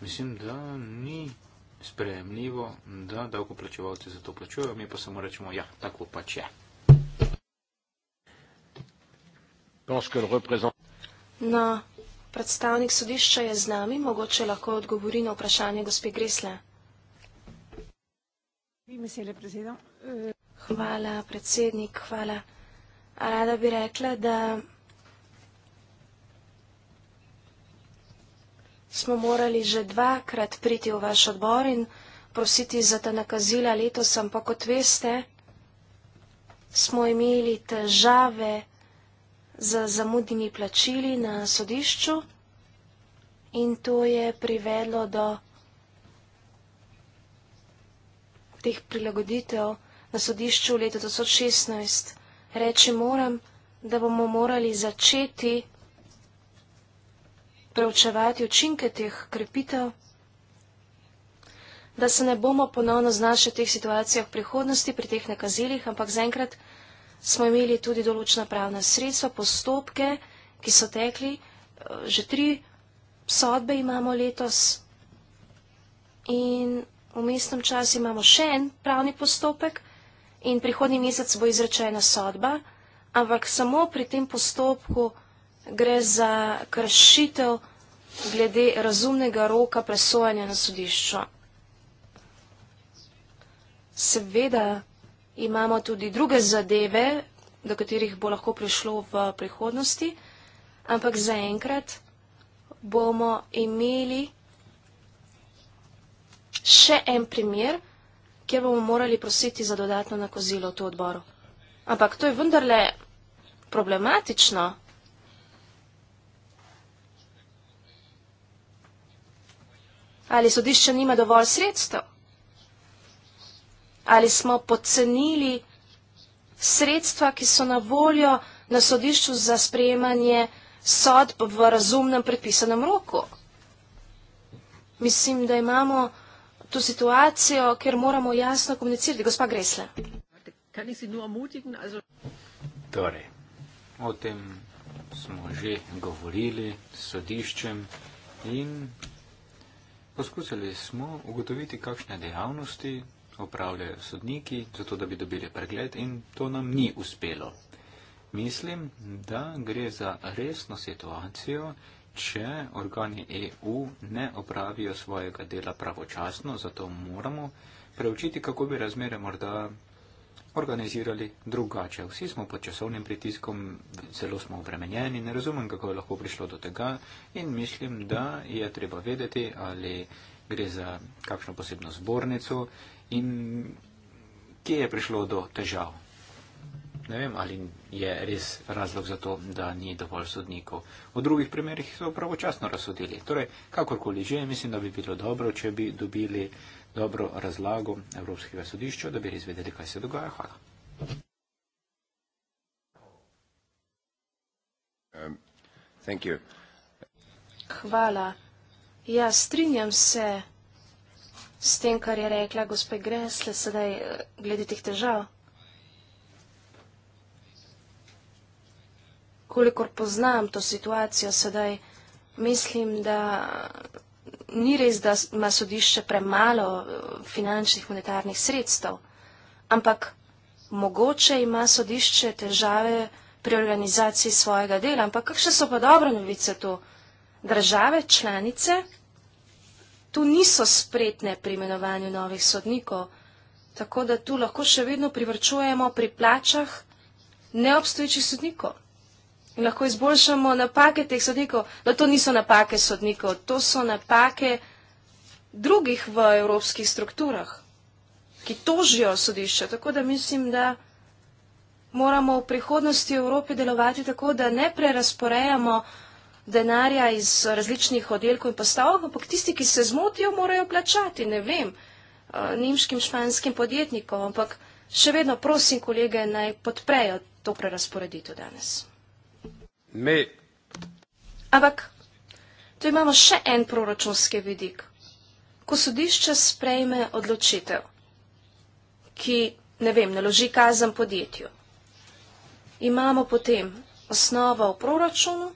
Mislim, da ni sprejemljivo, da davkoplačevalci za to plačujejo, mi pa samo rečemo, ja, tako pač je. No, predstavnik sodišča je z nami, mogoče lahko odgovori na vprašanje gospe Gresle. Euh, hvala, predsednik, hvala. Rada bi rekla, da smo morali že dvakrat priti v vaš odbor in prositi za ta nakazila letos, ampak kot veste, smo imeli težave za zamudnimi plačili na sodišču in to je privedlo do teh prilagoditev na sodišču v letu 2016. Reči moram, da bomo morali začeti preučevati učinke teh krepitev, da se ne bomo ponovno znašli v teh situacijah v prihodnosti pri teh nakazilih, ampak zaenkrat smo imeli tudi določena pravna sredstva, postopke, ki so tekli, eh, že tri sodbe imamo letos in v mestnem času imamo še en pravni postopek in prihodnji mesec bo izrečena sodba, ampak samo pri tem postopku gre za kršitev glede razumnega roka presojanja na sodišču. Seveda imamo tudi druge zadeve, do katerih bo lahko prišlo v prihodnosti, ampak zaenkrat bomo imeli še en primer, kjer bomo morali prositi za dodatno nakozilo v to odboru. Ampak to je vendarle problematično, Ali sodišče nima dovolj sredstev? Ali smo pocenili sredstva, ki so na voljo na sodišču za sprejemanje sodb v razumnem predpisanem roku? Mislim, da imamo to situacijo, ker moramo jasno komunicirati. Gospa Gresle. Torej, o tem smo že govorili s sodiščem in Poskušali smo ugotoviti, kakšne dejavnosti opravljajo sodniki, zato da bi dobili pregled in to nam ni uspelo. Mislim, da gre za resno situacijo, če organi EU ne opravijo svojega dela pravočasno, zato moramo preučiti, kako bi razmere morda organizirali drugače. Vsi smo pod časovnim pritiskom, zelo smo obremenjeni, ne razumem, kako je lahko prišlo do tega in mislim, da je treba vedeti, ali gre za kakšno posebno zbornico in kje je prišlo do težav. Ne vem, ali je res razlog za to, da ni dovolj sodnikov. V drugih primerih so pravočasno razsodili. Torej, kakorkoli že, mislim, da bi bilo dobro, če bi dobili dobro razlago Evropskega sodišča, da bi res vedeli, kaj se dogaja. Hvala. Um, Hvala. Ja, strinjam se s tem, kar je rekla gospe Gresle sedaj eh, glede teh težav. Kolikor poznam to situacijo sedaj, mislim, da ni res, da ima sodišče premalo eh, finančnih monetarnih sredstev, ampak mogoče ima sodišče težave pri organizaciji svojega dela. Ampak kakšne so pa dobre novice tu? Države članice tu niso spretne pri imenovanju novih sodnikov, tako da tu lahko še vedno privrčujemo pri plačah neobstoječih sodnikov in lahko izboljšamo napake teh sodnikov. No, to niso napake sodnikov, to so napake drugih v evropskih strukturah, ki tožijo sodišče. Tako da mislim, da moramo v prihodnosti v Evropi delovati tako, da ne prerasporejamo denarja iz različnih oddelkov in postavk, ampak tisti, ki se zmotijo, morajo plačati, ne vem, eh, nemškim, španskim podjetnikom, ampak še vedno prosim kolege naj podprejo to prerasporeditev danes. Me. Ampak tu imamo še en proračunski vidik. Ko sodišče sprejme odločitev, ki ne vem, naloži kazen podjetju, imamo potem osnovo v proračunu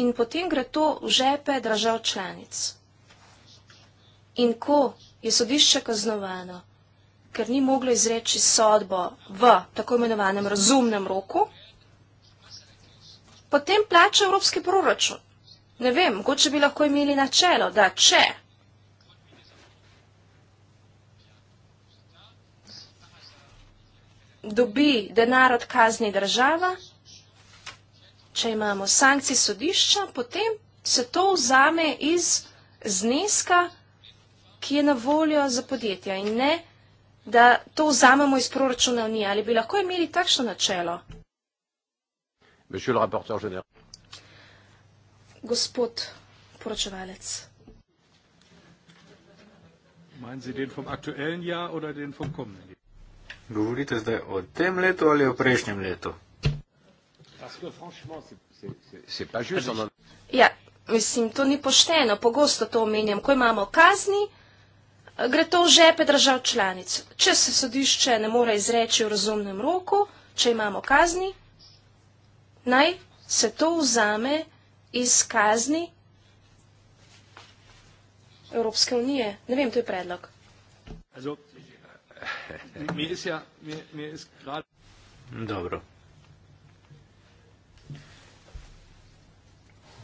in potem gre to v žepe držav članic. In ko je sodišče kaznovano, ker ni moglo izreči sodbo v tako imenovanem razumnem roku, potem plače evropski proračun. Ne vem, mogoče bi lahko imeli načelo, da če dobi denar od kazni država, če imamo sankcij sodišča, potem se to vzame iz zneska, ki je na voljo za podjetja in ne, da to vzamemo iz proračuna unije. Ali bi lahko imeli takšno načelo? Monsieur le rapporteur général. Gospod poročevalec. Govorite zdaj o tem letu ali o prejšnjem letu? Ja, mislim, to ni pošteno, pogosto to omenjam. Ko imamo kazni, gre to v žepe držav članic. Če se sodišče ne more izreči v razumnem roku, če imamo kazni, naj se to vzame iz kazni Evropske unije. Ne vem, to je predlog. Ja, Dobro.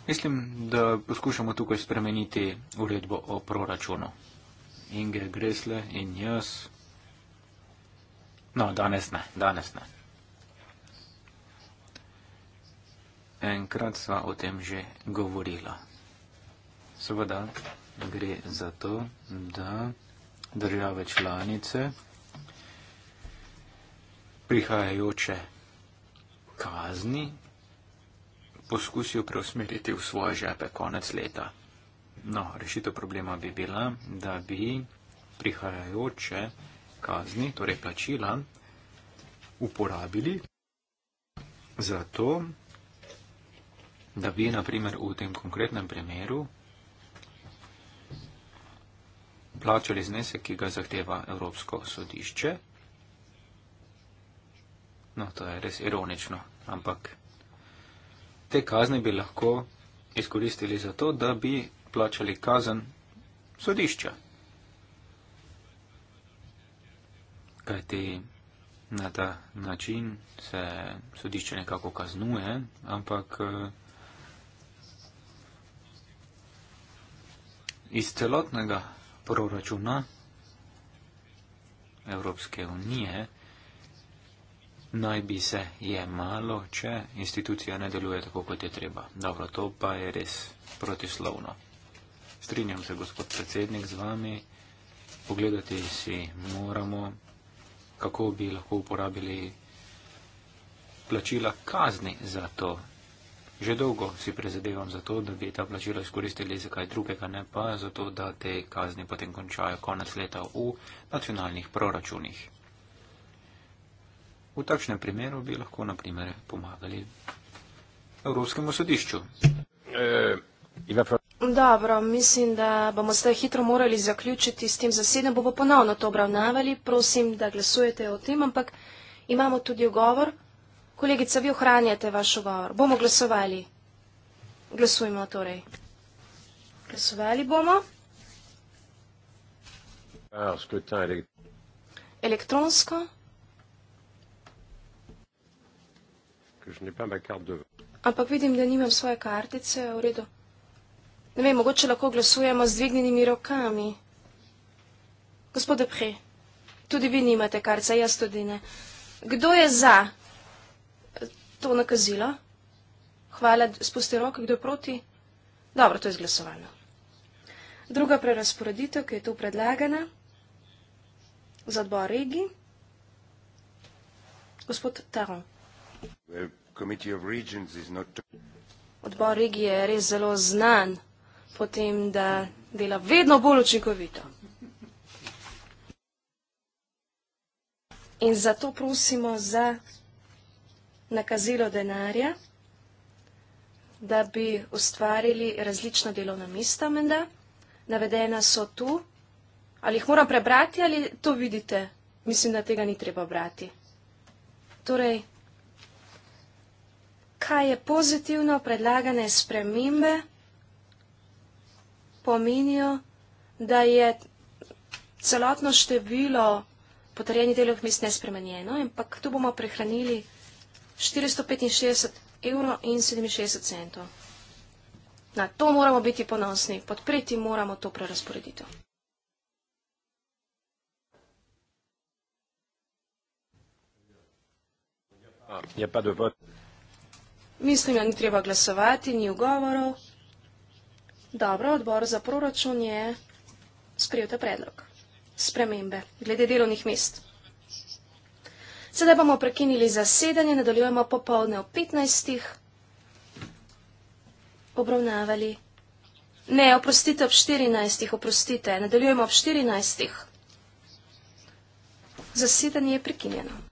Mislim, da poskušamo tukaj spremeniti uredbo o proračunu. Inge Gresle in jaz. No, danes ne, danes ne. enkrat sva o tem že govorila. Seveda gre za to, da države članice prihajajoče kazni poskusijo preusmeriti v svoje žepe konec leta. No, rešitev problema bi bila, da bi prihajajoče kazni, torej plačila, uporabili za to, da vi, na primer, v tem konkretnem primeru plačali znesek, ki ga zahteva Evropsko sodišče. No, to je res ironično, ampak te kazni bi lahko izkoristili za to, da bi plačali kazen sodišča. Kajti na ta način se sodišče nekako kaznuje, ampak eh, iz celotnega proračuna Evropske unije naj bi se je malo, če institucija ne deluje tako, kot je treba. Dobro, to pa je res protislovno. Strinjam se, gospod predsednik, z vami. Pogledati si moramo, kako bi lahko uporabili plačila kazni za to Že dolgo si prezadevam za to, da bi ta plačila izkoristili za kaj drugega, ne pa za to, da te kazni potem končajo konec leta v nacionalnih proračunih. V takšnem primeru bi lahko, na primer, pomagali Evropskemu sodišču. E, Dobro, mislim, da bomo zdaj hitro morali zaključiti s tem zasedem. Bomo ponovno to obravnavali. Prosim, da glasujete o tem, ampak imamo tudi ogovor. Kolegica, vi ohranjate vaš govor. Bomo glasovali. Glasujmo torej. Glasovali bomo. Ah, Elektronsko. Ampak vidim, da nimam svoje kartice, v redu. Ne vem, mogoče lahko glasujemo z dvignjenimi rokami. Gospod Depre, tudi vi nimate kartice, jaz tudi ne. Kdo je za? Kdo je za? to nakazilo. Hvala, spusti roke, kdo je proti. Dobro, to je izglasovano. Druga prerasporeditev, ki je tu predlagana za odbor regij, gospod Taron. Odbor regij je res zelo znan po tem, da dela vedno bolj učinkovito. In zato prosimo za nakazilo denarja, da bi ustvarili različna delovna mesta, menda. Navedena so tu. Ali jih moram prebrati ali to vidite? Mislim, da tega ni treba brati. Torej, kaj je pozitivno predlagane spremembe, pomenijo, da je celotno število potrjenih delovnih mest nespremenjeno, ampak tu bomo prehranili 465 evrov in 67 centov. Na to moramo biti ponosni, podpreti moramo to prerasporeditev. Je pa dovolj. Mislim, da ni treba glasovati, ni ugovorov. Dobro, odbor za proračun je sprejel ta predlog. Spremembe glede delovnih mest. Sedaj bomo prekinili zasedanje, nadaljujemo popolne ob 15. Obravnavali. Ne, oprostite ob 14. Oprostite, nadaljujemo ob 14. Zasedanje je prekinjeno.